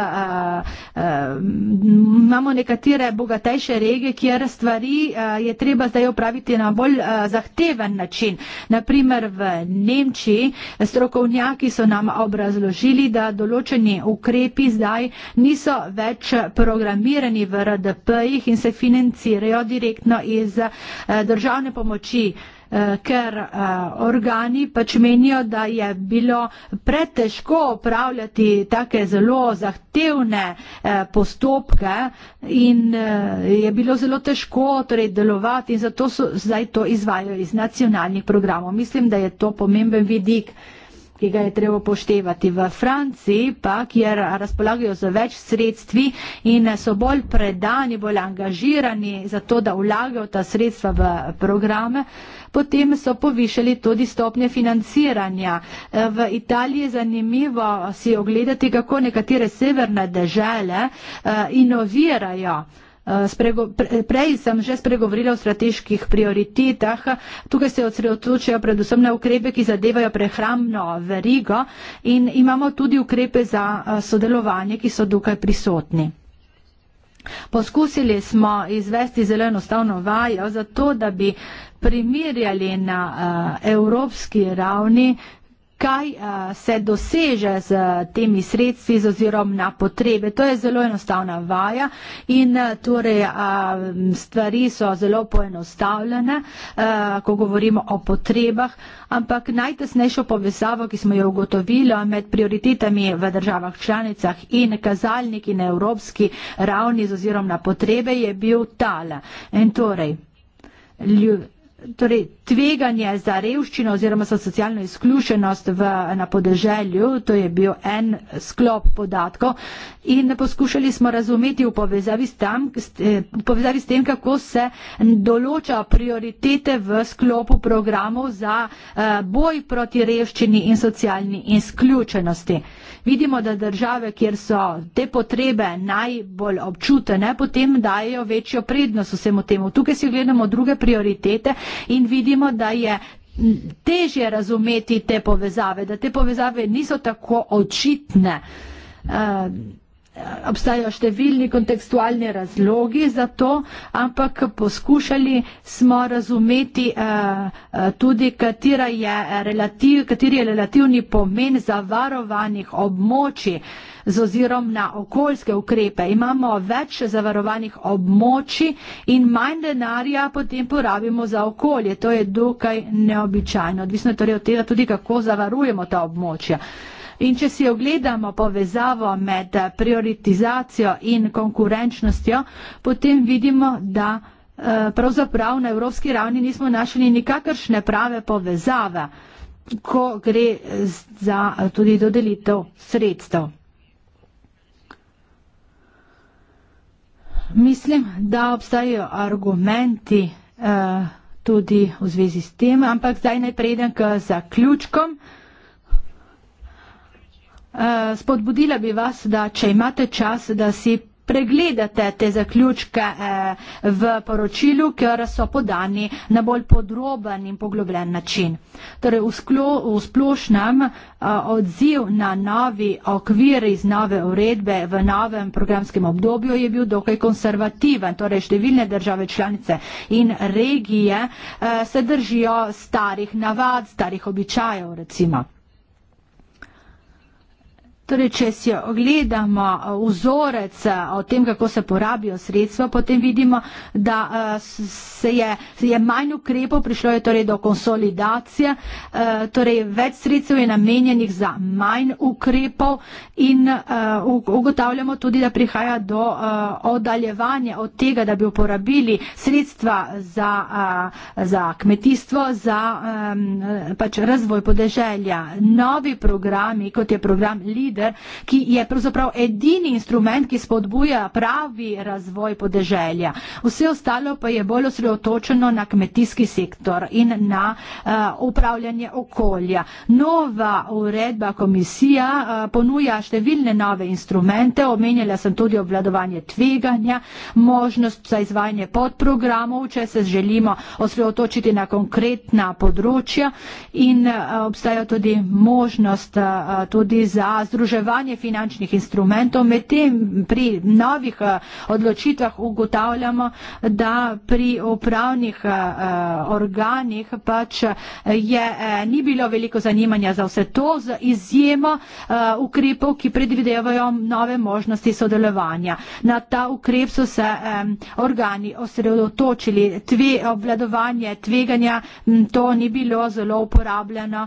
Imamo nekatere bogatejše regije, kjer stvari je treba zdaj opraviti na bolj zahteven način. Naprimer v Nemčiji strokovnjaki so nam obrazložili, da določeni ukrepi zdaj niso več programirani v RDP-jih in se financirajo direktno iz Eh, državne pomoči, eh, ker eh, organi pač menijo, da je bilo pretežko upravljati take zelo zahtevne postopke in je bilo zelo težko torej, delovati in zato so zdaj to izvajo iz nacionalnih programov. Mislim, da je to pomemben vidik ki ga je treba poštevati. V Franciji pa, kjer razpolagajo z več sredstvi in so bolj predani, bolj angažirani za to, da vlagajo ta sredstva v programe, potem so povišali tudi stopnje financiranja. V Italiji je zanimivo si ogledati, kako nekatere severne dežele eh, inovirajo sprego, pre, prej sem že spregovorila o strateških prioritetah. Tukaj se osredotočajo predvsem na ukrepe, ki zadevajo prehrambno verigo in imamo tudi ukrepe za sodelovanje, ki so dokaj prisotni. Poskusili smo izvesti zelo enostavno vajo, zato da bi primerjali na uh, evropski ravni uh, kaj uh, se doseže z uh, eh, temi sredstvi z ozirom na potrebe. To je zelo enostavna vaja in uh, torej uh, stvari so zelo poenostavljene, uh, ko govorimo o potrebah, ampak najtesnejšo povezavo, ki smo jo ugotovili med prioritetami v državah članicah in kazalniki na evropski ravni z ozirom na potrebe, je bil tale. In torej, ljub, torej tveganje za revščino oziroma za socialno izključenost v, na podeželju. To je bil en sklop podatkov in poskušali smo razumeti v povezavi s, tam, eh, v povezavi s tem, kako se določa prioritete v sklopu programov za eh, boj proti revščini in socialni izključenosti. Vidimo, da države, kjer so te potrebe najbolj občutene, potem dajo večjo prednost vsemu temu. Tukaj si gledamo druge prioritete in vidimo, vidimo, da je težje razumeti te povezave, da te povezave niso tako očitne. Eh, obstajajo številni kontekstualni razlogi za to, ampak poskušali smo razumeti eh, eh, tudi, je relativ, kateri je relativni pomen zavarovanih območij z ozirom na okoljske ukrepe. Imamo več zavarovanih območij in manj denarja potem porabimo za okolje. To je dokaj neobičajno. Odvisno torej od tega tudi, kako zavarujemo ta območja. In če si ogledamo povezavo med prioritizacijo in konkurenčnostjo, potem vidimo, da eh, pravzaprav na evropski ravni nismo našli nikakršne prave povezave, ko gre za tudi dodelitev sredstev. Mislim, da obstajajo argumenti eh, tudi v zvezi s tem, ampak zdaj naj preden k zaključkom. Eh, spodbudila bi vas, da če imate čas, da si pregledate te zaključke eh, v poročilu, ker so podani na bolj podroben in poglobljen način. Torej, v, sklo, v splošnem eh, odziv na novi okvir iz nove uredbe v novem programskem obdobju je bil dokaj konservativen. Torej, številne države članice in regije eh, se držijo starih navad, starih običajev recimo. Torej, če si ogledamo eh, vzorec eh, o tem, kako se porabijo sredstva, potem vidimo, da eh, se je, se je manj ukrepov, prišlo je torej do konsolidacije, torej več sredstev je namenjenih za manj ukrepov in ugotavljamo tudi, da prihaja do oddaljevanja od tega, da bi uporabili sredstva za, za kmetijstvo, za pač razvoj podeželja. Novi programi, kot je program LIDE, Rider, ki je pravzaprav edini instrument, ki spodbuja pravi razvoj podeželja. Vse ostalo pa je bolj osredotočeno na kmetijski sektor in na uh, upravljanje okolja. Nova uredba komisija uh, ponuja številne nove instrumente, omenjala sem tudi obvladovanje tveganja, možnost za izvajanje podprogramov, če se želimo osredotočiti na konkretna področja in uh, obstaja tudi možnost uh, tudi za združenje združevanje finančnih instrumentov, medtem pri novih eh, odločitvah ugotavljamo, da pri upravnih eh, organih pač eh, je, ni bilo veliko zanimanja za vse to, z izjemo ukrepov, ki predvidevajo nove možnosti sodelovanja. Na ta ukrep so se organi osredotočili tve obvladovanje tveganja, hm, to ni bilo zelo uporabljeno.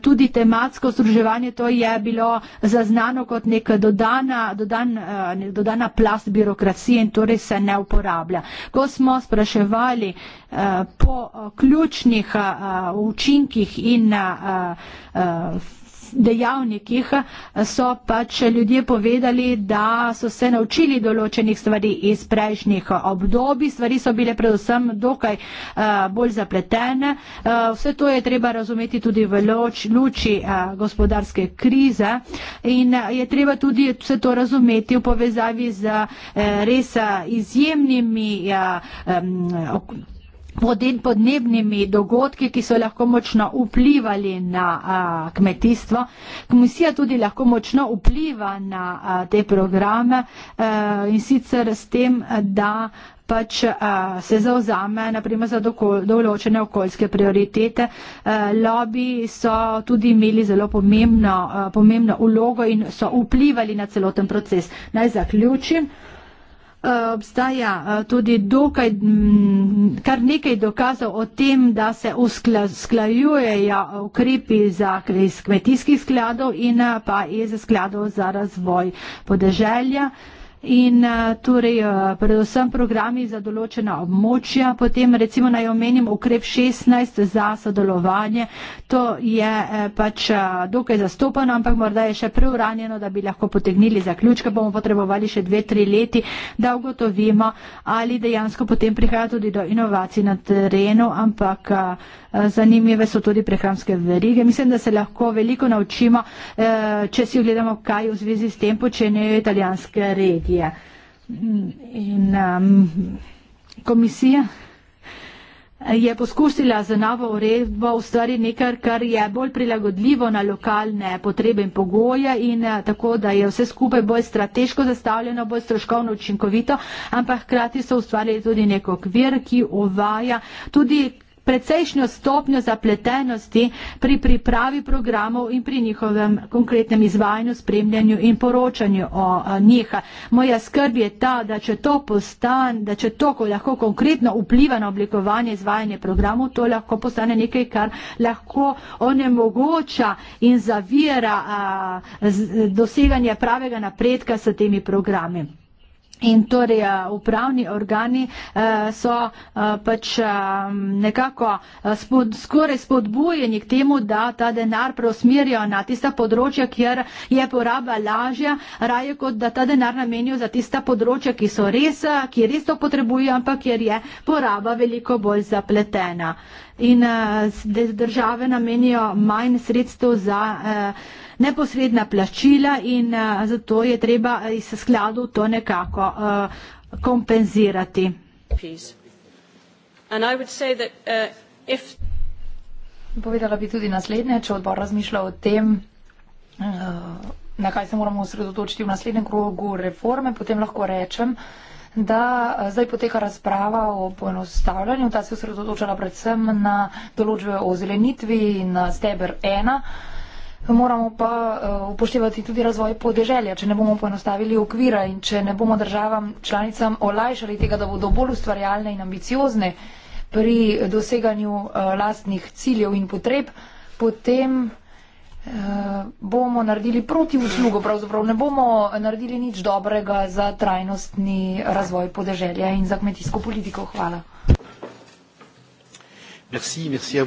Tudi tematsko združevanje, to je bilo zaznano kot neka dodana, dodan, uh, dodana plast birokracije in torej se ne uporablja. Ko smo spraševali uh, po ključnih uh, učinkih in uh, uh, dejavnikih so pač ljudje povedali, da so se naučili določenih stvari iz prejšnjih obdobij. Stvari so bile predvsem dokaj eh, bolj zapletene. Eh, vse to je treba razumeti tudi v luči eh, gospodarske krize in je treba tudi vse to razumeti v povezavi z res izjemnimi okoljami pod in podnebnimi dogodki, ki so lahko močno vplivali na a, kmetijstvo. Komisija tudi lahko močno vpliva na a, te programe a, in sicer s tem, da pač a, se zauzame naprimer za določene okoljske prioritete. Lobi so tudi imeli zelo pomembno, a, pomembno ulogo in so vplivali na celoten proces. Naj zaključim. Eh, obstaja eh, tudi dokaj, mm, kar nekaj dokazov o tem, da se usklajujejo ukrepi iz kmetijskih skladov in eh, pa iz skladov za razvoj podeželja in uh, torej uh, predvsem programi za določena območja, potem recimo naj omenim ukrep 16 za sodelovanje, to je eh, pač eh, dokaj zastopano, ampak morda je še preuranjeno, da bi lahko potegnili zaključke, bomo potrebovali še dve, tri leti, da ugotovimo, ali dejansko potem prihaja tudi do inovacij na terenu, ampak uh, zanimive so tudi prehranske verige. Mislim, da se lahko veliko naučimo, uh, če si ogledamo, kaj v zvezi s tem počenejo italijanske regije energija. In um, komisija je poskusila za novo uredbo ustvari nekaj, kar je bolj prilagodljivo na lokalne potrebe in pogoje in uh, tako, da je vse skupaj bolj strateško zastavljeno, bolj stroškovno učinkovito, ampak hkrati so ustvarili tudi nek okvir, ki uvaja tudi precejšnjo stopnjo zapletenosti pri pripravi programov in pri njihovem konkretnem izvajanju, spremljanju in poročanju o njih. Moja skrb je ta, da če to postane, da če to, ko lahko konkretno vpliva na oblikovanje izvajanja programov, to lahko postane nekaj, kar lahko onemogoča in zavira a, z, doseganje pravega napredka s temi programi. In torej eh, upravni organi eh, so eh, pač eh, nekako eh, spod, skoraj spodbujeni k temu, da ta denar preusmerijo na tista področja, kjer je poraba lažja, raje kot da ta denar namenijo za tista področja, ki so res, eh, ki res to potrebujejo, ampak kjer je poraba veliko bolj zapletena. In eh, države namenijo manj sredstev za. Eh, neposredna plačila in eh, zato je treba eh, iz skladov to nekako eh, kompenzirati. Povedala bi tudi naslednje, če odbor razmišlja o tem, na kaj se moramo osredotočiti v naslednjem krogu reforme, potem lahko rečem, da zdaj poteka razprava o poenostavljanju, ta se osredotočala predvsem na določbe o zelenitvi in na steber ena. Moramo pa uh, upoštevati tudi razvoj podeželja, če ne bomo poenostavili okvira in če ne bomo državam članicam olajšali tega, da bodo bolj ustvarjalne in ambiciozne pri doseganju uh, lastnih ciljev in potreb, potem uh, bomo naredili proti uslugo, pravzaprav ne bomo naredili nič dobrega za trajnostni razvoj podeželja in za kmetijsko politiko. Hvala. Merci, merci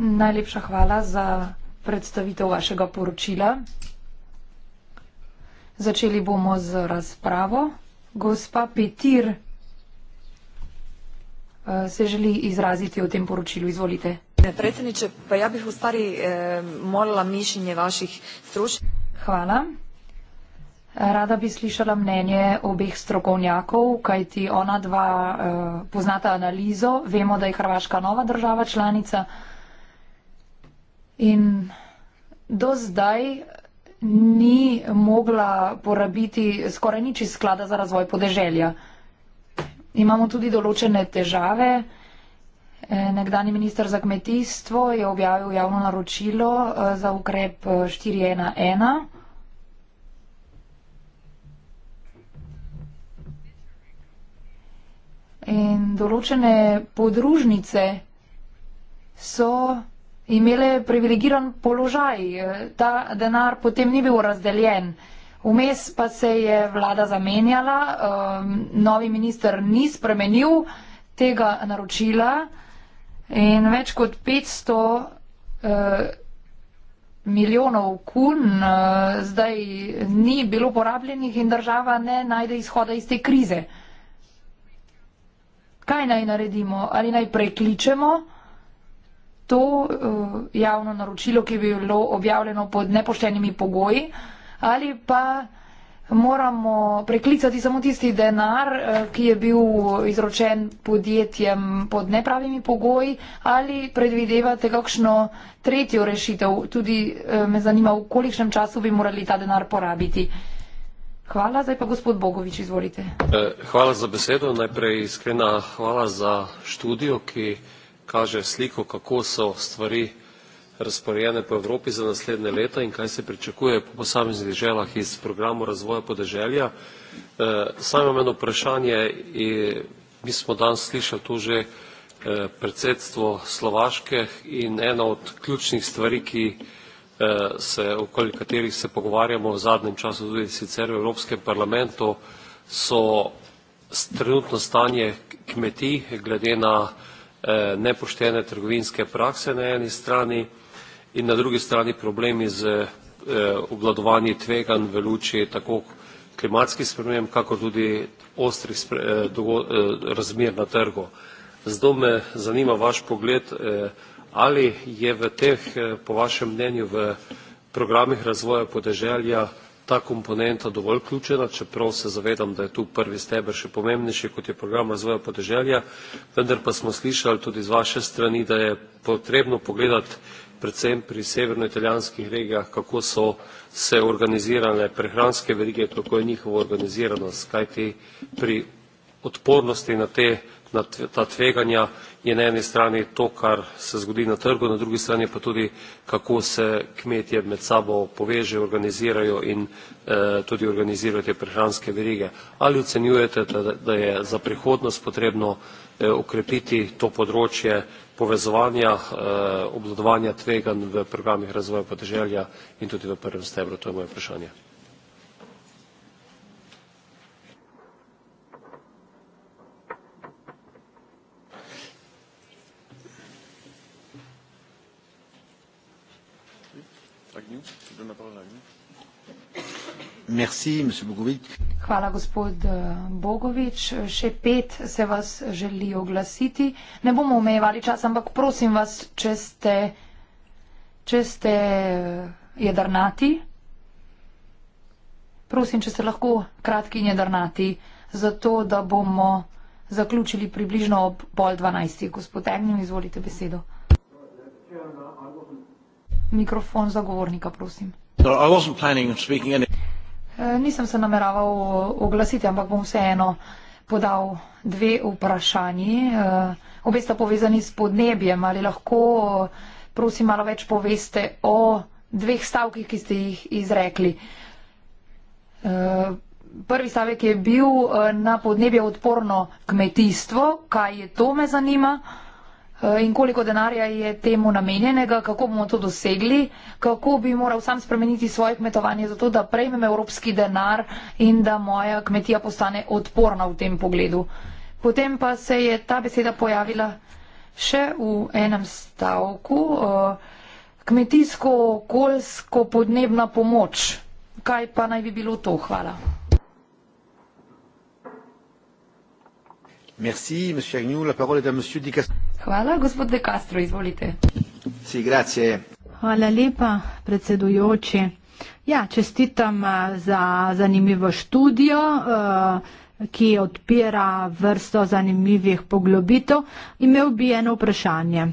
Najlepša hvala za predstavitev vašega poročila. Začeli bomo z razpravo. Gospa Petir eh, se želi izraziti o tem poročilu. Izvolite. Predsedniče, pa ja bih ustvari eh, molila mišljenje vaših stručnjakov. Hvala. Rada bi slišala mnenje obeh strokovnjakov, kajti ona dva eh, poznata analizo. Vemo, da je Hrvaška nova država članica. In do zdaj ni mogla porabiti skoraj nič iz sklada za razvoj podeželja. Imamo tudi določene težave. E, nekdani minister za kmetijstvo je objavil javno naročilo e, za ukrep 411. E, In določene podružnice so imele privilegiran položaj. Ta denar potem ni bil razdeljen. Vmes pa se je vlada zamenjala, um, novi minister ni spremenil tega naročila in več kot 500 eh, milijonov kun eh, zdaj ni bilo porabljenih in država ne najde izhoda iz te krize. Kaj naj naredimo? Ali naj prekličemo? to eh, javno naročilo, ki bi bilo objavljeno pod nepoštenimi pogoji, ali pa moramo preklicati samo tisti denar, eh, ki je bil izročen podjetjem pod nepravimi pogoji, ali predvidevate kakšno tretjo rešitev. Tudi eh, me zanima, v kolikšnem času bi morali ta denar porabiti. Hvala, zdaj pa gospod Bogovič, izvolite. Hvala za besedo. Najprej iskrena hvala za študijo, ki kaže sliko, kako so stvari razporejene po Evropi za naslednje leta in kaj se pričakuje po posameznih deželah iz programu razvoja podeželja. E, samo eno vprašanje, in mi smo danes slišali tu že e, predsedstvo Slovaške in ena od ključnih stvari, ki e, se, okoli katerih se pogovarjamo v zadnjem času tudi sicer v Evropskem parlamentu, so trenutno stanje kmetij glede na Eh, nepoštene trgovinske prakse na eni strani in na drugi strani problemi z eh, obladovanjem tveganj v luči tako klimatskih sprememb, kakor tudi ostrih eh, razmer na trgu. Zato me zanima vaš pogled, ali je v teh, po vašem mnenju, v programih razvoja podeželja ta komponenta dovolj ključena, čeprav se zavedam, da je tu prvi steber še pomembnejši, kot je program razvoja podeželja, vendar pa smo slišali tudi z vaše strani, da je potrebno pogledati predvsem pri severnoitalijanskih regijah, kako so se organizirale prehranske verige, kako je njihovo organiziranost, kajti pri odpornosti na te ta tveganja je na eni strani to, kar se zgodi na trgu, na drugi strani pa tudi, kako se kmetje med sabo povežejo, organizirajo in eh, tudi organizirajo te prehranske verige. Ali ocenjujete, da, da je za prihodnost potrebno eh, ukrepiti to področje povezovanja, eh, obvladovanja tveganj v programih razvoja podeželja in tudi v prvem stebru? To je moje vprašanje. Merci, Hvala, gospod eh, Bogovič. Še pet se vas želi oglasiti. Ne bomo omejevali čas, ampak prosim vas, če ste, če ste eh, jedrnati. Prosim, če ste lahko kratki in jedrnati, zato da bomo zaključili približno ob pol dvanajstih. Gospod Egnjem, izvolite besedo. Mikrofon zagovornika, prosim. So no, I wasn't planning on speaking any... Nisem se nameraval eh, oglasiti, ampak bom vseeno podal dve vprašanji. Eh, obe sta povezani s podnebjem. Ali lahko, eh, prosim, malo več poveste o dveh stavkih, ki ste jih izrekli. Prvi stavek je bil na podnebje odporno kmetijstvo. Kaj je to, me zanima? Eh, in koliko denarja je temu namenjenega, kako bomo to dosegli, kako bi moral sam spremeniti svoje kmetovanje zato, da prejmem evropski denar in da moja kmetija postane odporna v tem pogledu. Potem pa se je ta beseda pojavila še v enem stavku. Eh, Kmetijsko-okoljsko podnebna pomoč. Kaj pa naj bi bilo to? Hvala. Merci, monsieur Agnew. La parole est à monsieur Di Castro. Hvala, gospod De Castro, izvolite. Si, grazie. Hvala lepa, predsedujoči. Ja, čestitam eh, za zanimivo študijo, eh, ki odpira vrsto zanimivih poglobitev. Imel bi eno vprašanje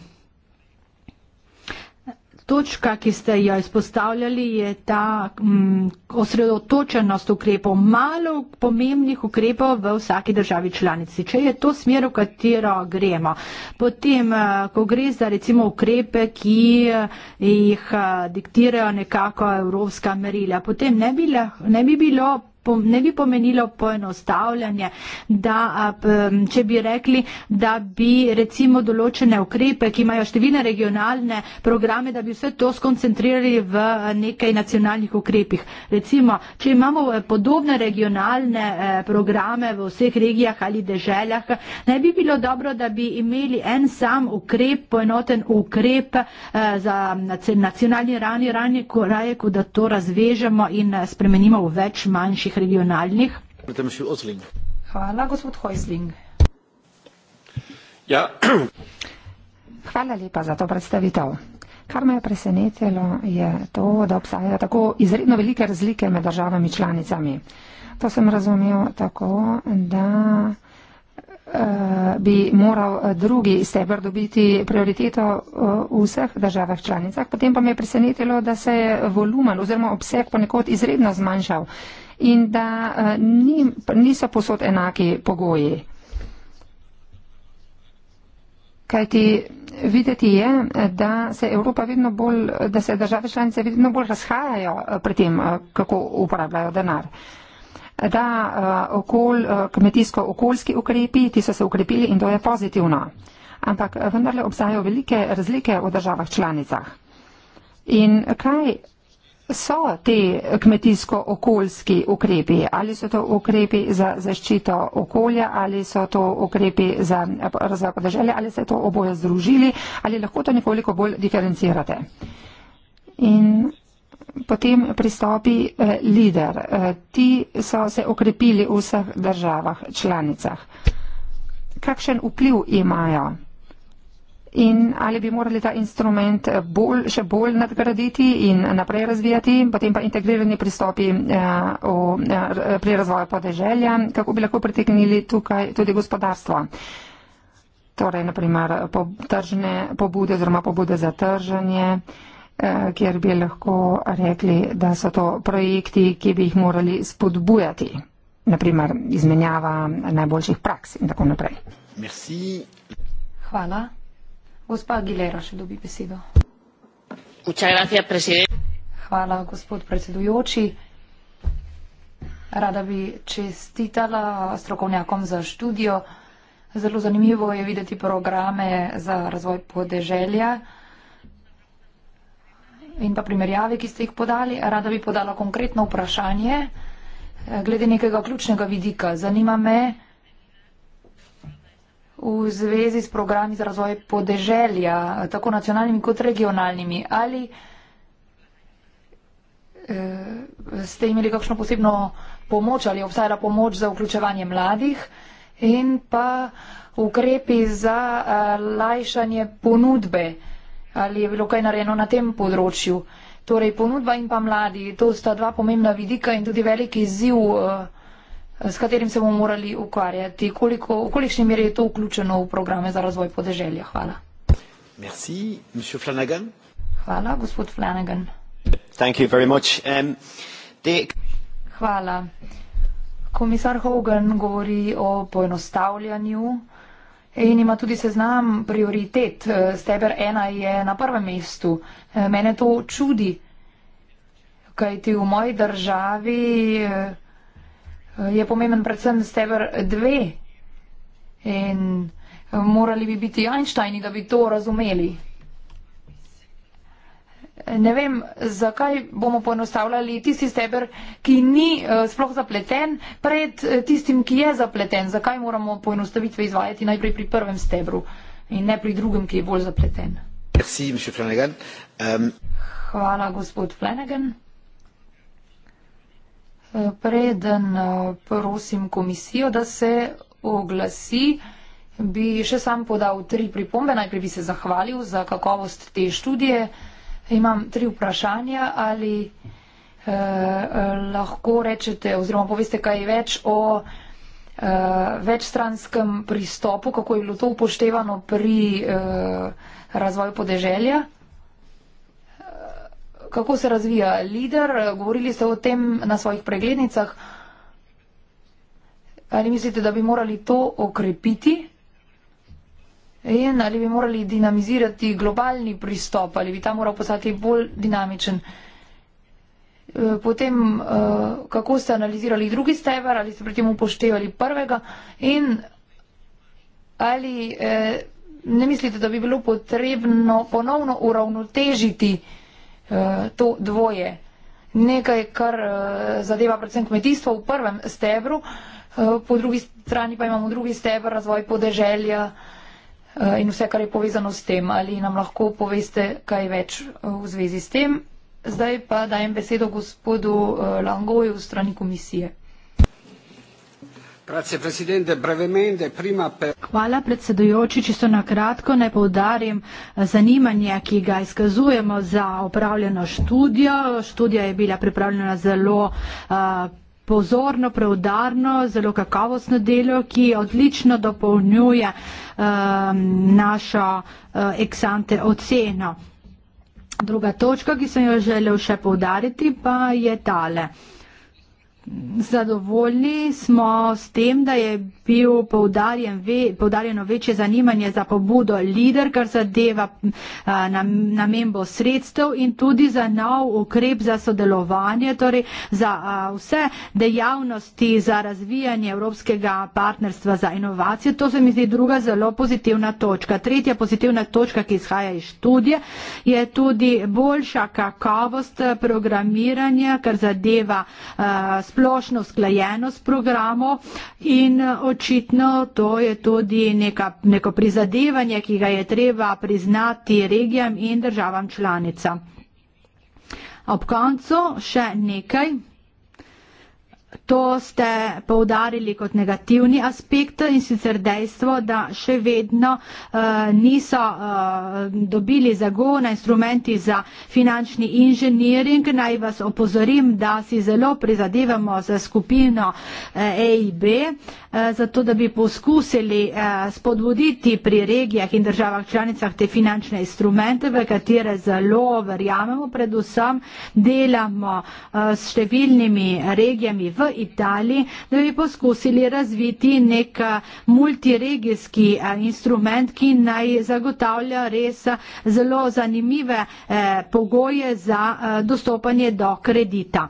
točka, ki ste jo izpostavljali, je ta mm, osredotočenost ukrepov, malo pomembnih ukrepov v vsaki državi članici. Če je to smer, v katero gremo, potem, eh, ko gre za recimo ukrepe, ki eh, jih eh, diktirajo nekako evropska merila, potem ne bi, le, ne bi bilo ne bi pomenilo poenostavljanje, da če bi rekli, da bi recimo določene ukrepe, ki imajo številne regionalne programe, da bi vse to skoncentrirali v nekaj nacionalnih ukrepih. Recimo, če imamo podobne regionalne programe v vseh regijah ali deželjah, ne bi bilo dobro, da bi imeli en sam ukrep, poenoten ukrep za nacionalni ravni, ravni koraje, ko da to razvežemo in spremenimo v več manjših regionalnih. Hvala, gospod Hojsling. Ja. Hvala lepa za to predstavitev. Kar me je presenetilo, je to, da obstajajo tako izredno velike razlike med državami članicami. To sem razumel tako, da eh, bi moral eh, drugi steber dobiti prioriteto eh, v vseh državah članicah. Potem pa me je presenetilo, da se je volumen oziroma obseg ponekod izredno zmanjšal in da eh, ni, niso posod enaki pogoji. Kaj ti videti je, da se Evropa vedno bolj, da se države članice vedno bolj razhajajo eh, pri tem, eh, kako uporabljajo denar. Da okol, kmetijsko-okoljski ukrepi, ti so se ukrepili in to je pozitivno. Ampak vendarle obstajajo velike razlike v državah članicah. In kaj so ti kmetijsko-okoljski ukrepi? Ali so to ukrepi za zaščito okolja, ali so to ukrepi za razvoj podeželja, ali se to oboje združili, ali lahko to nekoliko bolj diferencirate? In potem pristopi eh, lider. Eh, ti so se okrepili v vseh državah, članicah. Kakšen vpliv imajo In ali bi morali ta instrument bolj, še bolj nadgraditi in naprej razvijati, potem pa integrirani pristopi eh, v, eh, pri razvoju podeželja, kako bi lahko pritegnili tukaj tudi gospodarstvo. Torej, naprimer, po, tržne pobude oziroma pobude za trženje, eh, kjer bi lahko rekli, da so to projekti, ki bi jih morali spodbujati. Naprimer, izmenjava najboljših praks in tako naprej. Merci. Hvala. Hvala, gospod predsedujoči. Rada bi čestitala strokovnjakom za študijo. Zelo zanimivo je videti programe za razvoj podeželja in pa primerjave, ki ste jih podali. Rada bi podala konkretno vprašanje eh, glede nekega ključnega vidika. Zanima me, v zvezi s programi za razvoj podeželja, tako nacionalnimi kot regionalnimi. Ali e, ste imeli kakšno posebno pomoč ali obstajala pomoč za vključevanje mladih in pa ukrepi za e, lajšanje ponudbe ali je bilo kaj narejeno na tem področju. Torej, ponudba in pa mladi, to sta dva pomembna vidika in tudi veliki ziv. E, eh, s katerim se bomo morali ukvarjati. Koliko, v kolikšni meri je to vključeno v programe za razvoj podeželja? Hvala. Merci, monsieur Flanagan. Hvala, gospod Flanagan. Thank you very much. Um, the... Hvala. Komisar Hogan govori o poenostavljanju in ima tudi seznam prioritet. Steber 1 je na prvem mestu. Mene to čudi, kajti v moji državi je pomemben predvsem steber dve. In eh, morali bi biti Einsteini, da bi to razumeli. Ne vem, zakaj bomo poenostavljali tisti steber, ki ni eh, sploh zapleten, pred eh, tistim, ki je zapleten. Zakaj moramo poenostavitve izvajati najprej pri prvem stebru in ne pri drugem, ki je bolj zapleten. Merci, um... Hvala, gospod Flanagan. Preden eh, prosim komisijo, da se oglasi, bi še sam podal tri pripombe. Najprej bi se zahvalil za kakovost te študije. Imam tri vprašanja. Ali eh, lahko rečete oziroma poveste kaj več o eh, večstranskem pristopu, kako je bilo to upoštevano pri eh, razvoju podeželja? kako se razvija lider, govorili ste o tem na svojih preglednicah. Ali mislite, da bi morali to okrepiti? In ali bi morali dinamizirati globalni pristop, ali bi ta moral postati bolj dinamičen? Eh, potem, eh, kako ste analizirali drugi steber, ali ste pri tem upoštevali prvega? In ali eh, ne mislite, da bi bilo potrebno ponovno uravnotežiti? Eh, to dvoje. Nekaj, kar eh, zadeva predvsem kmetijstvo v prvem stebru, eh, po drugi strani pa imamo drugi stebr, razvoj podeželja in vse, kar je povezano s tem. Ali nam lahko poveste kaj več v zvezi s tem? Zdaj pa dajem besedo gospodu Langoju strani komisije. Hvala predsedujoči, čisto na kratko naj povdarim eh, zanimanje, ki ga izkazujemo za opravljeno študijo. Študija je bila pripravljena zelo eh, pozorno, preudarno, zelo kakovostno delo, ki odlično dopolnjuje eh, našo eksante oceno. Druga točka, ki sem jo želel še povdariti, pa je tale. Zadovoljni smo s tem, da je bil poudarjen ve, poudarjeno večje zanimanje za pobudo lider, kar zadeva namembo na sredstev in tudi za nov ukrep za sodelovanje, torej za a, vse dejavnosti za razvijanje Evropskega partnerstva za inovacije. To se mi zdi druga zelo pozitivna točka. Tretja pozitivna točka, ki izhaja iz študije, je tudi boljša kakovost programiranja, kar zadeva a, splošno sklajeno s programom in eh, očitno to je tudi neka, neko prizadevanje, ki ga je treba priznati regijam in državam članicam. Ob koncu še nekaj. To ste poudarili kot negativni aspekt in sicer dejstvo, da še vedno uh, niso uh, dobili zagona instrumenti za finančni inženiring. Naj vas opozorim, da si zelo prizadevamo za skupino uh, eh, EIB, uh, zato da bi poskusili uh, spodbuditi pri regijah in državah članicah te finančne instrumente, v katere zelo verjamemo, predvsem delamo uh, s številnimi regijami v Italiji, da bi poskusili razviti nek eh, multiregijski eh, instrument, ki naj zagotavlja res eh, zelo zanimive pogoje za dostopanje do kredita.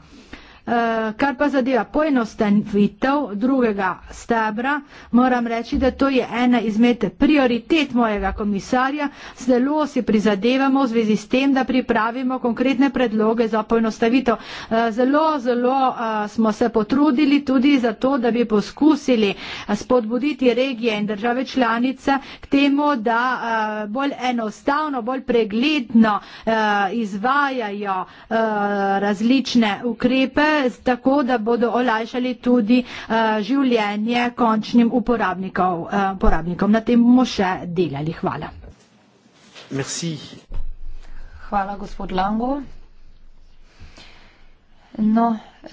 Eh, kar pa zadeva poenostavitev drugega stebra, moram reči, da to je ena izmed prioritet mojega komisarja. Zelo si prizadevamo v zvezi s tem, da pripravimo konkretne predloge za poenostavitev. Eh, zelo, zelo eh, smo se potrudili tudi za to, da bi poskusili spodbuditi regije in države članice k temu, da bolj enostavno, bolj pregledno izvajajo različne ukrepe tako da bodo olajšali tudi eh, življenje končnim uporabnikom. Eh, na tem bomo še delali. Hvala. Merci. Hvala, gospod Lango. No,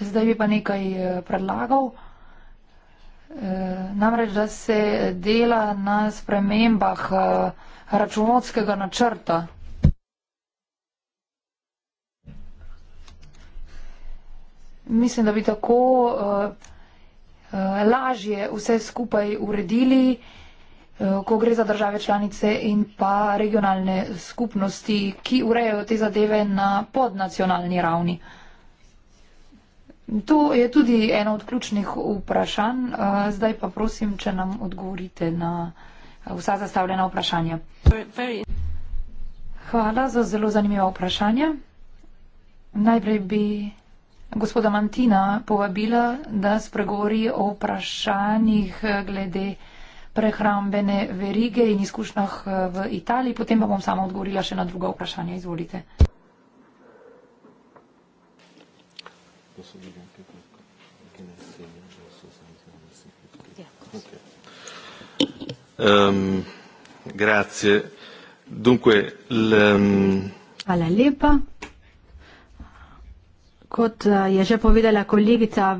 zdaj bi pa nekaj eh, predlagal. Namreč, da se dela na spremembah računovodskega načrta. Mislim, da bi tako uh, uh, lažje vse skupaj uredili, uh, ko gre za države članice in pa regionalne skupnosti, ki urejajo te zadeve na podnacionalni ravni. To je tudi eno od ključnih vprašanj. Uh, zdaj pa prosim, če nam odgovorite na vsa zastavljena vprašanja. Hvala za zelo zanimiva vprašanja. Najprej bi gospoda Mantina povabila, da spregovori o vprašanjih eh, glede prehrambene verige in izkušnjah eh, v Italiji. Potem pa bom sama odgovorila še na druga vprašanja. Izvolite. Um, grazie. Dunque, l, um... Hvala lepa. Kot eh, je že povedala kolegica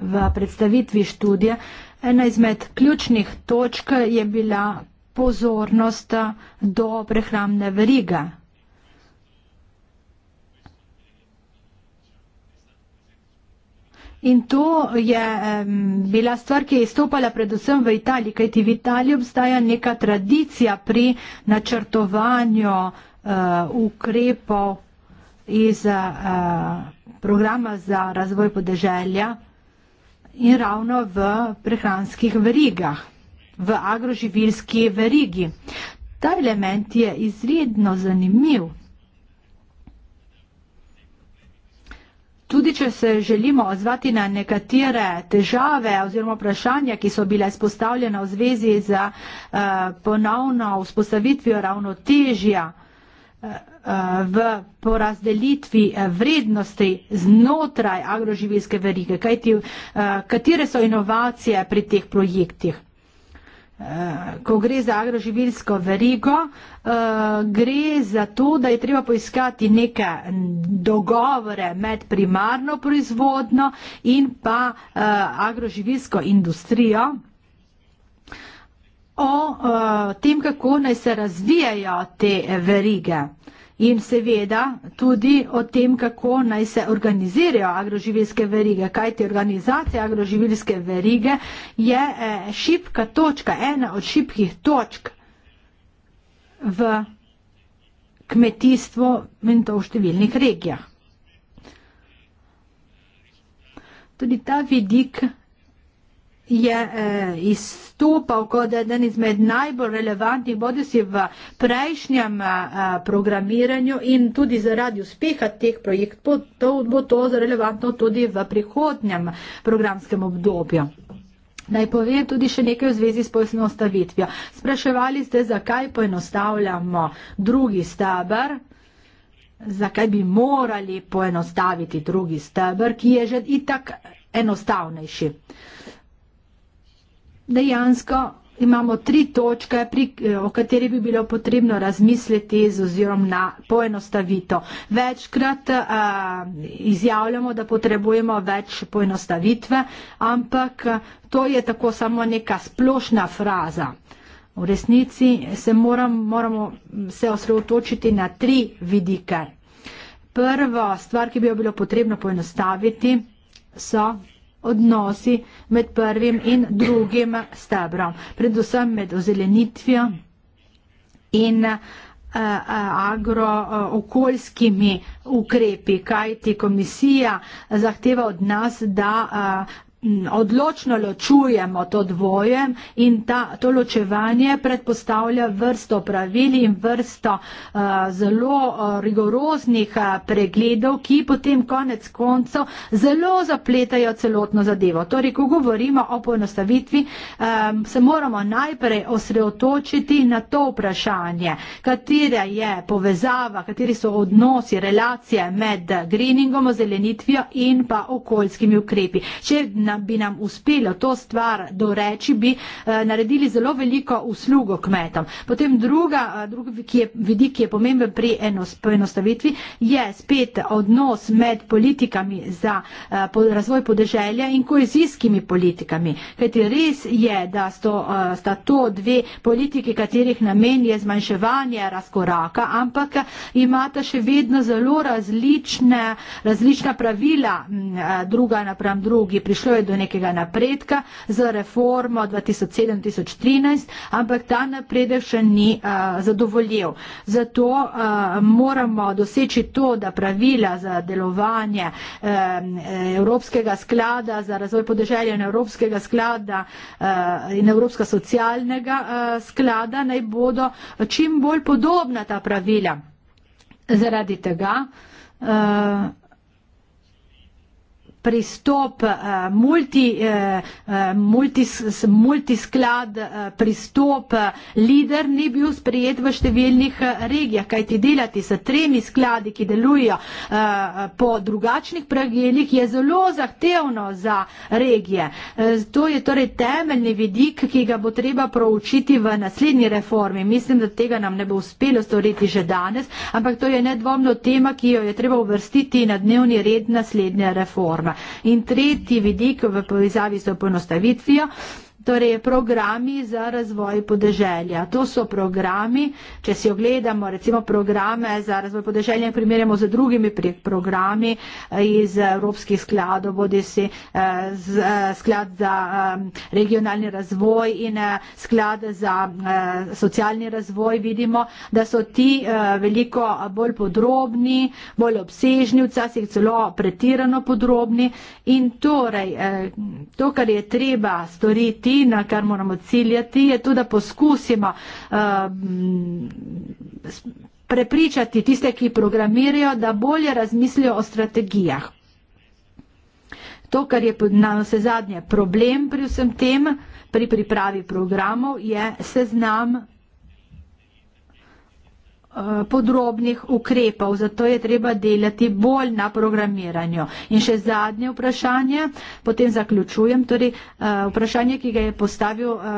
v predstavitvi študije, ena izmed ključnih točk je bila pozornost eh, do prehramne verige. In to je bila stvar, ki je izstopala predvsem v Italiji, kajti v Italiji obstaja neka tradicija pri načrtovanju uh, ukrepov iz uh, programa za razvoj podeželja in ravno v prehranskih verigah, v agroživilski verigi. Ta element je izredno zanimiv. Tudi, če se želimo odzvati na nekatere težave oziroma vprašanja, ki so bile izpostavljene v zvezi z uh, ponovno vzpostavitvijo ravnotežja, uh, v porazdelitvi eh, vrednosti znotraj agroživilske verige, kajti eh, katere so inovacije pri teh projektih. Eh, ko gre za agroživilsko verigo, gre za to, da je treba poiskati neke dogovore med primarno proizvodno in pa agroživilsko industrijo o uh, tem, kako naj se razvijajo te verige in seveda tudi o tem, kako naj se organizirajo agroživilske verige, kajti organizacija agroživilske verige je eh, šipka točka, ena od šipkih točk v kmetijstvu in to v številnih regijah. Tudi ta vidik je eh, izstopal kot eden izmed najbolj relevantnih bodi si v prejšnjem eh, programiranju in tudi zaradi uspeha teh projektov bo to relevantno tudi v prihodnjem programskem obdobju. Naj povem tudi še nekaj v zvezi s poenostavitvijo. Spraševali ste, zakaj poenostavljamo drugi stebr, zakaj bi morali poenostaviti drugi stebr, ki je že itak enostavnejši. Uh, dejansko imamo tri točke, pri, eh, o kateri bi bilo potrebno razmisliti z ozirom na poenostavito. Večkrat uh, izjavljamo, da potrebujemo več poenostavitve, ampak eh, to je tako samo neka splošna fraza. V resnici se moram, moramo mm, se osredotočiti na tri vidike. Prva stvar, ki bi jo bilo potrebno poenostaviti, so odnosi med prvim in drugim stebrom, predvsem med ozelenitvijo in eh, eh, agrookoljskimi ukrepi, kajti komisija zahteva od nas, da eh, odločno ločujemo to dvoje in ta, to ločevanje predpostavlja vrsto pravil in vrsto uh, zelo uh, rigoroznih uh, pregledov, ki potem konec koncev zelo zapletajo celotno zadevo. Torej, ko govorimo o poenostavitvi, um, se moramo najprej osredotočiti na to vprašanje, katera je povezava, kateri so odnosi, relacije med greeningom, ozelenitvijo in pa okoljskimi ukrepi. Če nam, bi nam uspelo to stvar doreči, bi eh, naredili zelo veliko uslugo kmetom. Potem druga, eh, drugi ki je, vidik, ki je pomemben pri poenostavitvi, je spet odnos med politikami za eh, po, razvoj podeželja in koezijskimi politikami. Kajti res je, da sto, eh, sta to dve politike, katerih namen je zmanjševanje razkoraka, ampak imata še vedno zelo različne, različna pravila, mm, eh, druga napram drugi. Prišlo je do nekega napredka z reformo 2007-2013, ampak ta napredek še ni uh, zadovoljiv. Zato uh, moramo doseči to, da pravila za delovanje uh, Evropskega sklada, za razvoj podeželja in Evropskega sklada uh, in Evropska socialnega uh, sklada naj bodo čim bolj podobna ta pravila. Zaradi tega. Uh, pristop, eh, multi, eh, eh, multi, multisklad pristop, lider ni bil sprejet v številnih regijah, kaj ti delati s tremi skladi, ki delujejo po drugačnih pravilih, je zelo zahtevno za regije. To je torej temeljni vidik, ki ga bo treba proučiti v naslednji reformi. Mislim, da tega nam ne bo uspelo storiti že danes, ampak to je nedvomno tema, ki jo je treba uvrstiti na dnevni red naslednje reforme. In tretji vidik v povezavi s poenostavitvijo Torej, programi za razvoj podeželja. To so programi, če si ogledamo recimo programe za razvoj podeželja in primerjamo z drugimi programi eh, iz evropskih skladov, bodi si eh, z, eh, sklad za regionalni razvoj in sklad za socialni razvoj, vidimo, da so ti veliko bolj podrobni, bolj obsežni, včasih celo pretirano podrobni. In torej, to, kar je treba storiti, biti, na kar moramo ciljati, je to, da poskusimo uh, prepričati tiste, ki programirajo, da bolje razmislijo o strategijah. To, kar je na vse zadnje problem pri vsem tem, pri pripravi programov, je seznam Eh, podrobnih ukrepov, zato je treba delati bolj na programiranju. In še zadnje vprašanje, potem zaključujem, torej eh, vprašanje, ki ga je postavil eh,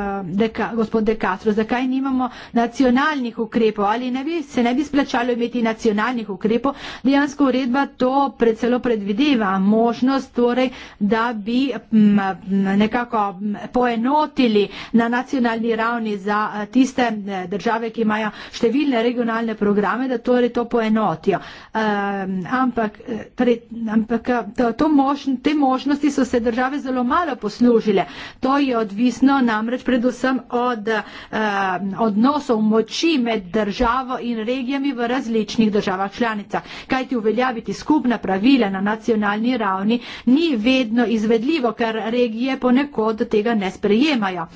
deka, gospod Dekastro, zakaj nimamo nacionalnih ukrepov ali ne bi, se ne bi splačalo imeti nacionalnih ukrepov, dejansko uredba to pred celo predvideva možnost, torej, da bi m, mm, nekako mm, poenotili na nacionalni ravni za tiste države, ki imajo številne regionalne izobraževalne programe, da torej to poenotijo. Um, ampak pre, eh, torej, ampak eh, to, to možn, te možnosti so se države zelo malo poslužile. To je odvisno namreč predvsem od um, odnosov moči med državo in regijami v različnih državah članicah. Kajti uveljaviti skupna pravila na nacionalni ravni ni vedno izvedljivo, ker regije ponekod tega ne sprejemajo.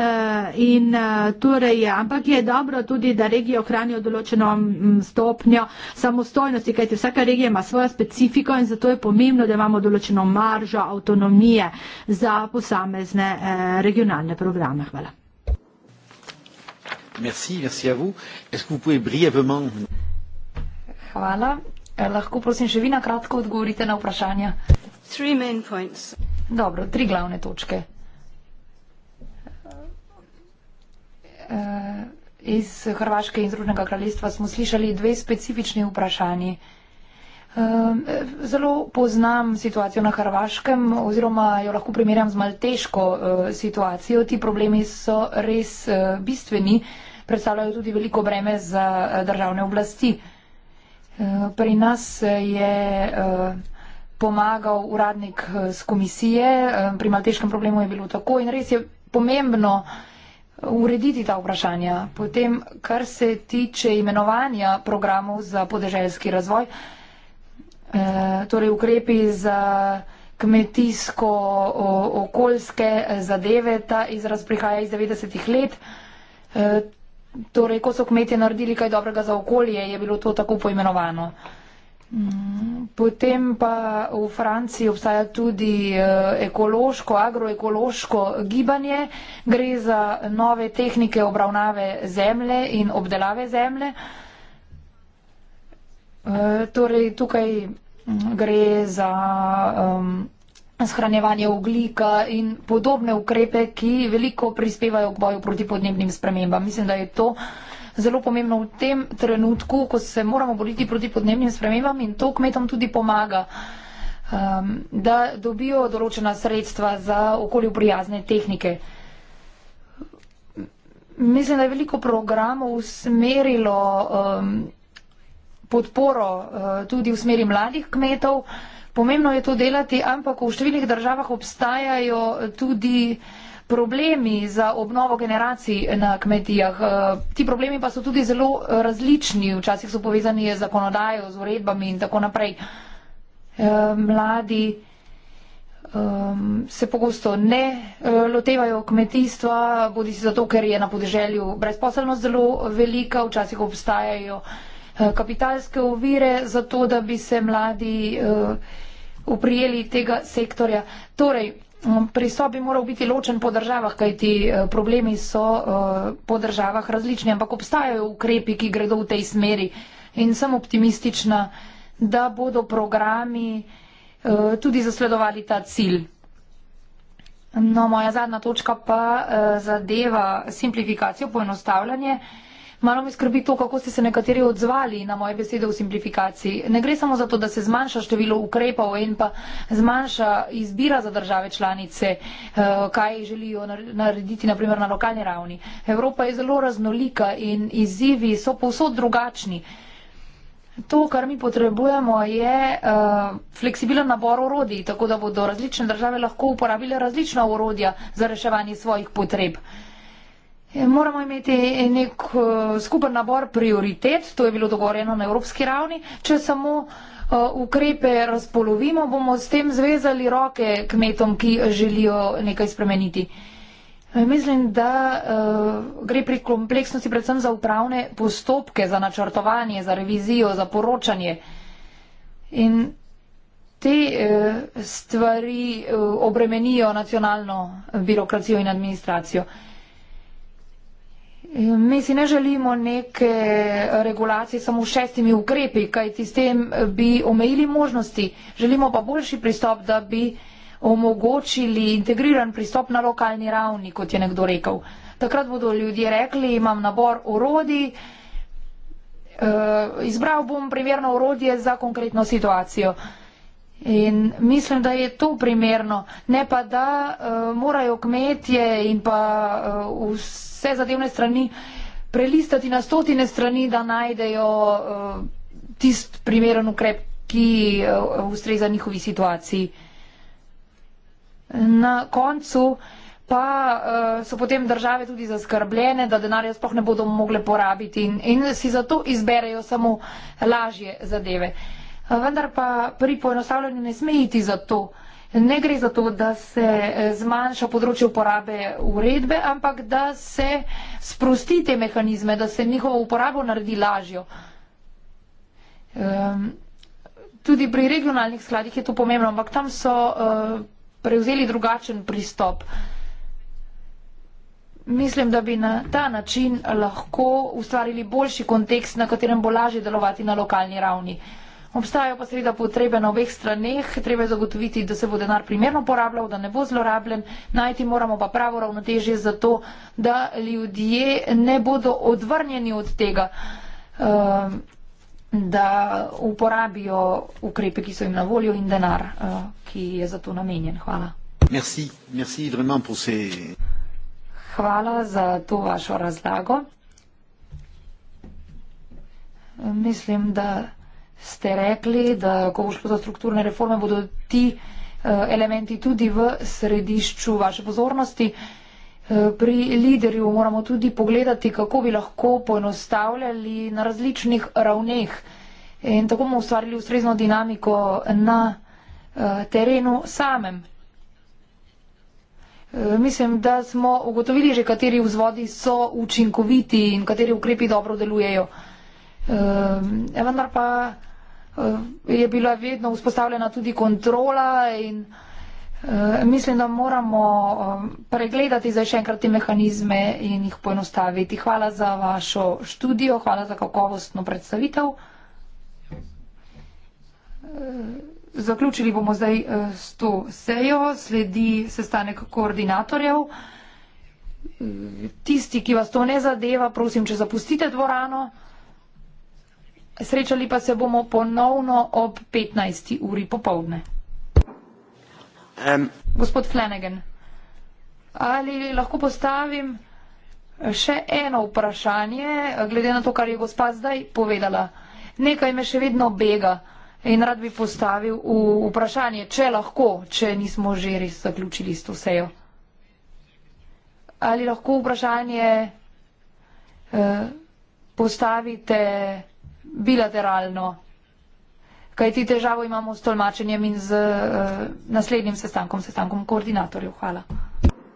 Eh, in eh, torej, ampak je dobro tudi, da regije ohranijo določeno mm, stopnjo samostojnosti, kajti vsaka regija ima svojo specifiko in zato je pomembno, da imamo določeno maržo avtonomije za posamezne eh, regionalne programe. Hvala. Merci, merci a vous. Est-ce que vous pouvez brièvement... Hvala. Lahko prosim še vi na kratko odgovorite na vprašanja. Three main points. Dobro, tri glavne točke. Eh, iz Hrvaške in Združenega kraljestva smo slišali dve specifični vprašanji. Eh, zelo poznam situacijo na Hrvaškem oziroma jo lahko primerjam z malteško eh, situacijo. Ti problemi so res bistveni, predstavljajo tudi veliko breme za državne oblasti. Pri nas je pomagal uradnik z komisije, pri malteškem problemu je bilo tako in res je pomembno, urediti ta vprašanja. Potem, kar se tiče imenovanja programov za podeželjski razvoj, eh, torej ukrepi za kmetijsko-okoljske eh, zadeve, ta izraz prihaja iz 90-ih let. Eh, torej, ko so kmetje naredili kaj dobrega za okolje, je bilo to tako poimenovano. Potem pa v Franciji obstaja tudi eh, ekološko, agroekološko gibanje. Gre za nove tehnike obravnave zemlje in obdelave zemlje. Eh, torej, tukaj mm, gre za um, shranjevanje oglika in podobne ukrepe, ki veliko prispevajo k boju proti podnebnim spremembam. Mislim, da je to uh, zelo pomembno v tem trenutku, ko se moramo boriti proti podnebnim spremembam in to kmetom tudi pomaga, um, da dobijo določena sredstva za okolju prijazne tehnike. Mislim, da je veliko programov usmerilo um, podporo uh, tudi v smeri mladih kmetov. Pomembno je to delati, ampak v številnih državah obstajajo tudi uh, problemi za obnovo generacij na kmetijah. Eh, ti problemi pa so tudi zelo različni, včasih so povezani z zakonodajo, z uredbami in tako naprej. Eh, mladi ehm, se pogosto ne eh, lotevajo kmetijstva, bodi si zato, ker je na podeželju brezposelnost zelo velika, včasih obstajajo kapitalske ovire za to, da bi se mladi uprijeli tega sektorja. Torej, Um, Pristop bi moral biti ločen po državah, kajti eh, problemi so eh, po državah različni, ampak obstajajo ukrepi, ki gredo v tej smeri in sem optimistična, da bodo programi eh, tudi zasledovali ta cilj. No, moja zadnja točka pa zadeva simplifikacijo, poenostavljanje. Malo mi skrbi to, kako ste se nekateri odzvali na moje besede o simplifikaciji. Ne gre samo za to, da se zmanjša število ukrepov in pa zmanjša izbira za države članice, eh, kaj želijo narediti naprimer, na lokalni ravni. Evropa je zelo raznolika in izzivi so povsod drugačni. To, kar mi potrebujemo, je uh, fleksibilen nabor orodij, tako da bodo različne države lahko uporabile različna orodja za reševanje svojih potreb. Uh, Eh, moramo imeti nek eh, skupen nabor prioritet, to je bilo dogovorjeno na evropski ravni. Če samo eh, ukrepe razpolovimo, bomo s tem zvezali roke kmetom, ki želijo nekaj spremeniti. Mislim, da gre pri kompleksnosti predvsem za upravne postopke, za načrtovanje, za revizijo, za poročanje. In te stvari obremenijo nacionalno birokracijo in administracijo. Mi si ne želimo neke regulacije samo s šestimi ukrepi, kajti s tem bi omejili možnosti. Želimo pa boljši pristop, da bi omogočili integriran pristop na lokalni ravni, kot je nekdo rekel. Takrat bodo ljudje rekli, imam nabor orodij, eh, izbral bom primerno orodje za konkretno situacijo. In mislim, da je to primerno. Ne pa, da eh, morajo kmetje in pa eh, vse vse zadevne strani, prelistati na stotine strani, da najdejo eh, tist primeren ukrep, ki eh, ustreza njihovi situaciji. Na koncu pa eh, so potem države tudi zaskrbljene, da denarja sploh ne bodo mogle porabiti in, in si zato izberejo samo lažje zadeve. Vendar pa pri poenostavljanju ne smejiti za to, uh, Ne gre za to, da se eh, zmanjša področje uporabe uredbe, ampak da se sprosti te mehanizme, da se njihovo uporabo naredi lažjo. Ehm, tudi pri regionalnih skladih je to pomembno, ampak tam so eh, prevzeli drugačen pristop. Mislim, da bi na ta način lahko ustvarili boljši kontekst, na katerem bo lažje delovati na lokalni ravni. Obstajajo pa seveda potrebe na obeh straneh, treba je zagotoviti, da se bo denar primerno porabljal, da ne bo zlorabljen, najti moramo pa pravo ravnotežje za to, da ljudje ne bodo odvrnjeni od tega, ehm, da uporabijo ukrepe, ki so jim na voljo in denar, eh, ki je za to namenjen. Hvala. Merci. Merci Hvala za to vašo razlago. Mislim, da ste rekli, da ko bo šlo za strukturne reforme, bodo ti eh, elementi tudi v središču vaše pozornosti. Eh, pri liderju moramo tudi pogledati, kako bi lahko poenostavljali na različnih ravneh in tako bomo ustvarili ustrezno dinamiko na eh, terenu samem. Mislim, da smo ugotovili že, kateri vzvodi so učinkoviti in kateri ukrepi dobro delujejo. Vendar pa. Eh, je bila vedno vzpostavljena tudi kontrola in eh, mislim, da moramo eh, pregledati zdaj še enkrat te mehanizme in jih poenostaviti. Hvala za vašo študijo, hvala za kakovostno predstavitev. Zaključili bomo zdaj s to sejo, sledi sestanek koordinatorjev. Tisti, ki vas to ne zadeva, prosim, če zapustite dvorano. Srečali pa se bomo ponovno ob 15. uri popovdne. Um. Gospod Flanagan, ali lahko postavim še eno vprašanje, glede na to, kar je gospa zdaj povedala. Nekaj me še vedno bega in rad bi postavil v vprašanje, če lahko, če nismo že res zaključili s to sejo. Ali lahko vprašanje eh, postavite bilateralno. Kaj ti težavo imamo s tolmačenjem in z uh, naslednjim sestankom, sestankom koordinatorjev? Hvala.